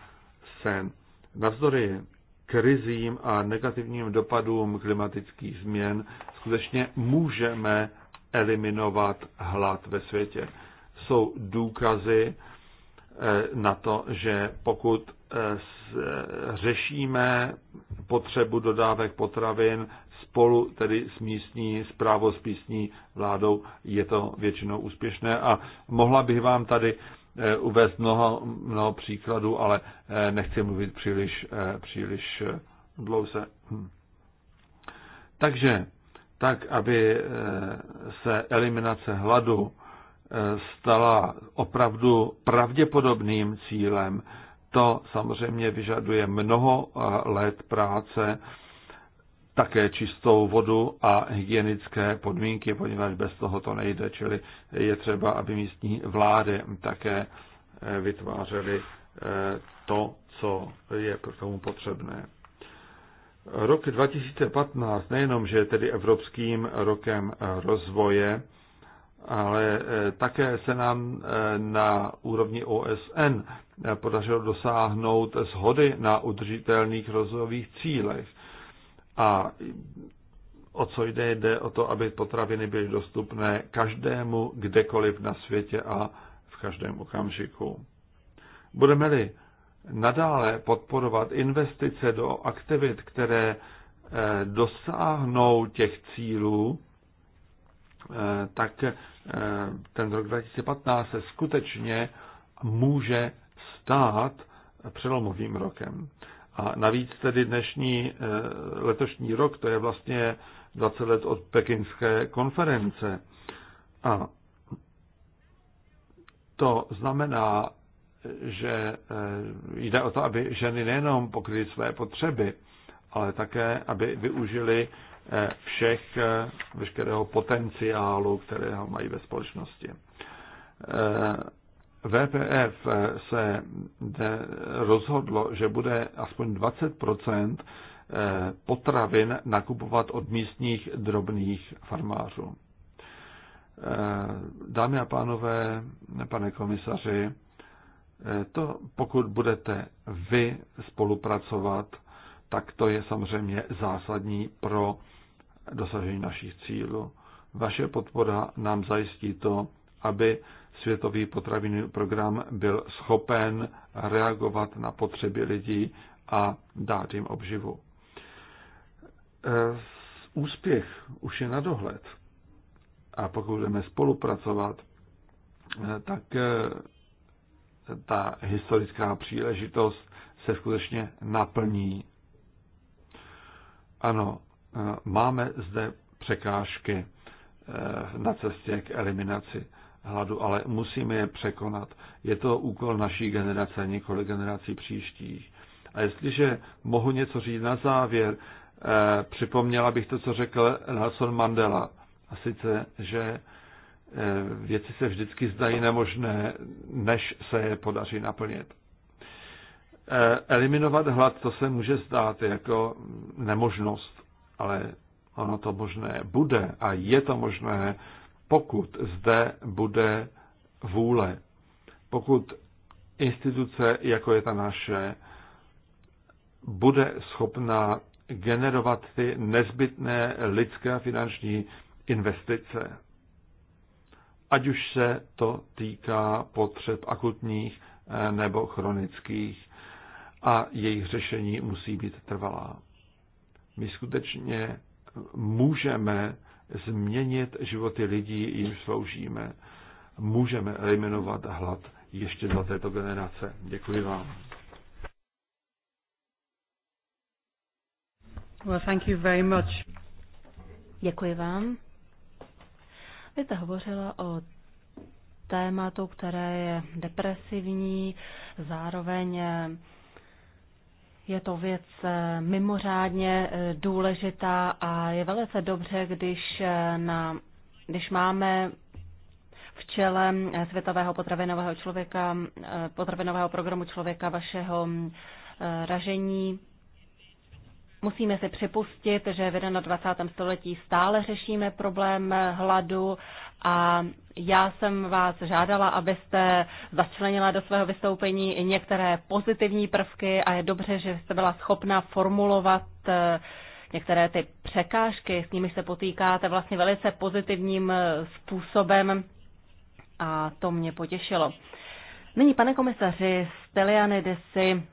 Speaker 2: sen. Navzdory krizím a negativním dopadům klimatických změn skutečně můžeme eliminovat hlad ve světě. Jsou důkazy eh, na to, že pokud řešíme potřebu dodávek potravin spolu tedy s místní zprávou, s místní vládou je to většinou úspěšné. A mohla bych vám tady eh, uvést mnoho, mnoho příkladů, ale eh, nechci mluvit příliš, eh, příliš dlouze. Hm. Takže tak, aby se eliminace hladu stala opravdu pravděpodobným cílem, to samozřejmě vyžaduje mnoho let práce také čistou vodu a hygienické podmínky, poněvadž bez toho to nejde, čili je třeba, aby místní vlády také eh, vytvářely eh, to, co je k tomu potřebné. Rok 2015 nejenom, že je tedy Evropským rokem rozvoje, ale eh, také se nám na úrovni OSN podařilo dosáhnout shody na udržitelných rozvojových cílech. A o co jde, jde o to, aby potraviny byly dostupné každému, kdekoliv na světě a v každém okamžiku. Budeme-li nadále podporovat investice do aktivit, které eh, dosáhnou těch cílů, eh, tak eh, ten rok 2015 se skutečně může stát přelomovým rokem. A navíc tedy dnešní eh, letošní rok, to je vlastně 20 let od pekinské konference. A to znamená, že eh, jde o to, aby ženy nejenom pokryly své potřeby, ale také, aby využili eh, všech, veškerého potenciálu, kterého mají ve společnosti. VPF eh, se rozhodlo, že bude aspoň 20 eh, potravin nakupovat od místních drobných farmářů. Eh, dámy a pánové, pane komisaři, to pokud budete vy spolupracovat, tak to je samozřejmě zásadní pro dosažení našich cílů. Vaše podpora nám zajistí to, aby Světový potravinový program byl schopen reagovat na potřeby lidí a dát jim obživu. Eh, úspěch už je na dohled. A pokud budeme spolupracovat, eh, tak eh, ta historická příležitost se skutečně naplní. Ano, máme zde překážky na cestě k eliminaci hladu, ale musíme je překonat. Je to úkol naší generace, několik generací příštích. A jestliže mohu něco říct na závěr, eh, připomněla bych to, co řekl Nelson Mandela. A sice, že eh, věci se vždycky zdají nemožné, než se je podaří naplnit. Eh, eliminovat hlad, to se může zdát jako nemožnost, ale ono to možné bude a je to možné pokud zde bude vůle, pokud instituce, jako je ta naše, bude schopna generovat ty nezbytné lidské a finanční investice. Ať už se to týká potřeb akutních eh, nebo chronických a jejich řešení musí být trvalá. My skutečně můžeme změnit životy lidí, jim sloužíme. Můžeme eliminovat hlad ještě za této generace. Děkuji vám.
Speaker 3: Well, thank you very much. Děkuji vám. Vy jste hovořila o tématu, které je depresivní, zároveň je to věc eh, mimořádně eh, důležitá a je velice dobře, když, eh, na, když máme v čele Světového potravinového, člověka, potravinového programu člověka vašeho mm, ražení. Musíme si připustit, že v 21. století stále řešíme problém hladu a já jsem vás žádala, abyste začlenila do svého vystoupení i některé pozitivní prvky a je dobře, že jste byla schopna formulovat eh, některé ty překážky, s nimi se potýkáte vlastně velice pozitivním eh, způsobem a to mě potěšilo. Nyní, pane komisaři Stelianidisi,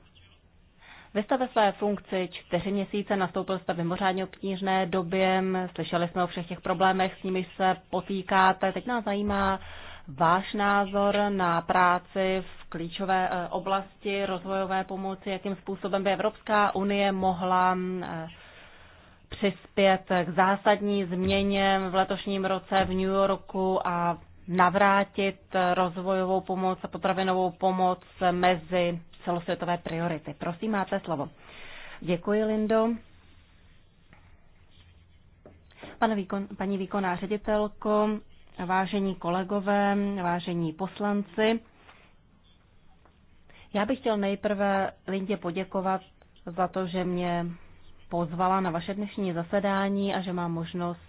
Speaker 3: vy ve své funkci čtyři měsíce, nastoupil jste mimořádně obtížné době, slyšeli jsme o všech těch problémech, s nimi se potýkáte. Teď nás zajímá váš názor na práci v klíčové eh, oblasti rozvojové pomoci, jakým způsobem by Evropská unie mohla eh, přispět k zásadní změně v letošním roce v New Yorku a navrátit rozvojovou pomoc a potravinovou pomoc mezi celosvětové priority. Prosím, máte slovo. Děkuji, Lindo. Pane výkon, paní výkonná ředitelko, vážení kolegové, vážení poslanci, já bych chtěl nejprve Lindě poděkovat za to, že mě pozvala na vaše dnešní zasedání a že mám možnost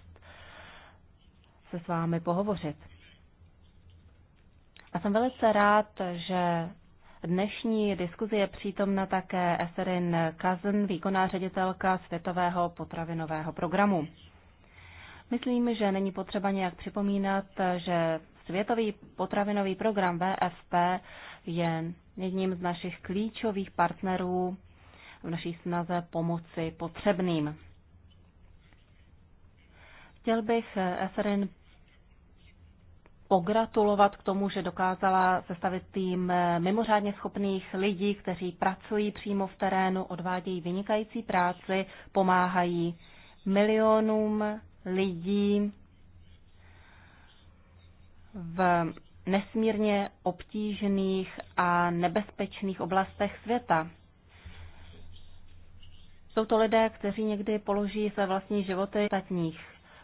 Speaker 3: se s vámi pohovořit. Já jsem velice rád, že dnešní diskuzi je přítomna také Eserin Kazen, výkonná ředitelka Světového potravinového programu. Myslím, že není potřeba nějak připomínat, že Světový potravinový program VFP je jedním z našich klíčových partnerů v naší snaze pomoci potřebným. Chtěl bych Eserin pogratulovat k tomu, že dokázala sestavit tým eh, mimořádně schopných lidí, kteří pracují přímo v terénu, odvádějí vynikající práci, pomáhají milionům lidí v nesmírně obtížných a nebezpečných oblastech světa. Jsou to lidé, kteří někdy položí své vlastní životy ostatních.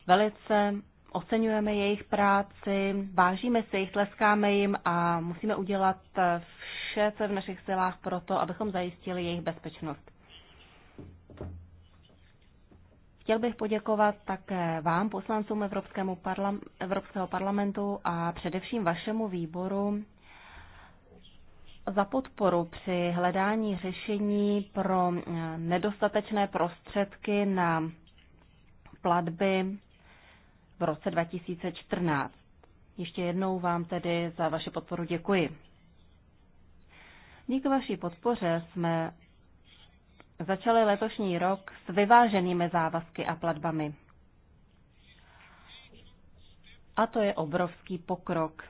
Speaker 3: Velice oceňujeme jejich práci, vážíme si jich, tleskáme jim a musíme udělat eh, vše, co je v našich silách pro to, abychom zajistili jejich bezpečnost. Chtěl bych poděkovat také vám, poslancům Evropskému parlam- Evropského parlamentu a především vašemu výboru za podporu při hledání řešení pro eh, nedostatečné prostředky na platby v roce 2014. Ještě jednou vám tedy za vaši podporu děkuji. Díky vaší podpoře jsme začali letošní rok s vyváženými závazky a platbami. A to je obrovský pokrok.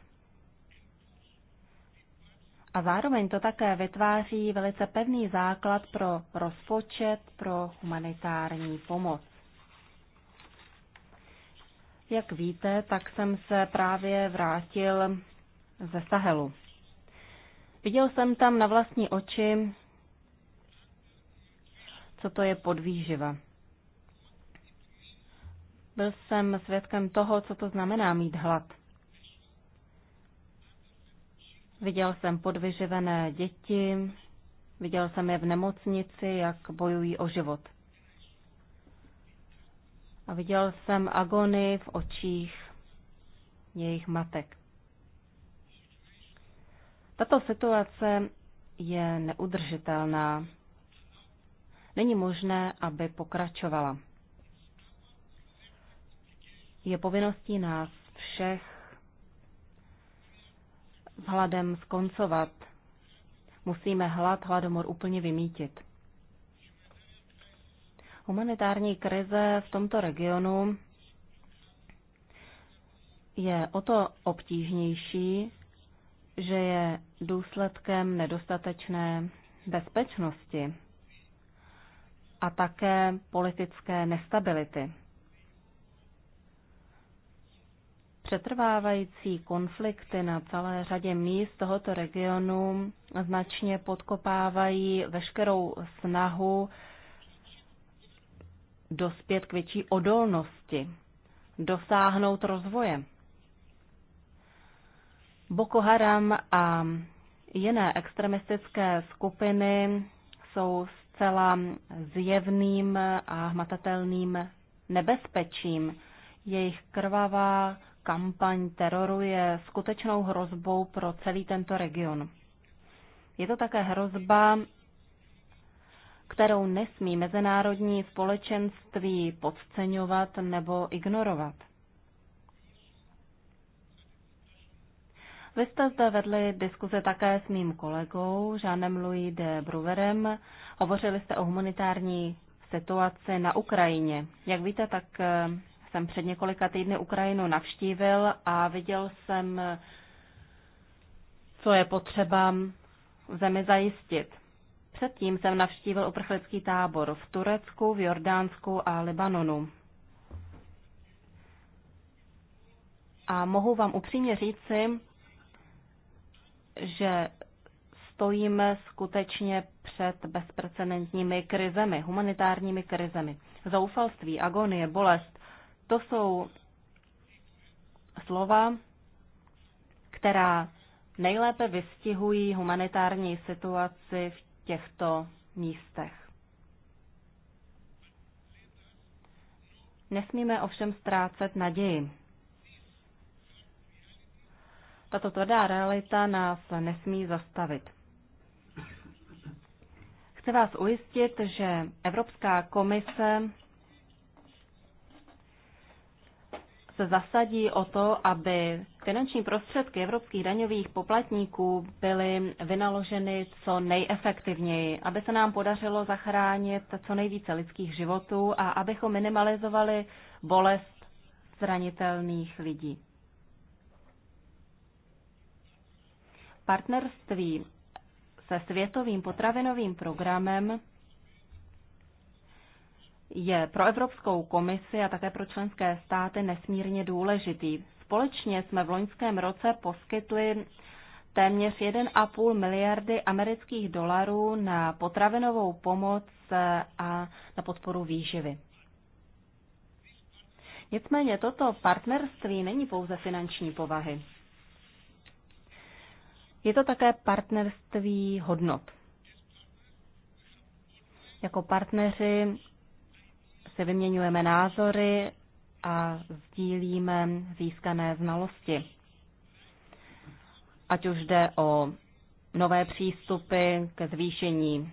Speaker 3: A zároveň to také vytváří velice pevný základ pro rozpočet pro humanitární pomoc. Jak víte, tak jsem se právě vrátil ze Sahelu. Viděl jsem tam na vlastní oči, co to je podvýživa. Byl jsem svědkem toho, co to znamená mít hlad. Viděl jsem podvyživené děti, viděl jsem je v nemocnici, jak bojují o život a viděl jsem agony v očích jejich matek. Tato situace je neudržitelná. Není možné, aby pokračovala. Je povinností nás všech s hladem skoncovat. Musíme hlad, hladomor úplně vymítit. Humanitární krize v tomto regionu je o to obtížnější, že je důsledkem nedostatečné bezpečnosti a také politické nestability. Přetrvávající konflikty na celé řadě míst tohoto regionu značně podkopávají veškerou snahu dospět k větší odolnosti, dosáhnout rozvoje. Boko Haram a jiné extremistické skupiny jsou zcela zjevným a hmatatelným nebezpečím. Jejich krvavá kampaň teroru je skutečnou hrozbou pro celý tento region. Je to také hrozba kterou nesmí mezinárodní společenství podceňovat nebo ignorovat. Vy jste zde vedli diskuze také s mým kolegou Žánem Louis de Bruverem. Hovořili jste o humanitární situaci na Ukrajině. Jak víte, tak eh, jsem před několika týdny Ukrajinu navštívil a viděl jsem, co je potřeba v zemi zajistit. Předtím jsem navštívil uprchlický tábor v Turecku, v Jordánsku a Libanonu. A mohu vám upřímně říci, že stojíme skutečně před bezprecedentními krizemi, humanitárními krizemi. Zoufalství, agonie, bolest, to jsou slova, která nejlépe vystihují humanitární situaci v těchto místech. Nesmíme ovšem ztrácet naději. Tato tvrdá realita nás nesmí zastavit. Chci vás ujistit, že Evropská komise se zasadí o to, aby finanční prostředky evropských daňových poplatníků byly vynaloženy co nejefektivněji, aby se nám podařilo zachránit co nejvíce lidských životů a abychom minimalizovali bolest zranitelných lidí. Partnerství se Světovým potravinovým programem je pro Evropskou komisi a také pro členské státy nesmírně důležitý. Společně jsme v loňském roce poskytli téměř 1,5 miliardy amerických dolarů na potravinovou pomoc a na podporu výživy. Nicméně toto partnerství není pouze finanční povahy. Je to také partnerství hodnot. Jako partneři si vyměňujeme názory a sdílíme získané znalosti. Ať už jde o nové přístupy ke zvýšení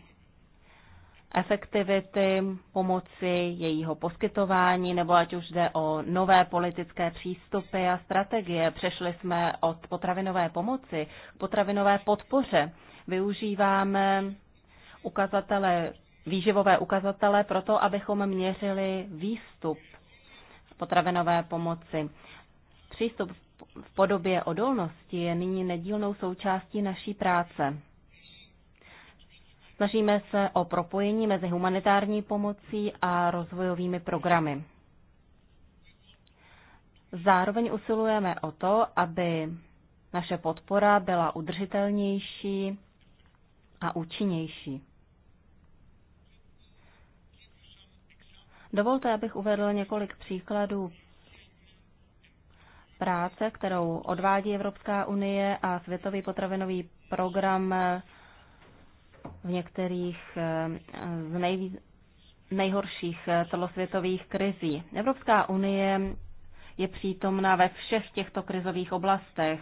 Speaker 3: efektivity pomoci, jejího poskytování, nebo ať už jde o nové politické přístupy a strategie. Přešli jsme od potravinové pomoci k potravinové podpoře. Využíváme ukazatele výživové ukazatele to, abychom měřili výstup potravinové pomoci. Přístup v podobě odolnosti je nyní nedílnou součástí naší práce. Snažíme se o propojení mezi humanitární pomocí a rozvojovými programy. Zároveň usilujeme o to, aby naše podpora byla udržitelnější a účinnější. Dovolte, abych uvedl několik příkladů práce, kterou odvádí Evropská unie a Světový potravinový program v některých z nejvíc, nejhorších celosvětových krizí. Evropská unie je přítomna ve všech těchto krizových oblastech.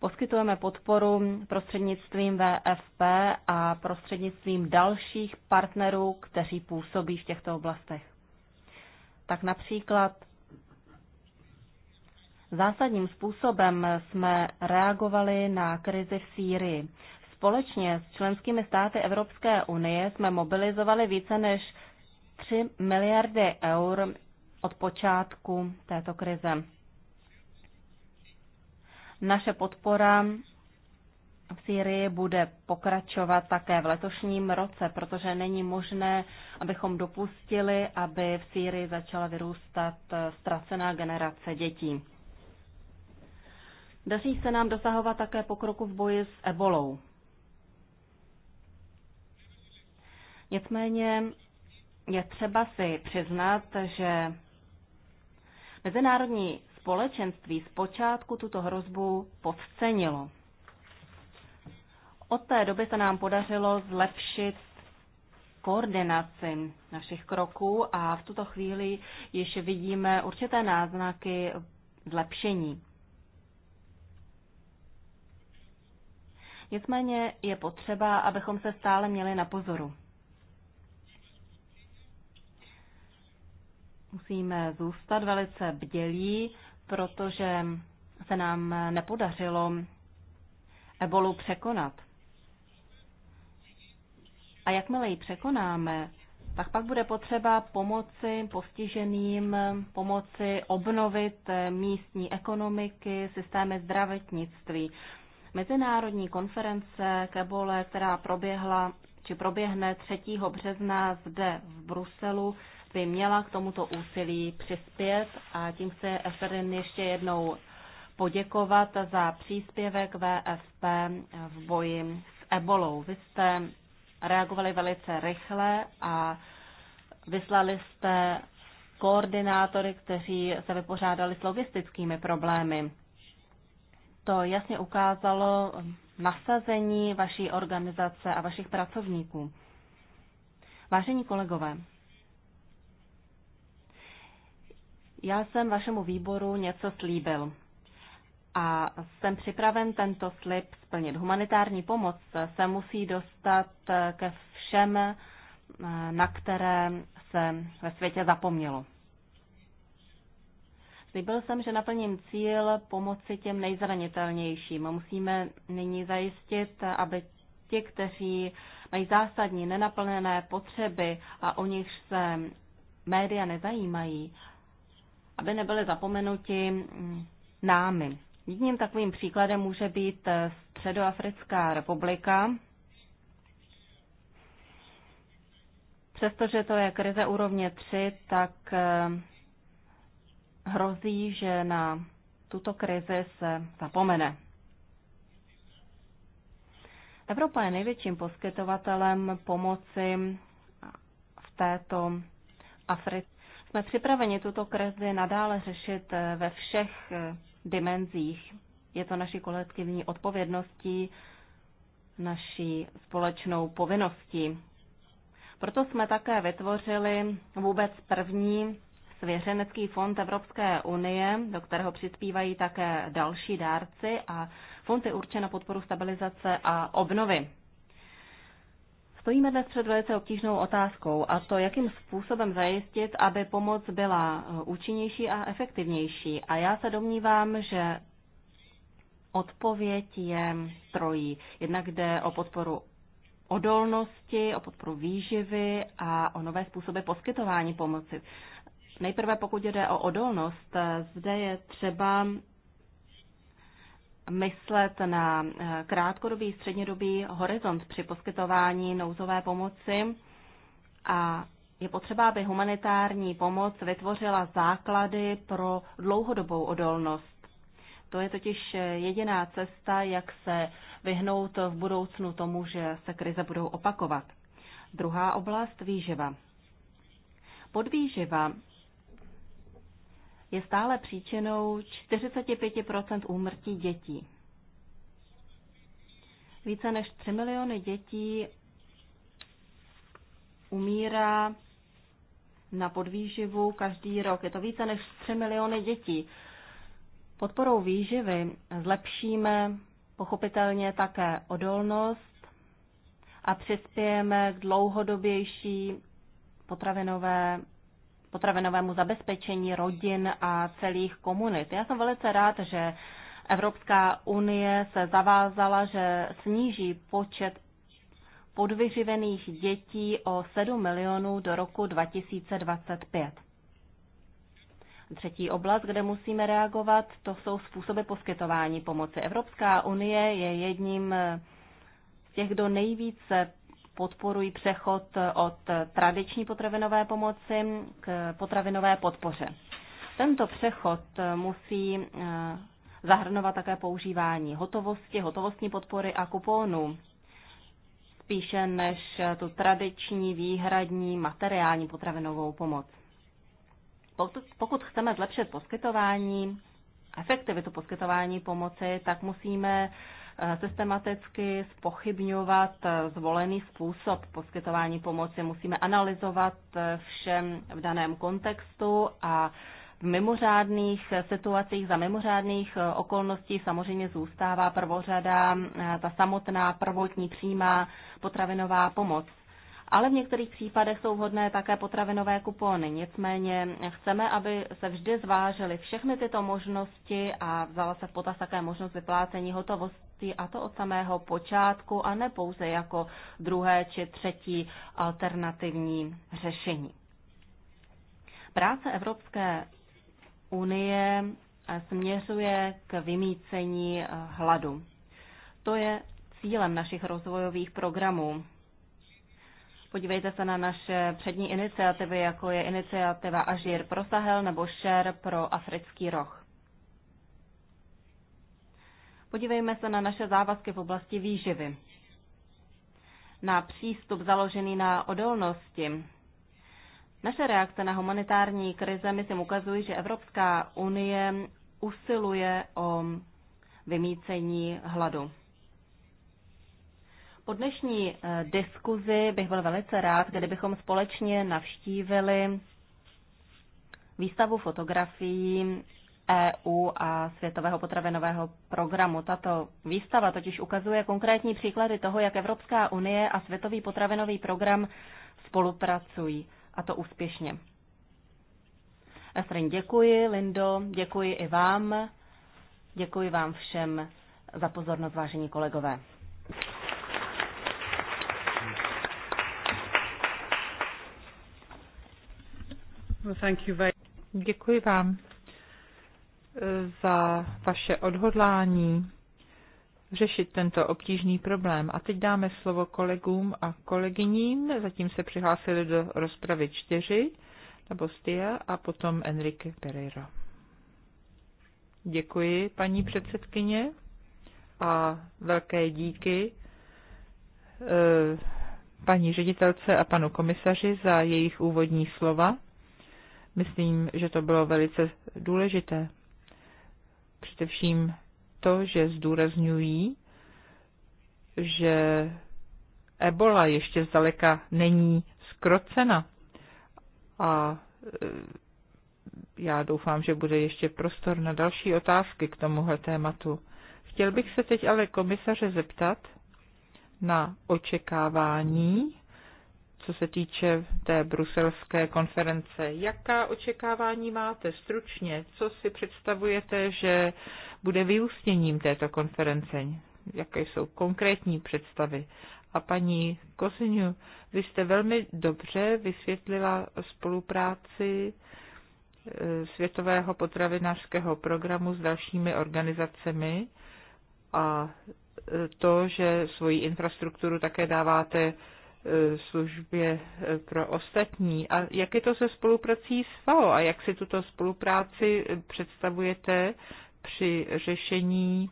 Speaker 3: Poskytujeme podporu prostřednictvím VFP a prostřednictvím dalších partnerů, kteří působí v těchto oblastech. Tak například zásadním způsobem jsme reagovali na krizi v Sýrii. Společně s členskými státy Evropské unie jsme mobilizovali více než 3 miliardy eur od počátku této krize. Naše podpora v Sýrii bude pokračovat také v letošním roce, protože není možné, abychom dopustili, aby v Sýrii začala vyrůstat ztracená generace dětí. Daří se nám dosahovat také pokroku v boji s ebolou. Nicméně je třeba si přiznat, že mezinárodní společenství zpočátku tuto hrozbu podcenilo. Od té doby se nám podařilo zlepšit koordinaci našich kroků a v tuto chvíli již vidíme určité náznaky zlepšení. Nicméně je potřeba, abychom se stále měli na pozoru. Musíme zůstat velice bdělí protože se nám nepodařilo ebolu překonat. A jakmile ji překonáme, tak pak bude potřeba pomoci postiženým, pomoci obnovit místní ekonomiky, systémy zdravotnictví. Mezinárodní konference k ebole, která proběhla či proběhne 3. března zde v Bruselu, by měla k tomuto úsilí přispět a tím se Eferin ještě jednou poděkovat za příspěvek VFP v boji s ebolou. Vy jste reagovali velice rychle a vyslali jste koordinátory, kteří se vypořádali s logistickými problémy. To jasně ukázalo nasazení vaší organizace a vašich pracovníků. Vážení kolegové, Já jsem vašemu výboru něco slíbil a jsem připraven tento slib splnit. Humanitární pomoc se musí dostat ke všem, eh, na které se ve světě zapomnělo. Slíbil jsem, že naplním cíl pomoci těm nejzranitelnějším. Musíme nyní zajistit, aby ti, kteří mají zásadní nenaplněné potřeby a o nich se média nezajímají, aby nebyly zapomenuti mm, námi. Jedním takovým příkladem může být eh, Středoafrická republika. Přestože to je krize úrovně 3, tak eh, hrozí, že na tuto krizi se zapomene. Evropa je největším poskytovatelem pomoci v této Africe. Jsme připraveni tuto krizi nadále řešit eh, ve všech eh, dimenzích. Je to naší kolektivní odpovědností, naší společnou povinností. Proto jsme také vytvořili vůbec první svěřenecký fond Evropské unie, do kterého přispívají také další dárci a fond je určen na podporu stabilizace a obnovy. Stojíme dnes před velice obtížnou otázkou a to, jakým způsobem zajistit, aby pomoc byla eh, účinnější a efektivnější. A já se domnívám, že odpověď je trojí. Jednak jde o podporu odolnosti, o podporu výživy a o nové způsoby poskytování pomoci. Nejprve pokud jde o odolnost, eh, zde je třeba myslet na eh, krátkodobý, střednědobý horizont při poskytování nouzové pomoci a je potřeba, aby humanitární pomoc vytvořila základy pro dlouhodobou odolnost. To je totiž eh, jediná cesta, jak se vyhnout v budoucnu tomu, že se krize budou opakovat. Druhá oblast výživa. Podvýživa je stále příčinou 45 úmrtí dětí. Více než 3 miliony dětí umírá na podvýživu každý rok. Je to více než 3 miliony dětí. Podporou výživy zlepšíme pochopitelně také odolnost a přispějeme k dlouhodobější potravinové potravinovému zabezpečení rodin a celých komunit. Já jsem velice rád, že Evropská unie se zavázala, že sníží počet podvyživených dětí o 7 milionů do roku 2025. Třetí oblast, kde musíme reagovat, to jsou způsoby poskytování pomoci. Evropská unie je jedním z těch, kdo nejvíce podporují přechod od tradiční potravinové pomoci k potravinové podpoře. Tento přechod musí eh, zahrnovat také používání hotovosti, hotovostní podpory a kuponů spíše než tu tradiční výhradní materiální potravinovou pomoc. Pokud chceme zlepšit poskytování, efektivitu poskytování pomoci, tak musíme Eh, systematicky spochybňovat eh, zvolený způsob poskytování pomoci. Musíme analyzovat eh, všem v daném kontextu a v mimořádných situacích, za mimořádných okolností samozřejmě zůstává prvořada ta samotná prvotní přímá potravinová pomoc. Ale v některých případech jsou vhodné také potravinové kupony. Nicméně chceme, aby se vždy zvážily všechny tyto možnosti a vzala se v potaz také možnost vyplácení hotovost, manželství a to od samého počátku a ne pouze jako druhé či třetí alternativní řešení. Práce Evropské unie směřuje k vymícení hladu. To je cílem našich rozvojových programů. Podívejte se na naše přední iniciativy, jako je iniciativa Ažír pro Sahel nebo Share pro Africký roh. Podívejme se na naše závazky v oblasti výživy, na přístup založený na odolnosti. Naše reakce na humanitární krize, myslím, ukazují, že Evropská unie usiluje o vymícení hladu. Po dnešní eh, diskuzi bych byl velice rád, kdybychom společně navštívili výstavu fotografií EU a Světového potravinového programu. Tato výstava totiž ukazuje konkrétní příklady toho, jak Evropská unie a Světový potravinový program spolupracují, a to úspěšně. Esrin, děkuji, Lindo, děkuji i vám, děkuji vám všem za pozornost, vážení kolegové.
Speaker 1: Děkuji vám za vaše odhodlání řešit tento obtížný problém. A teď dáme slovo kolegům a kolegyním. Zatím se přihlásili do rozpravy čtyři, na Bostia a potom Enrique Pereira. Děkuji, paní předsedkyně, a velké díky eh, paní ředitelce a panu komisaři za jejich úvodní slova. Myslím, že to bylo velice důležité. Především to, že zdůrazňují, že ebola ještě zdaleka není zkrocena. A e, já doufám, že bude ještě prostor na další otázky k tomuhle tématu. Chtěl bych se teď ale komisaře zeptat na očekávání co se týče té bruselské konference. Jaká očekávání máte stručně? Co si představujete, že bude vyústěním této konference? Jaké jsou konkrétní představy? A paní Kozinu vy jste velmi dobře vysvětlila spolupráci e, Světového potravinářského programu s dalšími organizacemi a e, to, že svoji infrastrukturu také dáváte Eh, službě eh, pro ostatní. A jak je to se spoluprací s FAO a jak si tuto spolupráci eh, představujete při řešení,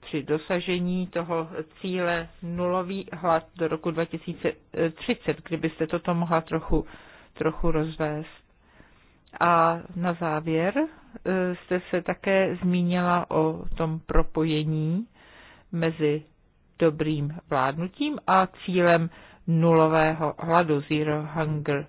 Speaker 1: při dosažení toho cíle nulový hlad do roku 2030, kdybyste toto mohla trochu, trochu rozvést. A na závěr jste se také zmínila o tom propojení mezi dobrým vládnutím a cílem nulového hladu, zero hunger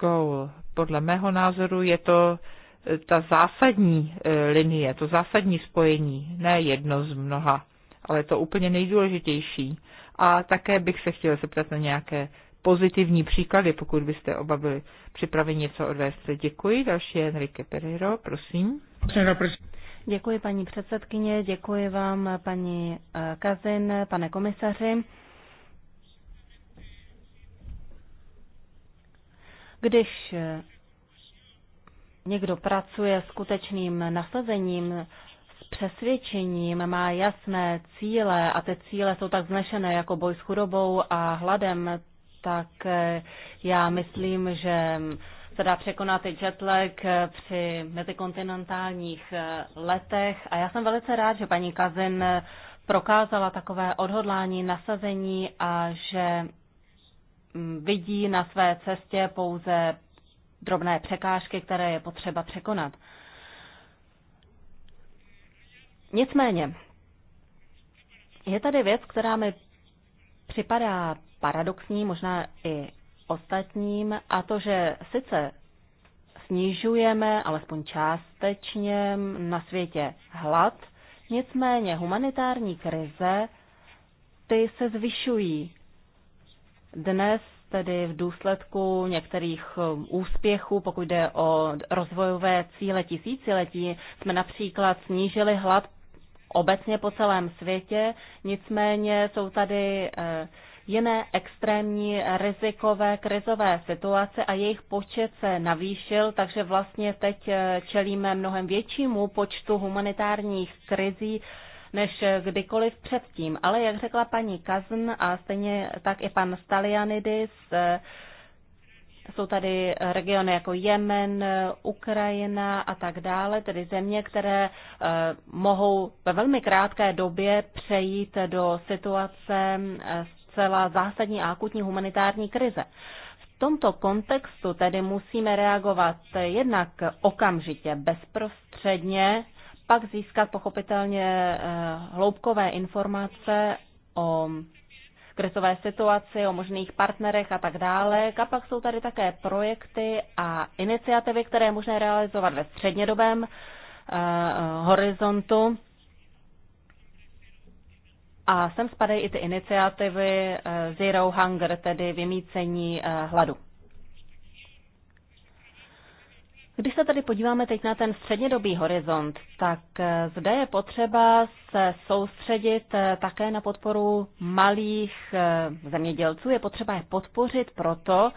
Speaker 1: goal. Podle mého názoru je to eh, ta zásadní eh, linie, to zásadní spojení, ne jedno z mnoha, ale to úplně nejdůležitější. A také bych se chtěla zeptat na nějaké pozitivní příklady, pokud byste oba byli připraveni něco odvést. Děkuji. Další je Enrique Pereiro, prosím.
Speaker 3: Děkuji paní předsedkyně, děkuji vám paní eh, Kazin, pane komisaři. Když eh, někdo pracuje skutečným nasazením, s přesvědčením, má jasné cíle a ty cíle jsou tak znešené jako boj s chudobou a hladem, tak eh, já myslím, že se dá překonat i jetlag eh, při mezikontinentálních eh, letech. A já jsem velice rád, že paní Kazin eh, prokázala takové odhodlání, nasazení a že mm, vidí na své cestě pouze drobné překážky, které je potřeba překonat. Nicméně, je tady věc, která mi připadá paradoxní, možná i ostatním a to, že sice snižujeme, alespoň částečně, na světě hlad, nicméně humanitární krize, ty se zvyšují. Dnes tedy v důsledku některých um, úspěchů, pokud jde o rozvojové cíle tisíciletí, jsme například snížili hlad obecně po celém světě, nicméně jsou tady eh, jiné extrémní rizikové krizové situace a jejich počet se navýšil, takže vlastně teď eh, čelíme mnohem většímu počtu humanitárních krizí než eh, kdykoliv předtím. Ale jak řekla paní Kazn a stejně tak i pan Stalianidis, eh, jsou tady regiony jako Jemen, Ukrajina a tak dále, tedy země, které mohou ve velmi krátké době přejít do situace zcela zásadní a akutní humanitární krize. V tomto kontextu tedy musíme reagovat jednak okamžitě, bezprostředně, pak získat pochopitelně eh, hloubkové informace o krizové situaci, o možných partnerech a tak dále. A pak jsou tady také projekty a iniciativy, které je možné realizovat ve střednědobém eh, horizontu a sem spadají i ty iniciativy eh, Zero Hunger, tedy vymícení eh, hladu. Když se tady podíváme teď na ten střednědobý horizont, tak eh, zde je potřeba se soustředit také na podporu malých zemědělců. Je potřeba je podpořit proto,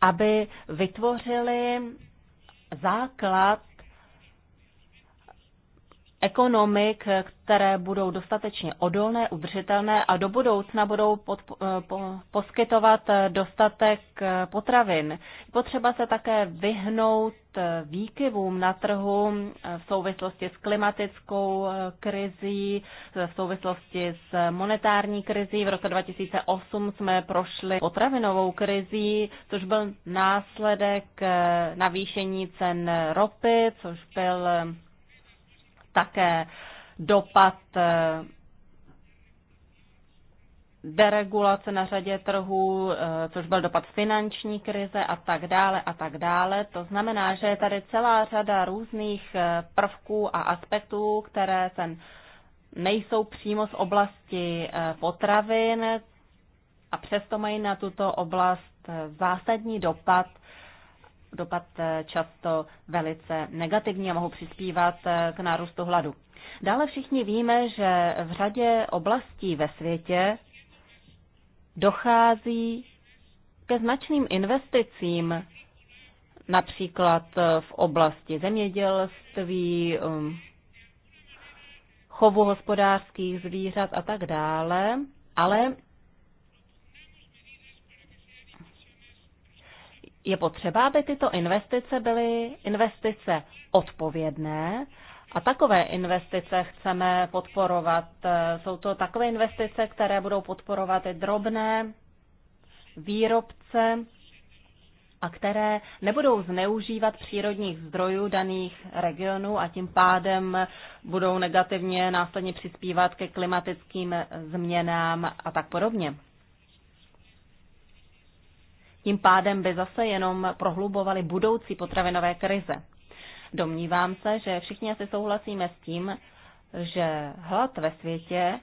Speaker 3: aby vytvořili základ ekonomik, které budou dostatečně odolné, udržitelné a do budoucna budou pod, eh, po, poskytovat eh, dostatek eh, potravin. Potřeba se také vyhnout výkyvům na trhu v souvislosti s klimatickou krizí, v souvislosti s monetární krizí. V roce 2008 jsme prošli potravinovou krizí, což byl následek navýšení cen ropy, což byl také dopad eh, deregulace na řadě trhů, eh, což byl dopad finanční krize a tak dále a tak dále. To znamená, že je tady celá řada různých eh, prvků a aspektů, které ten nejsou přímo z oblasti potravin a přesto mají na tuto oblast zásadní dopad dopad eh, často velice negativní a mohou přispívat eh, k nárůstu hladu. Dále všichni víme, že v řadě oblastí ve světě dochází ke značným investicím, například eh, v oblasti zemědělství, um, chovu hospodářských zvířat a tak dále, ale je potřeba, aby tyto investice byly investice odpovědné a takové investice chceme podporovat. Jsou to takové investice, které budou podporovat i drobné výrobce a které nebudou zneužívat přírodních zdrojů daných regionů a tím pádem budou negativně následně přispívat ke klimatickým změnám a tak podobně. Tím pádem by zase jenom prohlubovaly budoucí potravinové krize. Domnívám se, že všichni asi souhlasíme s tím, že hlad ve světě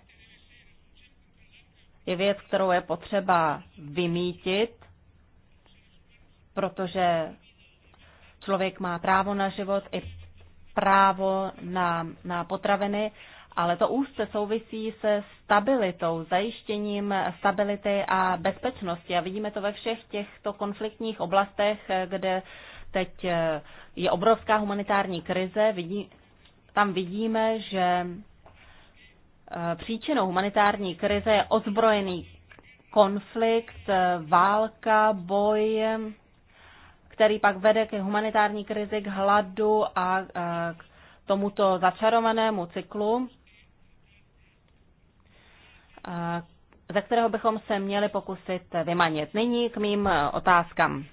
Speaker 3: je věc, kterou je potřeba vymítit, protože člověk má právo na život i právo na, na potraviny ale to úzce souvisí se stabilitou, zajištěním stability a bezpečnosti. A vidíme to ve všech těchto konfliktních oblastech, kde teď eh, je obrovská humanitární krize. Vidí, tam vidíme, že eh, příčinou humanitární krize je ozbrojený konflikt, eh, válka, boj, který pak vede k humanitární krizi, k hladu a k tomuto začarovanému cyklu ze kterého bychom se měli pokusit vymanit. Nyní k mým eh, otázkám.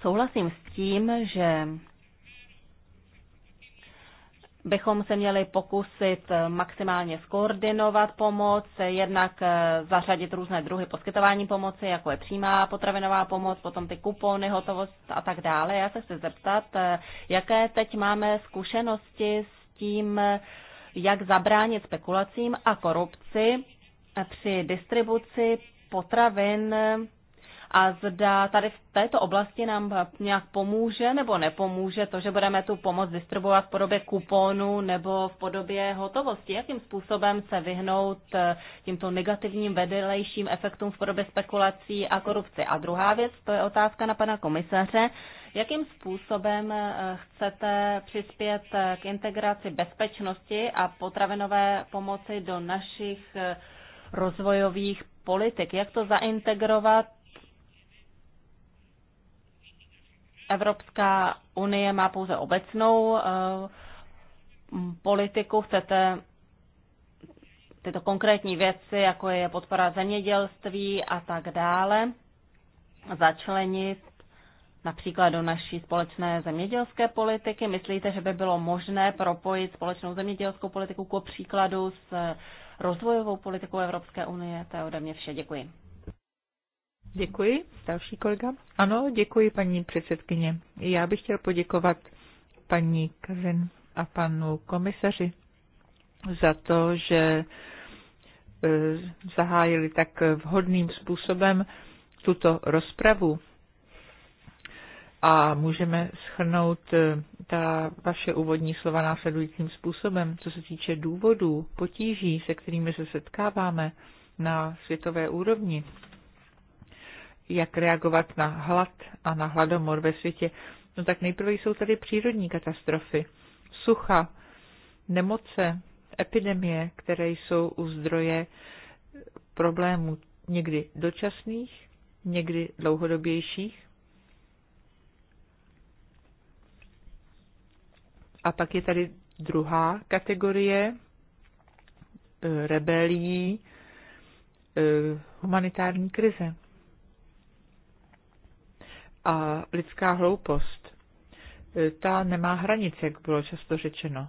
Speaker 3: Souhlasím s tím, že bychom se měli pokusit eh, maximálně skoordinovat pomoc, jednak eh, zařadit různé druhy poskytování pomoci, jako je přímá potravinová pomoc, potom ty kupony, hotovost a tak dále. Já se chci zeptat, jaké teď máme zkušenosti s tím, jak zabránit spekulacím a korupci při distribuci potravin a zda tady v této oblasti nám nějak pomůže nebo nepomůže to, že budeme tu pomoc distribuovat v podobě kuponu nebo v podobě hotovosti. Jakým způsobem se vyhnout eh, tímto negativním vedlejším efektům v podobě spekulací a korupci. A druhá věc, to je otázka na pana komisaře. Jakým způsobem eh, chcete přispět eh, k integraci bezpečnosti a potravinové pomoci do našich rozvojových politik. Jak to zaintegrovat? Evropská unie má pouze obecnou eh, politiku. Chcete tyto konkrétní věci, jako je podpora zemědělství a tak dále, začlenit například do naší společné zemědělské politiky? Myslíte, že by bylo možné propojit společnou zemědělskou politiku ku příkladu s rozvojovou politiku Evropské unie. To je ode mě vše. Děkuji. Děkuji.
Speaker 1: Další kolega. Ano, děkuji paní předsedkyně. Já bych chtěl poděkovat paní Kazin a panu komisaři za to, že eh, zahájili tak vhodným způsobem tuto rozpravu a můžeme schrnout eh, ta vaše úvodní slova následujícím způsobem, co se týče důvodů, potíží, se kterými se setkáváme na světové úrovni, jak reagovat na hlad a na hladomor ve světě. No tak nejprve jsou tady přírodní katastrofy, sucha, nemoce, epidemie, které jsou u zdroje problémů někdy dočasných, někdy dlouhodobějších, A pak je tady druhá kategorie e, rebelí e, humanitární krize a lidská hloupost. E, ta nemá hranice, jak bylo často řečeno.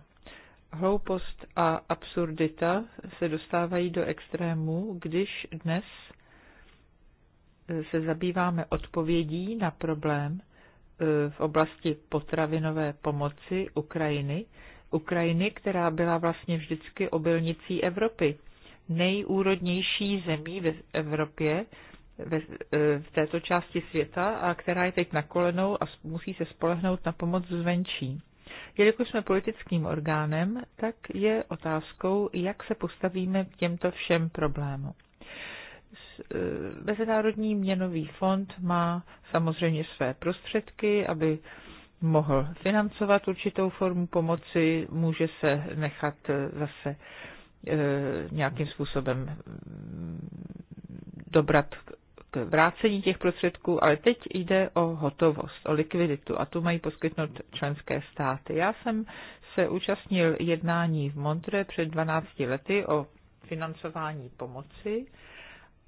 Speaker 1: Hloupost a absurdita se dostávají do extrému, když dnes se zabýváme odpovědí na problém, E, v oblasti potravinové pomoci Ukrajiny, Ukrajiny, která byla vlastně vždycky obilnicí Evropy, nejúrodnější zemí v Evropě, ve, e, v této části světa a která je teď na kolenou a musí se spolehnout na pomoc zvenčí. Jelikož jsme politickým orgánem, tak je otázkou, jak se postavíme k těmto všem problémům. Eh, Mezinárodní měnový fond má samozřejmě své prostředky, aby mohl financovat určitou formu pomoci, může se nechat eh, zase eh, nějakým způsobem mm, dobrat k vrácení těch prostředků, ale teď jde o hotovost, o likviditu a tu mají poskytnout členské státy. Já jsem se účastnil jednání v Montre před 12 lety o financování pomoci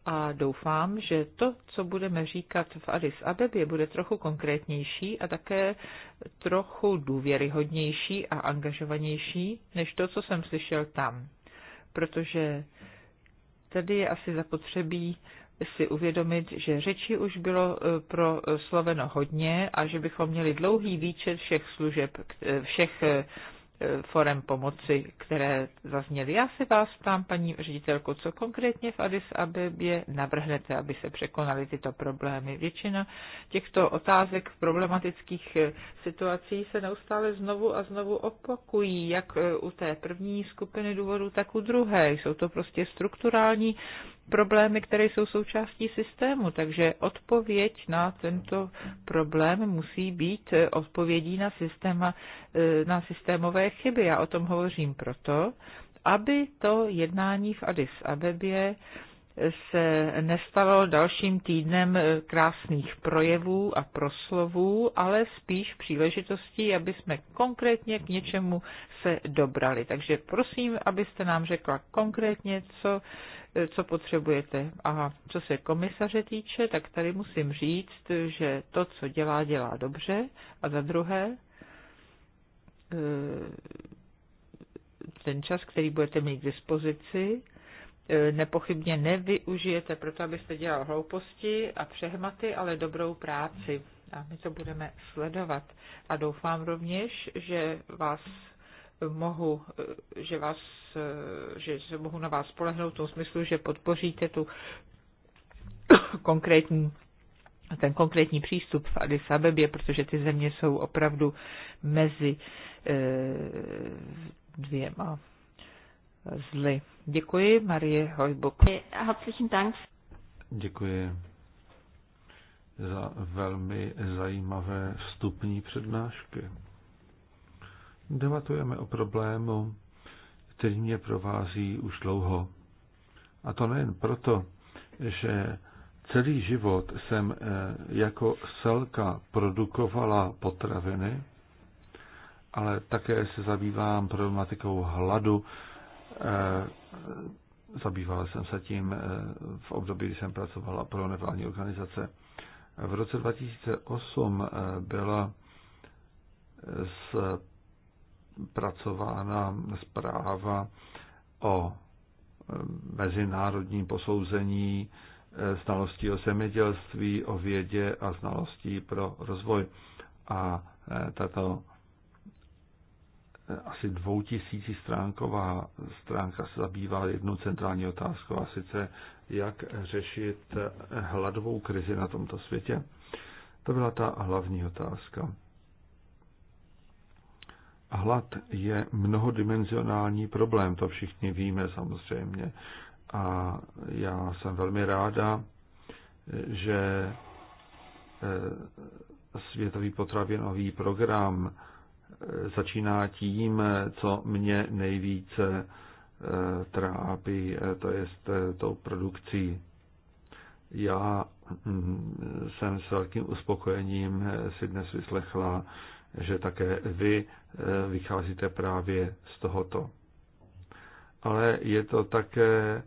Speaker 1: a doufám, že to, co budeme říkat v Addis Abebě, bude trochu konkrétnější a také trochu důvěryhodnější a angažovanější než to, co jsem slyšel tam. Protože tady je asi zapotřebí si uvědomit, že řeči už bylo e, pro sloveno hodně a že bychom měli dlouhý výčet všech služeb, e, všech e, forem pomoci, které zazněly. Já se vás ptám, paní ředitelko, co konkrétně v Addis Abebě navrhnete, aby se překonaly tyto problémy. Většina těchto otázek problematických eh, situací se neustále znovu a znovu opakují, jak eh, u té první skupiny důvodů, tak u druhé. Jsou to prostě strukturální problémy, které jsou součástí systému. Takže odpověď na tento problém musí být odpovědí na, systéma, eh, na systémové chyby. Já o tom hovořím proto, aby to jednání v Addis Abebě se nestalo dalším týdnem krásných projevů a proslovů, ale spíš příležitostí, aby jsme konkrétně k něčemu se dobrali. Takže prosím, abyste nám řekla konkrétně, co, co potřebujete. A co se komisaře týče, tak tady musím říct, že to, co dělá, dělá dobře. A za druhé, eh, ten čas, který budete mít k dispozici, Eh, nepochybně nevyužijete proto, abyste dělal hlouposti a přehmaty, ale dobrou práci. A my to budeme sledovat. A doufám rovněž, že vás mohu, eh, že vás, eh, že se mohu na vás spolehnout v tom smyslu, že podpoříte tu konkrétní ten konkrétní přístup v Addis Abebě, protože ty země jsou opravdu mezi e, dvěma zly. Děkuji, Marie Hojbuk. Eh,
Speaker 2: Děkuji za velmi zajímavé vstupní přednášky. Debatujeme o problému, který mě provází už dlouho. A to nejen proto, že celý život jsem eh, jako selka produkovala potraviny, ale také se zabývám problematikou hladu, Eh, zabýval jsem se tím eh, v období, kdy jsem pracovala pro nevládní organizace. V roce 2008 eh, byla zpracována zpráva o mezinárodním posouzení znalostí o zemědělství, o vědě a znalostí pro rozvoj. A tato asi stránková stránka se zabývala jednou centrální otázkou, a sice jak řešit hladovou krizi na tomto světě. To byla ta hlavní otázka. Hlad je mnohodimenzionální problém, to všichni víme samozřejmě. A já jsem velmi ráda, že eh, Světový potravinový program začíná tím, co mě nejvíce eh, trápí, eh, to je tou produkcí. Já hm, jsem s velkým uspokojením eh, si dnes vyslechla, že také vy vycházíte právě z tohoto. Ale je to také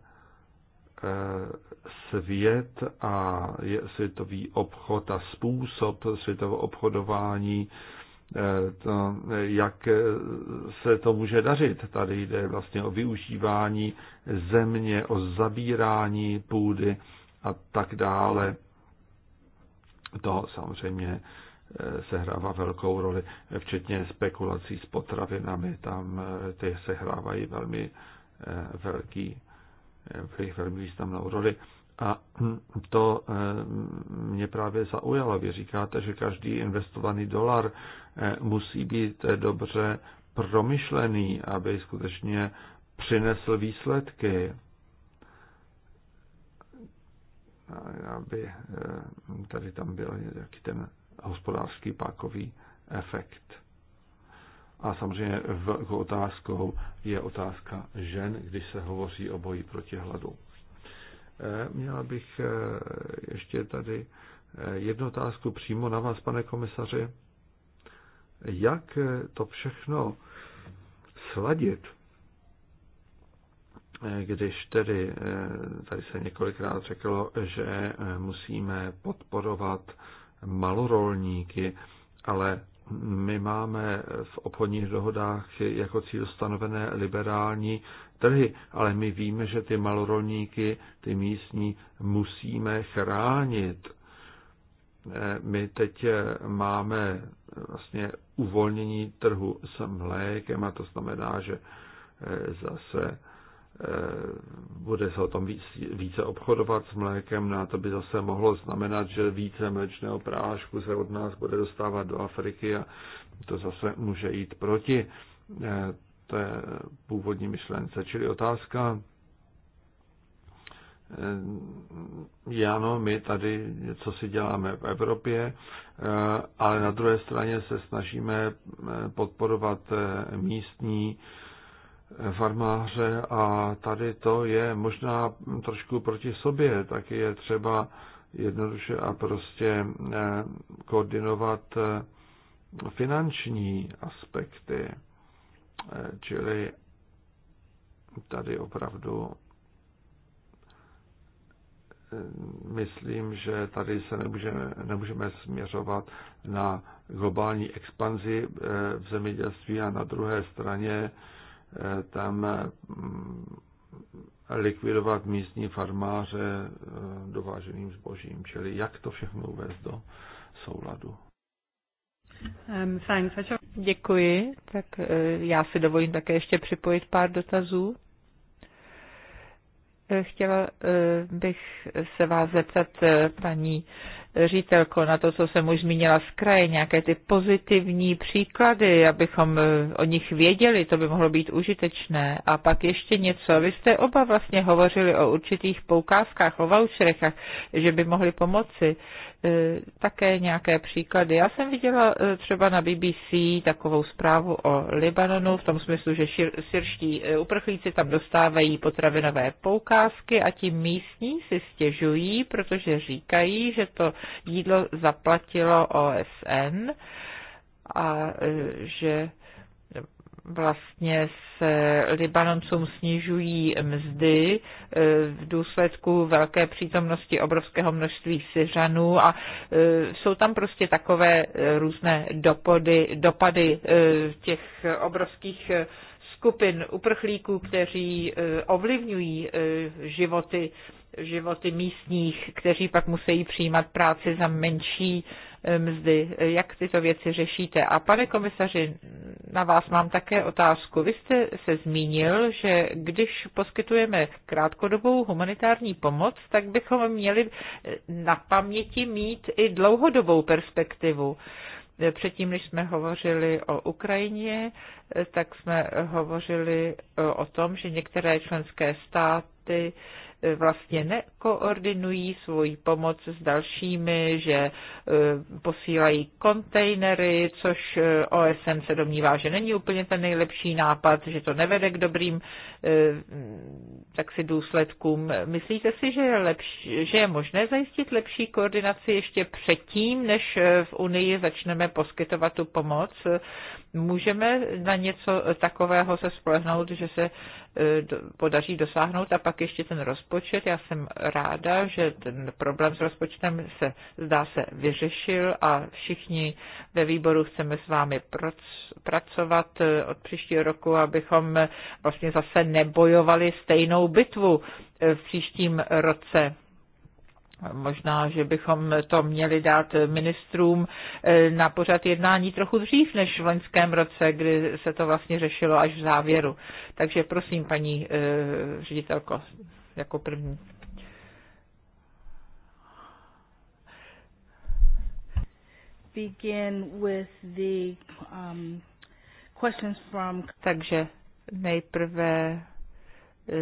Speaker 2: svět a světový obchod a způsob světového obchodování, Eh, to, jak se to může dařit. Tady jde vlastně o využívání země, o zabírání půdy a tak dále. To samozřejmě eh, sehrává velkou roli, včetně spekulací s potravinami, tam eh, ty sehrávají velmi velký, velmi významnou roli. A to eh, mě právě zaujalo. Vy říkáte, že každý investovaný dolar eh, musí být eh, dobře promyšlený, aby skutečně přinesl výsledky, aby tady tam byl nějaký ten hospodářský pákový efekt. A samozřejmě v otázkou je otázka žen, když se hovoří o boji proti hladu. Eh, měla bych eh, ještě tady eh, jednu otázku přímo na vás, pane komisaři. Jak to všechno sladit, když tedy tady se několikrát řeklo, že musíme podporovat malorolníky, ale my máme v obchodních dohodách jako cíl stanovené liberální trhy, ale my víme, že ty malorolníky, ty místní, musíme chránit. Eh, my teď eh, máme vlastně uvolnění trhu s mlékem a to znamená, že eh, zase bude se o tom více obchodovat s mlékem, no a to by zase mohlo znamenat, že více mléčného prášku se od nás bude dostávat do Afriky a to zase může jít proti té původní myšlence. Čili otázka, eh, ano, my tady co si děláme v Evropě, eh, ale na druhé straně se snažíme eh, podporovat místní farmáře a tady to je možná trošku proti sobě, tak je třeba jednoduše a prostě koordinovat finanční aspekty. Čili tady opravdu eh, myslím, že tady se nemůžeme, nemůžeme směřovat na globální expanzi eh, v zemědělství a na druhé straně eh, tam mm, likvidovat místní farmáře dováženým zbožím. Čili jak to všechno uvést do souladu.
Speaker 1: Um, thanks. Děkuji. Tak eh, já si dovolím také ještě připojit pár dotazů. Eh, chtěla eh, bych se vás zeptat, paní řítelko, na to, co jsem už zmínila z kraje, nějaké ty pozitivní příklady, abychom o nich věděli, to by mohlo být užitečné. A pak ještě něco, vy jste oba vlastně hovořili o určitých poukázkách, o voucherech, že by mohly pomoci. E, také nějaké příklady. Já jsem viděla e, třeba na BBC takovou zprávu o Libanonu v tom smyslu, že syrští e, uprchlíci tam dostávají potravinové poukázky a ti místní si stěžují, protože říkají, že to jídlo zaplatilo OSN a že vlastně se Libanoncům snižují mzdy e, v důsledku velké přítomnosti obrovského množství Syřanů a e, jsou tam prostě takové různé dopady, dopady e, těch obrovských skupin uprchlíků, kteří ovlivňují životy, životy místních, kteří pak musí přijímat práci za menší Eh, mzdy. Jak tyto věci řešíte? A pane komisaři, na vás mám také otázku. Vy jste se zmínil, že když poskytujeme krátkodobou humanitární pomoc, tak bychom měli eh, na paměti mít i dlouhodobou perspektivu. Eh, předtím, než jsme hovořili o Ukrajině, tak jsme hovořili o tom, že některé členské státy státy vlastně nekoordinují svoji pomoc s dalšími, že e, posílají kontejnery, což e, OSN se domnívá, že není úplně ten nejlepší nápad, že to nevede k dobrým e, taksi důsledkům. Myslíte si, že je, lepší, že je možné zajistit lepší koordinaci ještě předtím, než v Unii začneme poskytovat tu pomoc? Můžeme na něco takového se spolehnout, že se e, podaří dosáhnout a pak ještě ten rozpočet. Já jsem ráda, že ten problém s rozpočtem se zdá se vyřešil a všichni ve výboru chceme s vámi pracovat e, od příštího roku, abychom vlastně zase nebojovali stejnou bitvu e, v příštím roce Možná, že bychom to měli dát ministrům eh, na pořad jednání trochu dřív než v loňském roce, kdy se to vlastně řešilo až v závěru. Takže prosím, paní eh, ředitelko, jako první. Begin with the, um, questions from... Takže nejprve eh,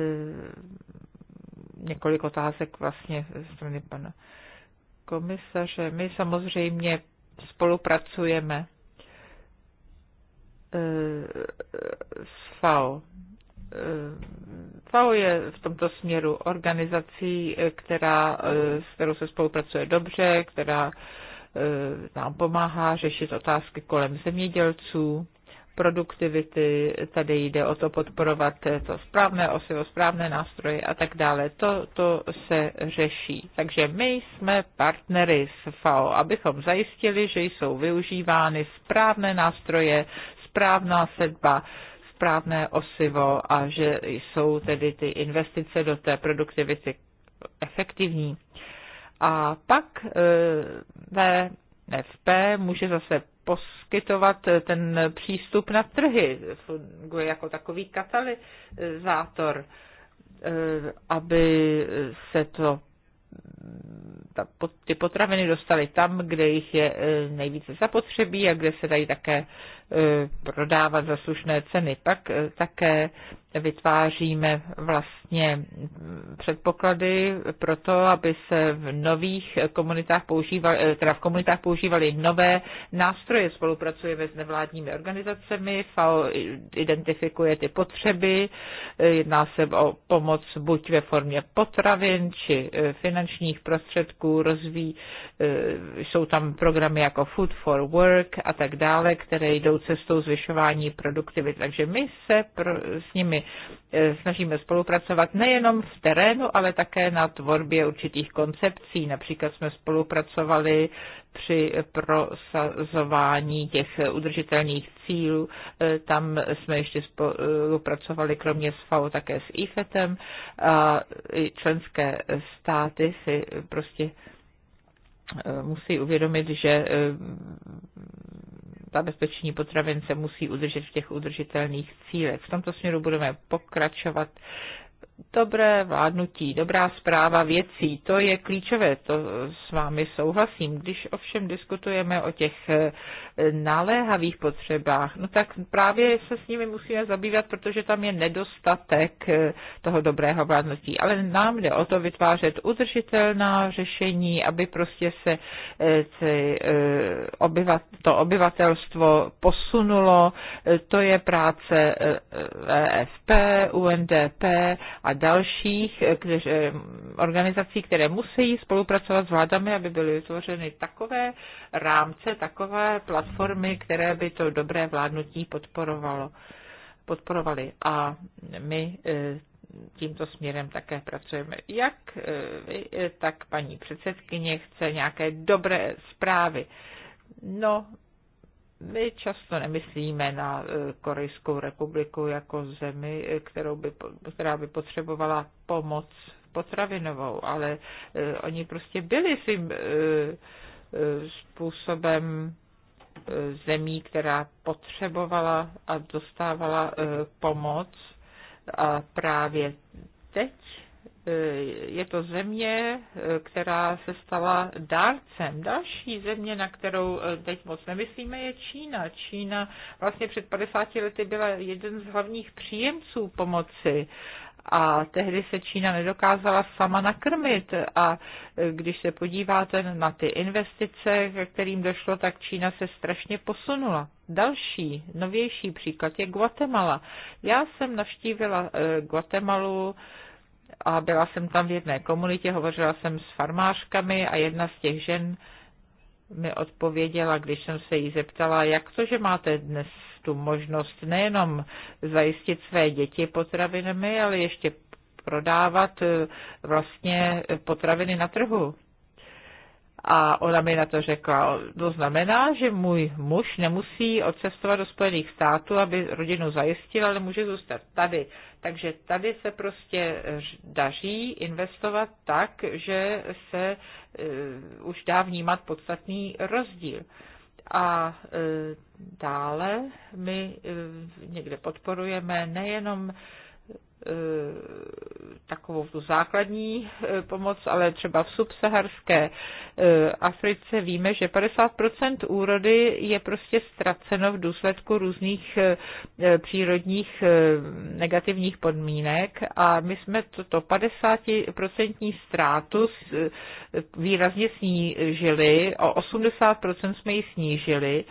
Speaker 1: několik otázek vlastně ze strany pana komisaře. My samozřejmě spolupracujeme e, s FAO. E, FAO je v tomto směru organizací, která, e, s kterou se spolupracuje dobře, která nám pomáhá řešit otázky kolem zemědělců produktivity, tady jde o to podporovat to správné osivo, správné nástroje a tak dále. To, to se řeší. Takže my jsme partnery s FAO, abychom zajistili, že jsou využívány správné nástroje, správná sedba, správné osivo a že jsou tedy ty investice do té produktivity efektivní. A pak eh, VFP může zase poskytovat ten přístup na trhy, funguje jako takový katalyzátor, eh, aby se to ty potraviny dostaly tam, kde jich je eh, nejvíce zapotřebí a kde se dají také E, prodávat za slušné ceny. Pak e, také vytváříme vlastně předpoklady pro to, aby se v nových komunitách používali, e, teda v komunitách používali nové nástroje. Spolupracujeme s nevládními organizacemi, FAO identifikuje ty potřeby, jedná se o pomoc buď ve formě potravin či finančních prostředků, rozvíjí, jsou tam programy jako Food for Work a tak dále, které jdou cestou zvyšování produktivity. Takže my se pro, s nimi eh, snažíme spolupracovat nejenom v terénu, ale také na tvorbě určitých koncepcí. Například jsme spolupracovali při prosazování těch udržitelných cílů. Eh, tam jsme ještě spolupracovali kromě s FAO také s IFETem. A členské státy si prostě eh, musí uvědomit, že bezpeční potravin se musí udržet v těch udržitelných cílech. V tomto směru budeme pokračovat dobré vládnutí, dobrá zpráva věcí, to je klíčové, to s vámi souhlasím. Když ovšem diskutujeme o těch eh, naléhavých potřebách, no tak právě se s nimi musíme zabývat, protože tam je nedostatek eh, toho dobrého vládnutí. Ale nám jde o to vytvářet udržitelná řešení, aby prostě se eh, to obyvatelstvo posunulo. To je práce EFP, UNDP a dalších eh, eh, organizací, které musí spolupracovat s vládami, aby byly vytvořeny takové rámce, takové platformy, které by to dobré vládnutí podporovalo, podporovali. A my eh, tímto směrem také pracujeme. Jak vy, tak paní předsedkyně chce nějaké dobré zprávy. No, my často nemyslíme na e, Korejskou republiku jako zemi, e, kterou by, která by potřebovala pomoc potravinovou, ale e, oni prostě byli svým způsobem zemí, která potřebovala a dostávala pomoc. A právě teď Eh, je to země, eh, která se stala dárcem. Další země, na kterou eh, teď moc nemyslíme, je Čína. Čína vlastně před 50 lety byla jeden z hlavních příjemců pomoci a tehdy se Čína nedokázala sama nakrmit a když se podíváte na ty investice, ke kterým došlo, tak Čína se strašně posunula. Další, novější příklad je Guatemala. Já jsem navštívila Guatemalu a byla jsem tam v jedné komunitě, hovořila jsem s farmářkami a jedna z těch žen mi odpověděla, když jsem se jí zeptala, jak to, že máte dnes tu možnost nejenom zajistit své děti potravinami, ale ještě prodávat eh, vlastně eh, potraviny na trhu. A ona mi na to řekla, to znamená, že můj muž nemusí odcestovat do Spojených států, aby rodinu zajistil, ale může zůstat tady. Takže tady se prostě eh, daří investovat tak, že se uh, už dá vnímat podstatný rozdíl. A uh, dále my uh, někde podporujeme nejenom uh, Eh, takovou tu základní eh, pomoc, ale třeba v subsaharské eh, Africe víme, že 50% úrody je prostě ztraceno v důsledku různých přírodních negativních podmínek a my jsme toto 50% ztrátu výrazně snížili, o 80% jsme ji snížili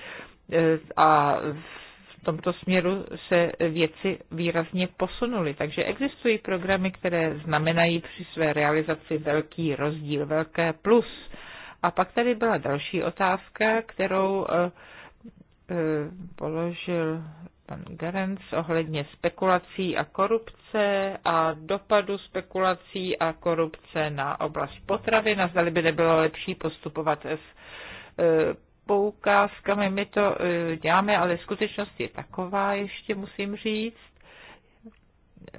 Speaker 1: a v tomto směru se věci výrazně posunuly. Takže existují programy, které znamenají při své realizaci velký rozdíl, velké plus. A pak tady byla další otázka, kterou eh, eh, položil pan Garenc ohledně spekulací a korupce a dopadu spekulací a korupce na oblast potravy. Zdali by nebylo lepší postupovat s eh, poukázkami. My to e, děláme, ale skutečnost je taková, ještě musím říct.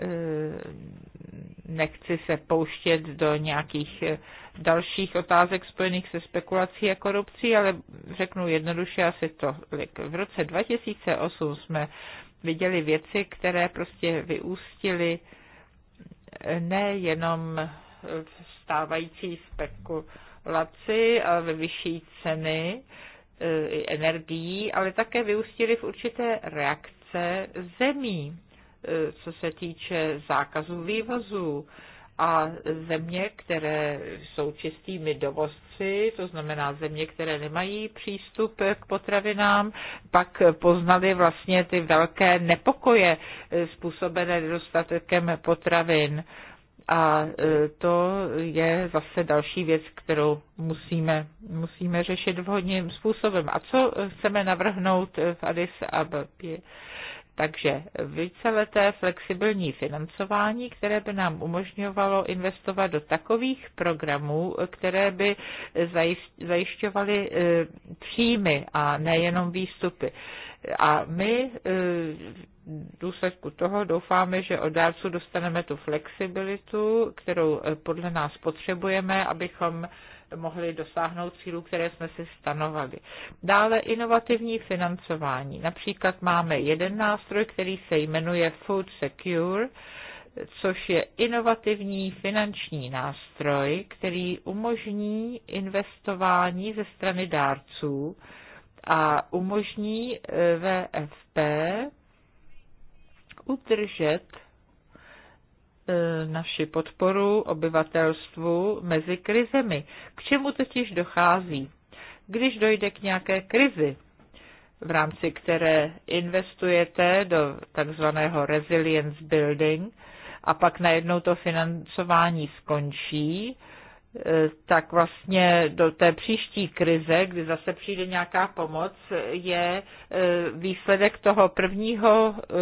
Speaker 1: E, nechci se pouštět do nějakých e, dalších otázek spojených se spekulací a korupcí, ale řeknu jednoduše asi to V roce 2008 jsme viděli věci, které prostě vyústily nejenom v stávající spekulaci, ale ve vyšší ceny Eh, energií, ale také vyústily v určité reakce zemí, eh, co se týče zákazu vývozu. A země, které jsou čistými dovozci, to znamená země, které nemají přístup k potravinám, pak poznali vlastně ty velké nepokoje eh, způsobené nedostatkem potravin a e, to je zase další věc, kterou musíme, musíme řešit vhodným způsobem. A co chceme navrhnout v Addis Ababě? Takže víceleté flexibilní financování, které by nám umožňovalo investovat do takových programů, které by zajišťovaly e, příjmy a nejenom výstupy. A my e, v důsledku toho doufáme, že od dárců dostaneme tu flexibilitu, kterou e, podle nás potřebujeme, abychom mohli dosáhnout cílů, které jsme si stanovali. Dále inovativní financování. Například máme jeden nástroj, který se jmenuje Food Secure, což je inovativní finanční nástroj, který umožní investování ze strany dárců a umožní e, VFP udržet e, naši podporu obyvatelstvu mezi krizemi. K čemu totiž dochází? Když dojde k nějaké krizi, v rámci které investujete do takzvaného resilience building, a pak najednou to financování skončí, Eh, tak vlastně do té příští krize, kdy zase přijde nějaká pomoc, je eh, výsledek toho prvního eh,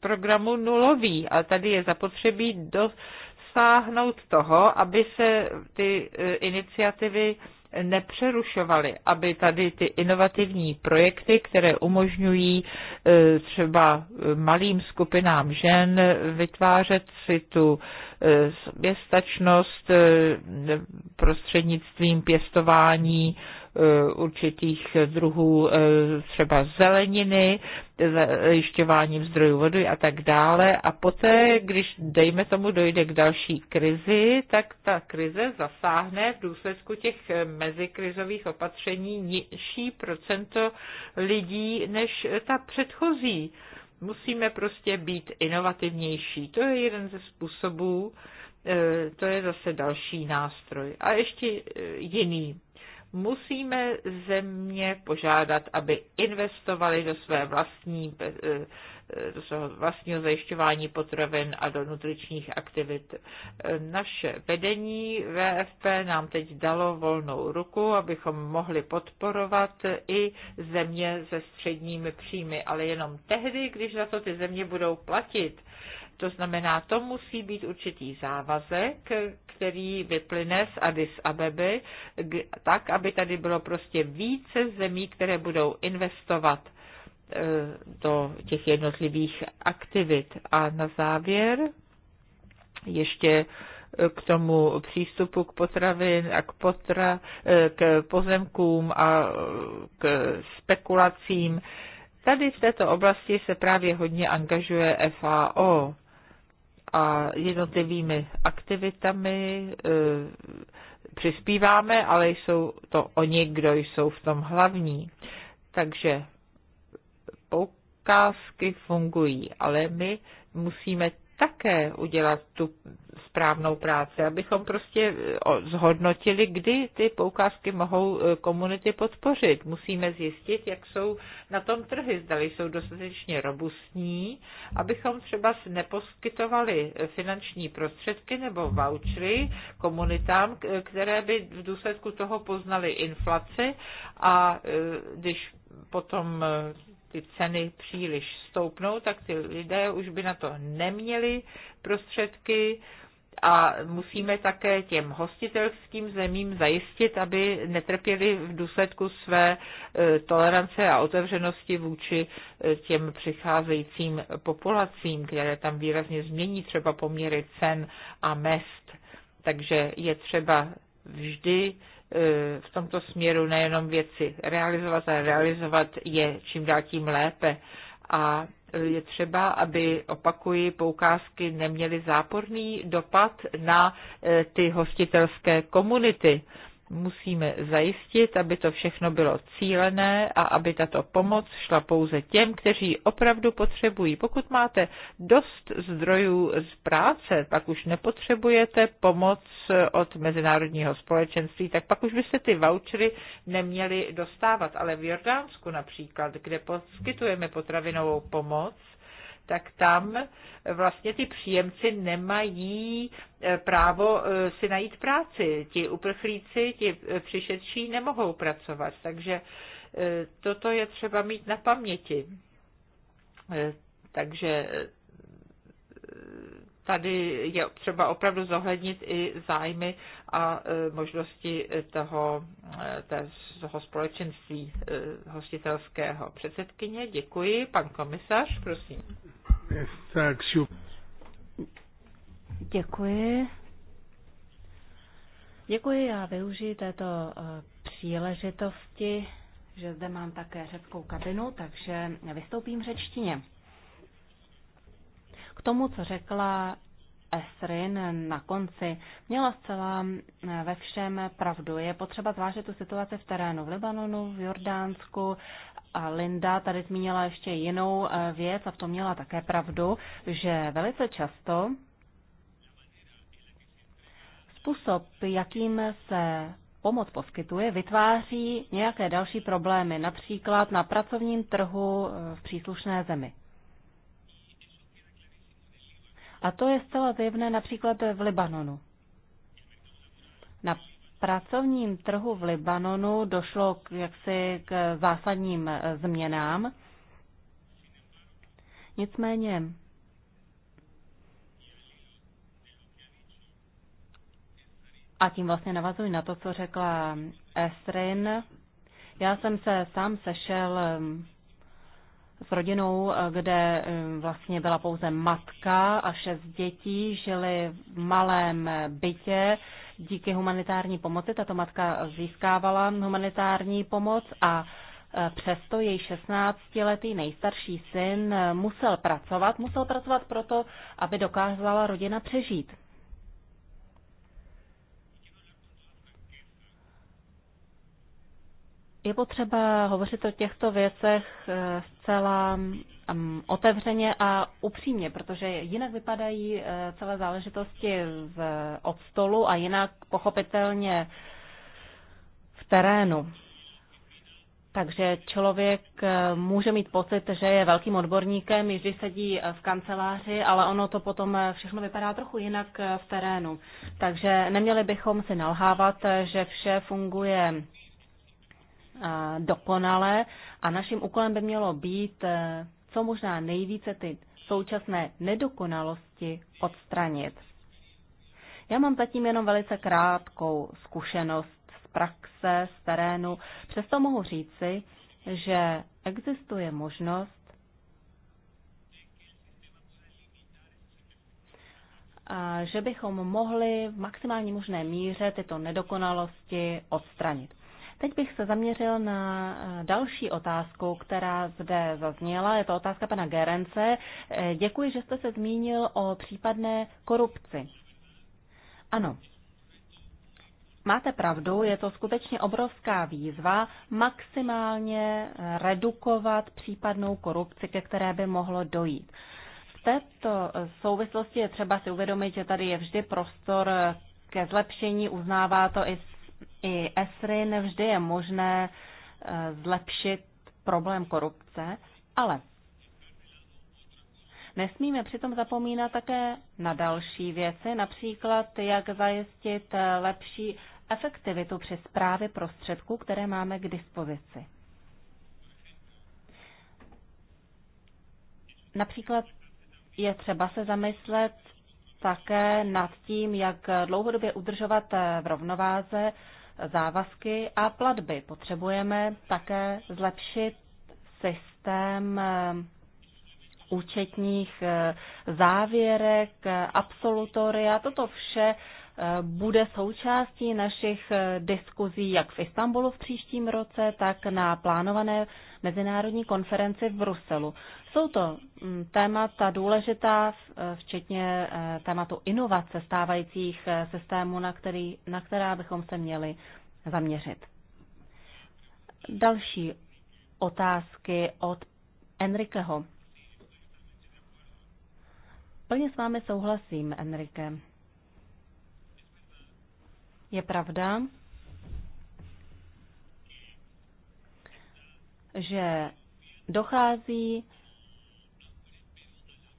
Speaker 1: programu nulový. A tady je zapotřebí dosáhnout toho, aby se ty iniciativy nepřerušovali, aby tady ty inovativní projekty, které umožňují e, třeba malým skupinám žen vytvářet si tu e, soběstačnost e, prostřednictvím pěstování Eh, určitých druhů eh, třeba zeleniny, zajišťováním zdrojů vody a tak dále. A poté, když dejme tomu dojde k další krizi, tak ta krize zasáhne v důsledku těch eh, mezikrizových opatření nižší procento lidí než ta předchozí. Musíme prostě být inovativnější. To je jeden ze způsobů, to je zase další nástroj. A ještě jiný musíme země požádat, aby investovali do své vlastní, eh, eh, do svého vlastního zajišťování potravin a do nutričních aktivit. Eh, naše vedení VFP nám teď dalo volnou ruku, abychom mohli podporovat i země se středními příjmy, ale jenom tehdy, když za to ty země budou platit. To znamená, to musí být určitý závazek, který vyplyne z Addis Abeby, tak, aby tady bylo prostě více zemí, které budou investovat e, do těch jednotlivých aktivit. A na závěr ještě e, k tomu přístupu k potravin a k, potra, e, k pozemkům a k spekulacím. Tady v této oblasti se právě hodně angažuje FAO a jednotlivými aktivitami e, přispíváme, ale jsou to oni, kdo jsou v tom hlavní. Takže poukázky fungují, ale my musíme také udělat tu správnou práci, abychom prostě eh, zhodnotili, kdy ty poukázky mohou eh, komunity podpořit. Musíme zjistit, jak jsou na tom trhy, zdali jsou dostatečně robustní, abychom třeba neposkytovali eh, finanční prostředky nebo vouchery komunitám, které by v důsledku toho poznali inflaci a když potom ty ceny příliš stoupnou, tak ty lidé už by na to neměli prostředky a musíme také těm hostitelským zemím zajistit, aby netrpěli v důsledku své e, tolerance a otevřenosti vůči e, těm přicházejícím populacím, které tam výrazně změní třeba poměry cen a mest. Takže je třeba vždy v tomto směru nejenom věci realizovat, ale realizovat je čím dál tím lépe. A je třeba, aby, opakuji, poukázky neměly záporný dopad na eh, ty hostitelské komunity musíme zajistit, aby to všechno bylo cílené a aby tato pomoc šla pouze těm, kteří opravdu potřebují. Pokud máte dost zdrojů z práce, pak už nepotřebujete pomoc od mezinárodního společenství, tak pak už byste ty vouchery neměli dostávat. Ale v Jordánsku například, kde poskytujeme potravinovou pomoc, tak tam vlastně ty příjemci nemají eh, právo eh, si najít práci. Ti uprchlíci, ti eh, přišedší nemohou pracovat, takže toto je třeba mít na paměti. Takže tady je třeba opravdu zohlednit i zájmy a možnosti toho, toho společenství hostitelského. Předsedkyně, děkuji. Pan komisař, prosím.
Speaker 3: Děkuji. Děkuji, já využiju této eh, příležitosti, že zde mám také řeckou kabinu, takže vystoupím řečtině. K tomu, co řekla Esrin na konci měla zcela eh, ve všem pravdu. Je potřeba zvážit tu situaci v terénu v Libanonu, v Jordánsku a Linda tady zmínila ještě jinou eh, věc a v tom měla také pravdu, že velice často způsob, jakým se pomoc poskytuje, vytváří nějaké další problémy, například na pracovním trhu eh, v příslušné zemi. A to je zcela zjevné například v Libanonu. Na pracovním trhu v Libanonu došlo k, jaksi k zásadním eh, změnám. Nicméně a tím vlastně navazuji na to, co řekla Esrin. Já jsem se sám sešel eh, s rodinou, kde eh, vlastně byla pouze matka a šest dětí, žili v malém bytě. Díky humanitární pomoci tato matka získávala humanitární pomoc a eh, Přesto její 16-letý nejstarší syn eh, musel pracovat. Musel pracovat proto, aby dokázala rodina přežít. Je potřeba hovořit o těchto věcech eh, zcela mm, otevřeně a upřímně, protože jinak vypadají eh, celé záležitosti z, od stolu a jinak pochopitelně v terénu. Takže člověk eh, může mít pocit, že je velkým odborníkem, když sedí v kanceláři, ale ono to potom všechno vypadá trochu jinak v terénu. Takže neměli bychom si nalhávat, že vše funguje dokonale a naším úkolem by mělo být e, co možná nejvíce ty současné nedokonalosti odstranit. Já mám zatím jenom velice krátkou zkušenost z praxe, z terénu, přesto mohu říci, že existuje možnost že bychom mohli v maximální možné míře tyto nedokonalosti odstranit. Teď bych se zaměřil na eh, další otázku, která zde zazněla. Je to otázka pana Gerence. Eh, děkuji, že jste se zmínil o případné korupci. Ano, Máte pravdu, je to skutečně obrovská výzva maximálně eh, redukovat případnou korupci, ke které by mohlo dojít. V této souvislosti je třeba si uvědomit, že tady je vždy prostor ke zlepšení, uznává to i i ESRY nevždy je možné eh, zlepšit problém korupce, ale Nesmíme přitom zapomínat také na další věci, například jak zajistit eh, lepší efektivitu při zprávě prostředků, které máme k dispozici. Například je třeba se zamyslet také nad tím, jak dlouhodobě udržovat eh, v rovnováze závazky a platby. Potřebujeme také zlepšit systém eh, účetních eh, závěrek, absolutoria. Toto vše eh, bude součástí našich diskuzí jak v Istanbulu v příštím roce, tak na plánované mezinárodní konferenci v Bruselu. Jsou to mm, témata důležitá, eh, včetně eh, tématu inovace stávajících eh, systémů, na, který, na která bychom se měli zaměřit. Další otázky od Enriqueho. Plně s vámi souhlasím, Enrique. Je pravda, že dochází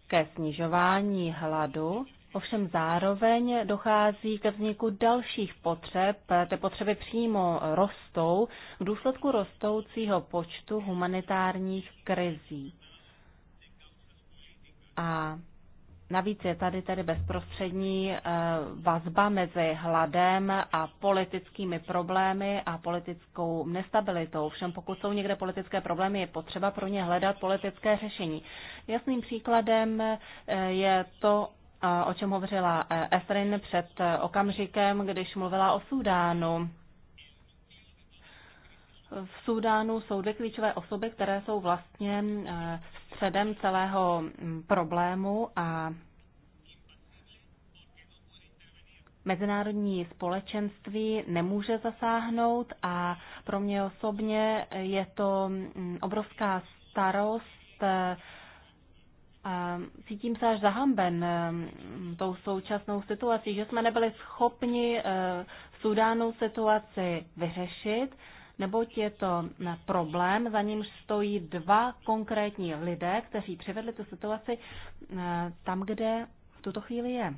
Speaker 3: ke snižování hladu, ovšem zároveň dochází ke vzniku dalších potřeb. Ty potřeby přímo rostou v důsledku rostoucího počtu humanitárních krizí. A Navíc je tady tedy bezprostřední eh, vazba mezi hladem a politickými problémy a politickou nestabilitou. Všem pokud jsou někde politické problémy, je potřeba pro ně hledat politické řešení. Jasným příkladem eh, je to, eh, o čem hovořila Esrin před okamžikem, když mluvila o Súdánu. V Súdánu jsou dvě klíčové osoby, které jsou vlastně středem celého mm, problému a mezinárodní společenství nemůže zasáhnout a pro mě osobně je to mm, obrovská starost. Eh, a cítím se až zahamben eh, mm, tou současnou situací, že jsme nebyli schopni eh, Sudánu situaci vyřešit neboť je to problém, za ním stojí dva konkrétní lidé, kteří přivedli tu situaci tam, kde v tuto chvíli je.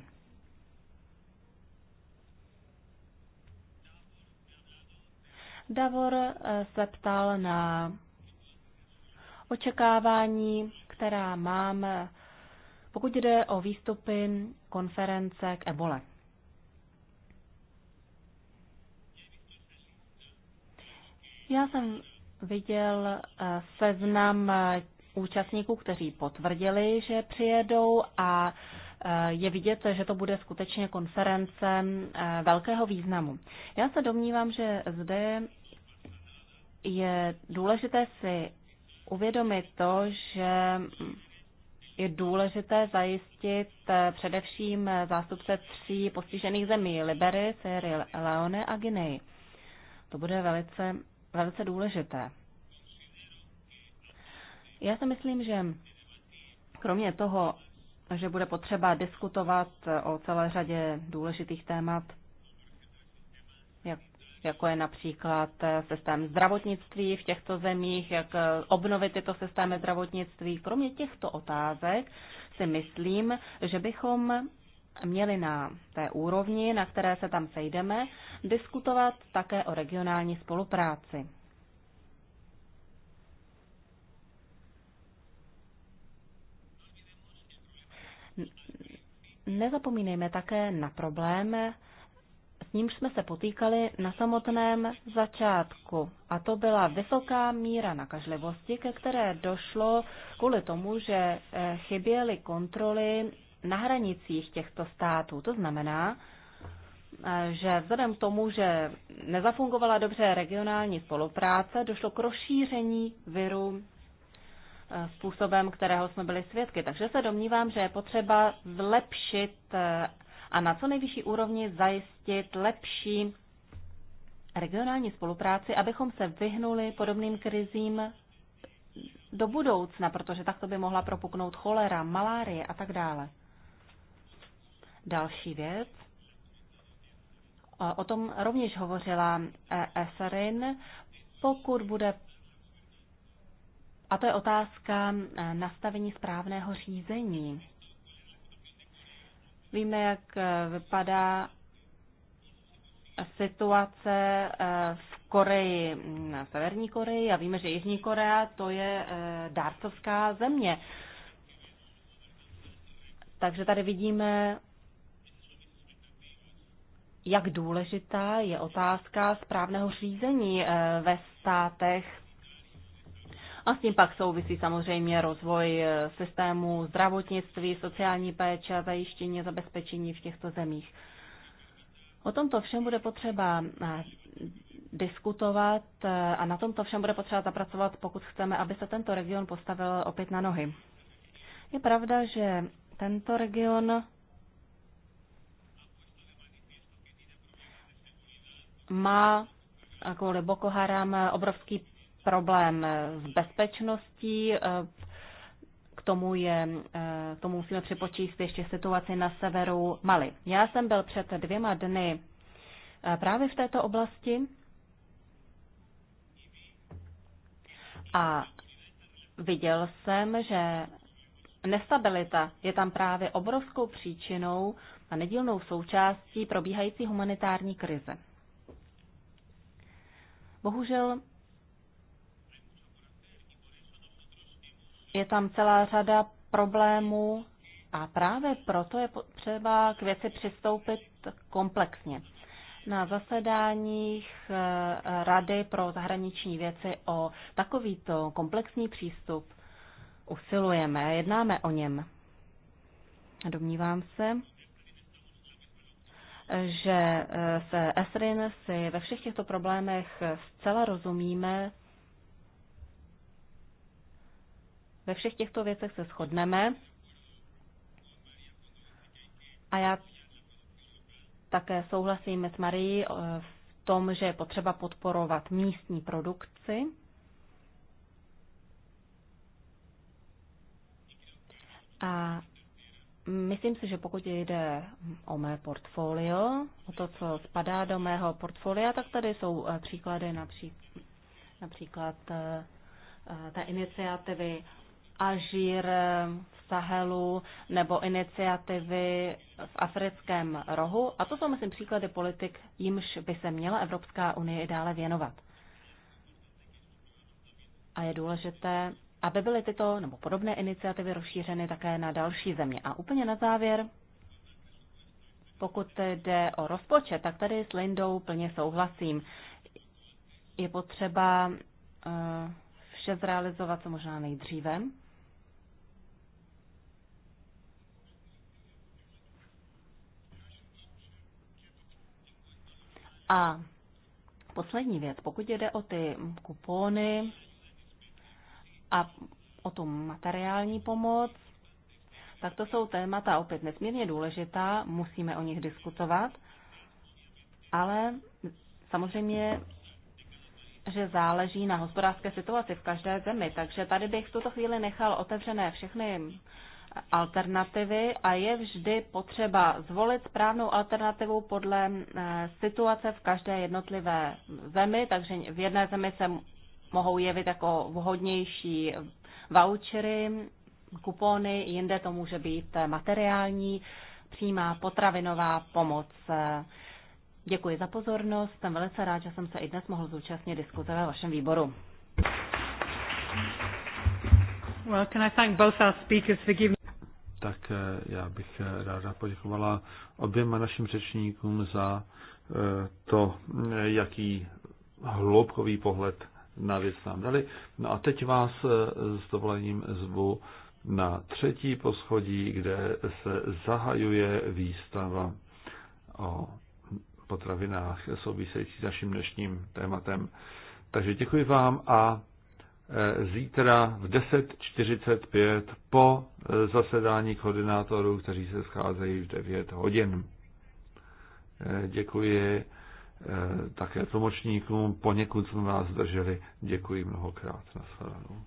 Speaker 3: Davor e, se ptal na očekávání, která mám, e, pokud jde o výstupy konference k ebole. Já jsem viděl eh, seznam eh, účastníků, kteří potvrdili, že přijedou a eh, je vidět, že to bude skutečně konference velkého významu. Já se domnívám, že zde je důležité si uvědomit to, že je důležité zajistit především zástupce tří postižených zemí Libery, Sierra Leone a Guinea. To bude velice velice důležité. Já si myslím, že kromě toho, že bude potřeba diskutovat o celé řadě důležitých témat, jak, jako je například systém zdravotnictví v těchto zemích, jak obnovit tyto systémy zdravotnictví. Kromě těchto otázek si myslím, že bychom měli na té úrovni, na které se tam sejdeme, diskutovat také o regionální spolupráci. Nezapomínejme také na problém, s nímž jsme se potýkali na samotném začátku. A to byla vysoká míra nakažlivosti, ke které došlo kvůli tomu, že eh, chyběly kontroly na hranicích těchto států. To znamená, eh, že vzhledem k tomu, že nezafungovala dobře regionální spolupráce, došlo k rozšíření viru eh, způsobem, kterého jsme byli svědky. Takže se domnívám, že je potřeba zlepšit eh, a na co nejvyšší úrovni zajistit lepší regionální spolupráci, abychom se vyhnuli podobným krizím do budoucna, protože takto by mohla propuknout cholera, malárie a tak dále. Další věc, o tom rovněž hovořila eh, Esarin, pokud bude a to je otázka eh, nastavení správného řízení. Víme, jak eh, vypadá situace v Koreji, mm, na Severní Koreji a víme, že Jižní Korea to je dárcovská země. Takže tady vidíme jak důležitá je otázka správného řízení eh, ve státech. A s tím pak souvisí samozřejmě rozvoj eh, systému zdravotnictví, sociální péče a zajištění a zabezpečení v těchto zemích. O tomto všem bude potřeba eh, diskutovat a na tomto všem bude potřeba zapracovat, pokud chceme, aby se tento region postavil opět na nohy. Je pravda, že tento region má kvůli Boko Haram obrovský problém s bezpečností. K tomu, je, k tomu musíme připočíst ještě situaci na severu Mali. Já jsem byl před dvěma dny eh, právě v této oblasti a viděl jsem, že nestabilita je tam právě obrovskou příčinou a nedílnou součástí probíhající humanitární krize. Bohužel je tam celá řada problémů a právě proto je potřeba k věci přistoupit komplexně. Na zasedáních eh, Rady pro zahraniční věci o takovýto komplexní přístup usilujeme, jednáme o něm. Domnívám se, že v eh, ESRIN si ve všech těchto problémech zcela rozumíme, ve všech těchto věcech se shodneme a já také souhlasím s Marií eh, v tom, že je potřeba podporovat místní produkci. A Myslím si, že pokud jde o mé portfolio, o to, co spadá do mého portfolia, tak tady jsou eh, příklady napří, například eh, eh, té iniciativy Ažír v Sahelu nebo iniciativy v africkém rohu. A to jsou, myslím, příklady politik, jimž by se měla Evropská unie i dále věnovat. A je důležité aby byly tyto nebo podobné iniciativy rozšířeny také na další země. A úplně na závěr, pokud jde o rozpočet, tak tady s Lindou plně souhlasím. Je potřeba eh, vše zrealizovat co možná nejdříve. A poslední věc, pokud jde o ty kupóny, a o tu materiální pomoc, tak to jsou témata opět nesmírně důležitá, musíme o nich diskutovat, ale samozřejmě, že záleží na hospodářské situaci v každé zemi, takže tady bych v tuto chvíli nechal otevřené všechny alternativy a je vždy potřeba zvolit správnou alternativu podle eh, situace v každé jednotlivé zemi, takže v jedné zemi se mohou jevit jako vhodnější vouchery, kupony, jinde to může být materiální, přímá potravinová pomoc. Děkuji za pozornost, jsem velice rád, že jsem se i dnes mohl zúčastnit diskuze ve vašem výboru.
Speaker 1: Well, can I thank both our speakers for giving...
Speaker 2: Tak eh, já bych eh, ráda poděkovala oběma našim řečníkům za eh, to, mm, jaký hloubkový pohled na věc nám dali. No a teď vás eh, s dovolením zvu na třetí poschodí, kde se zahajuje výstava o potravinách související s naším dnešním tématem. Takže děkuji vám a eh, zítra v 10.45 po eh, zasedání koordinátorů, kteří se scházejí v 9 hodin. Děkuji. Eh, také tlumočníkům. Poněkud jsme vás zdrželi. Děkuji mnohokrát. Nasledanou.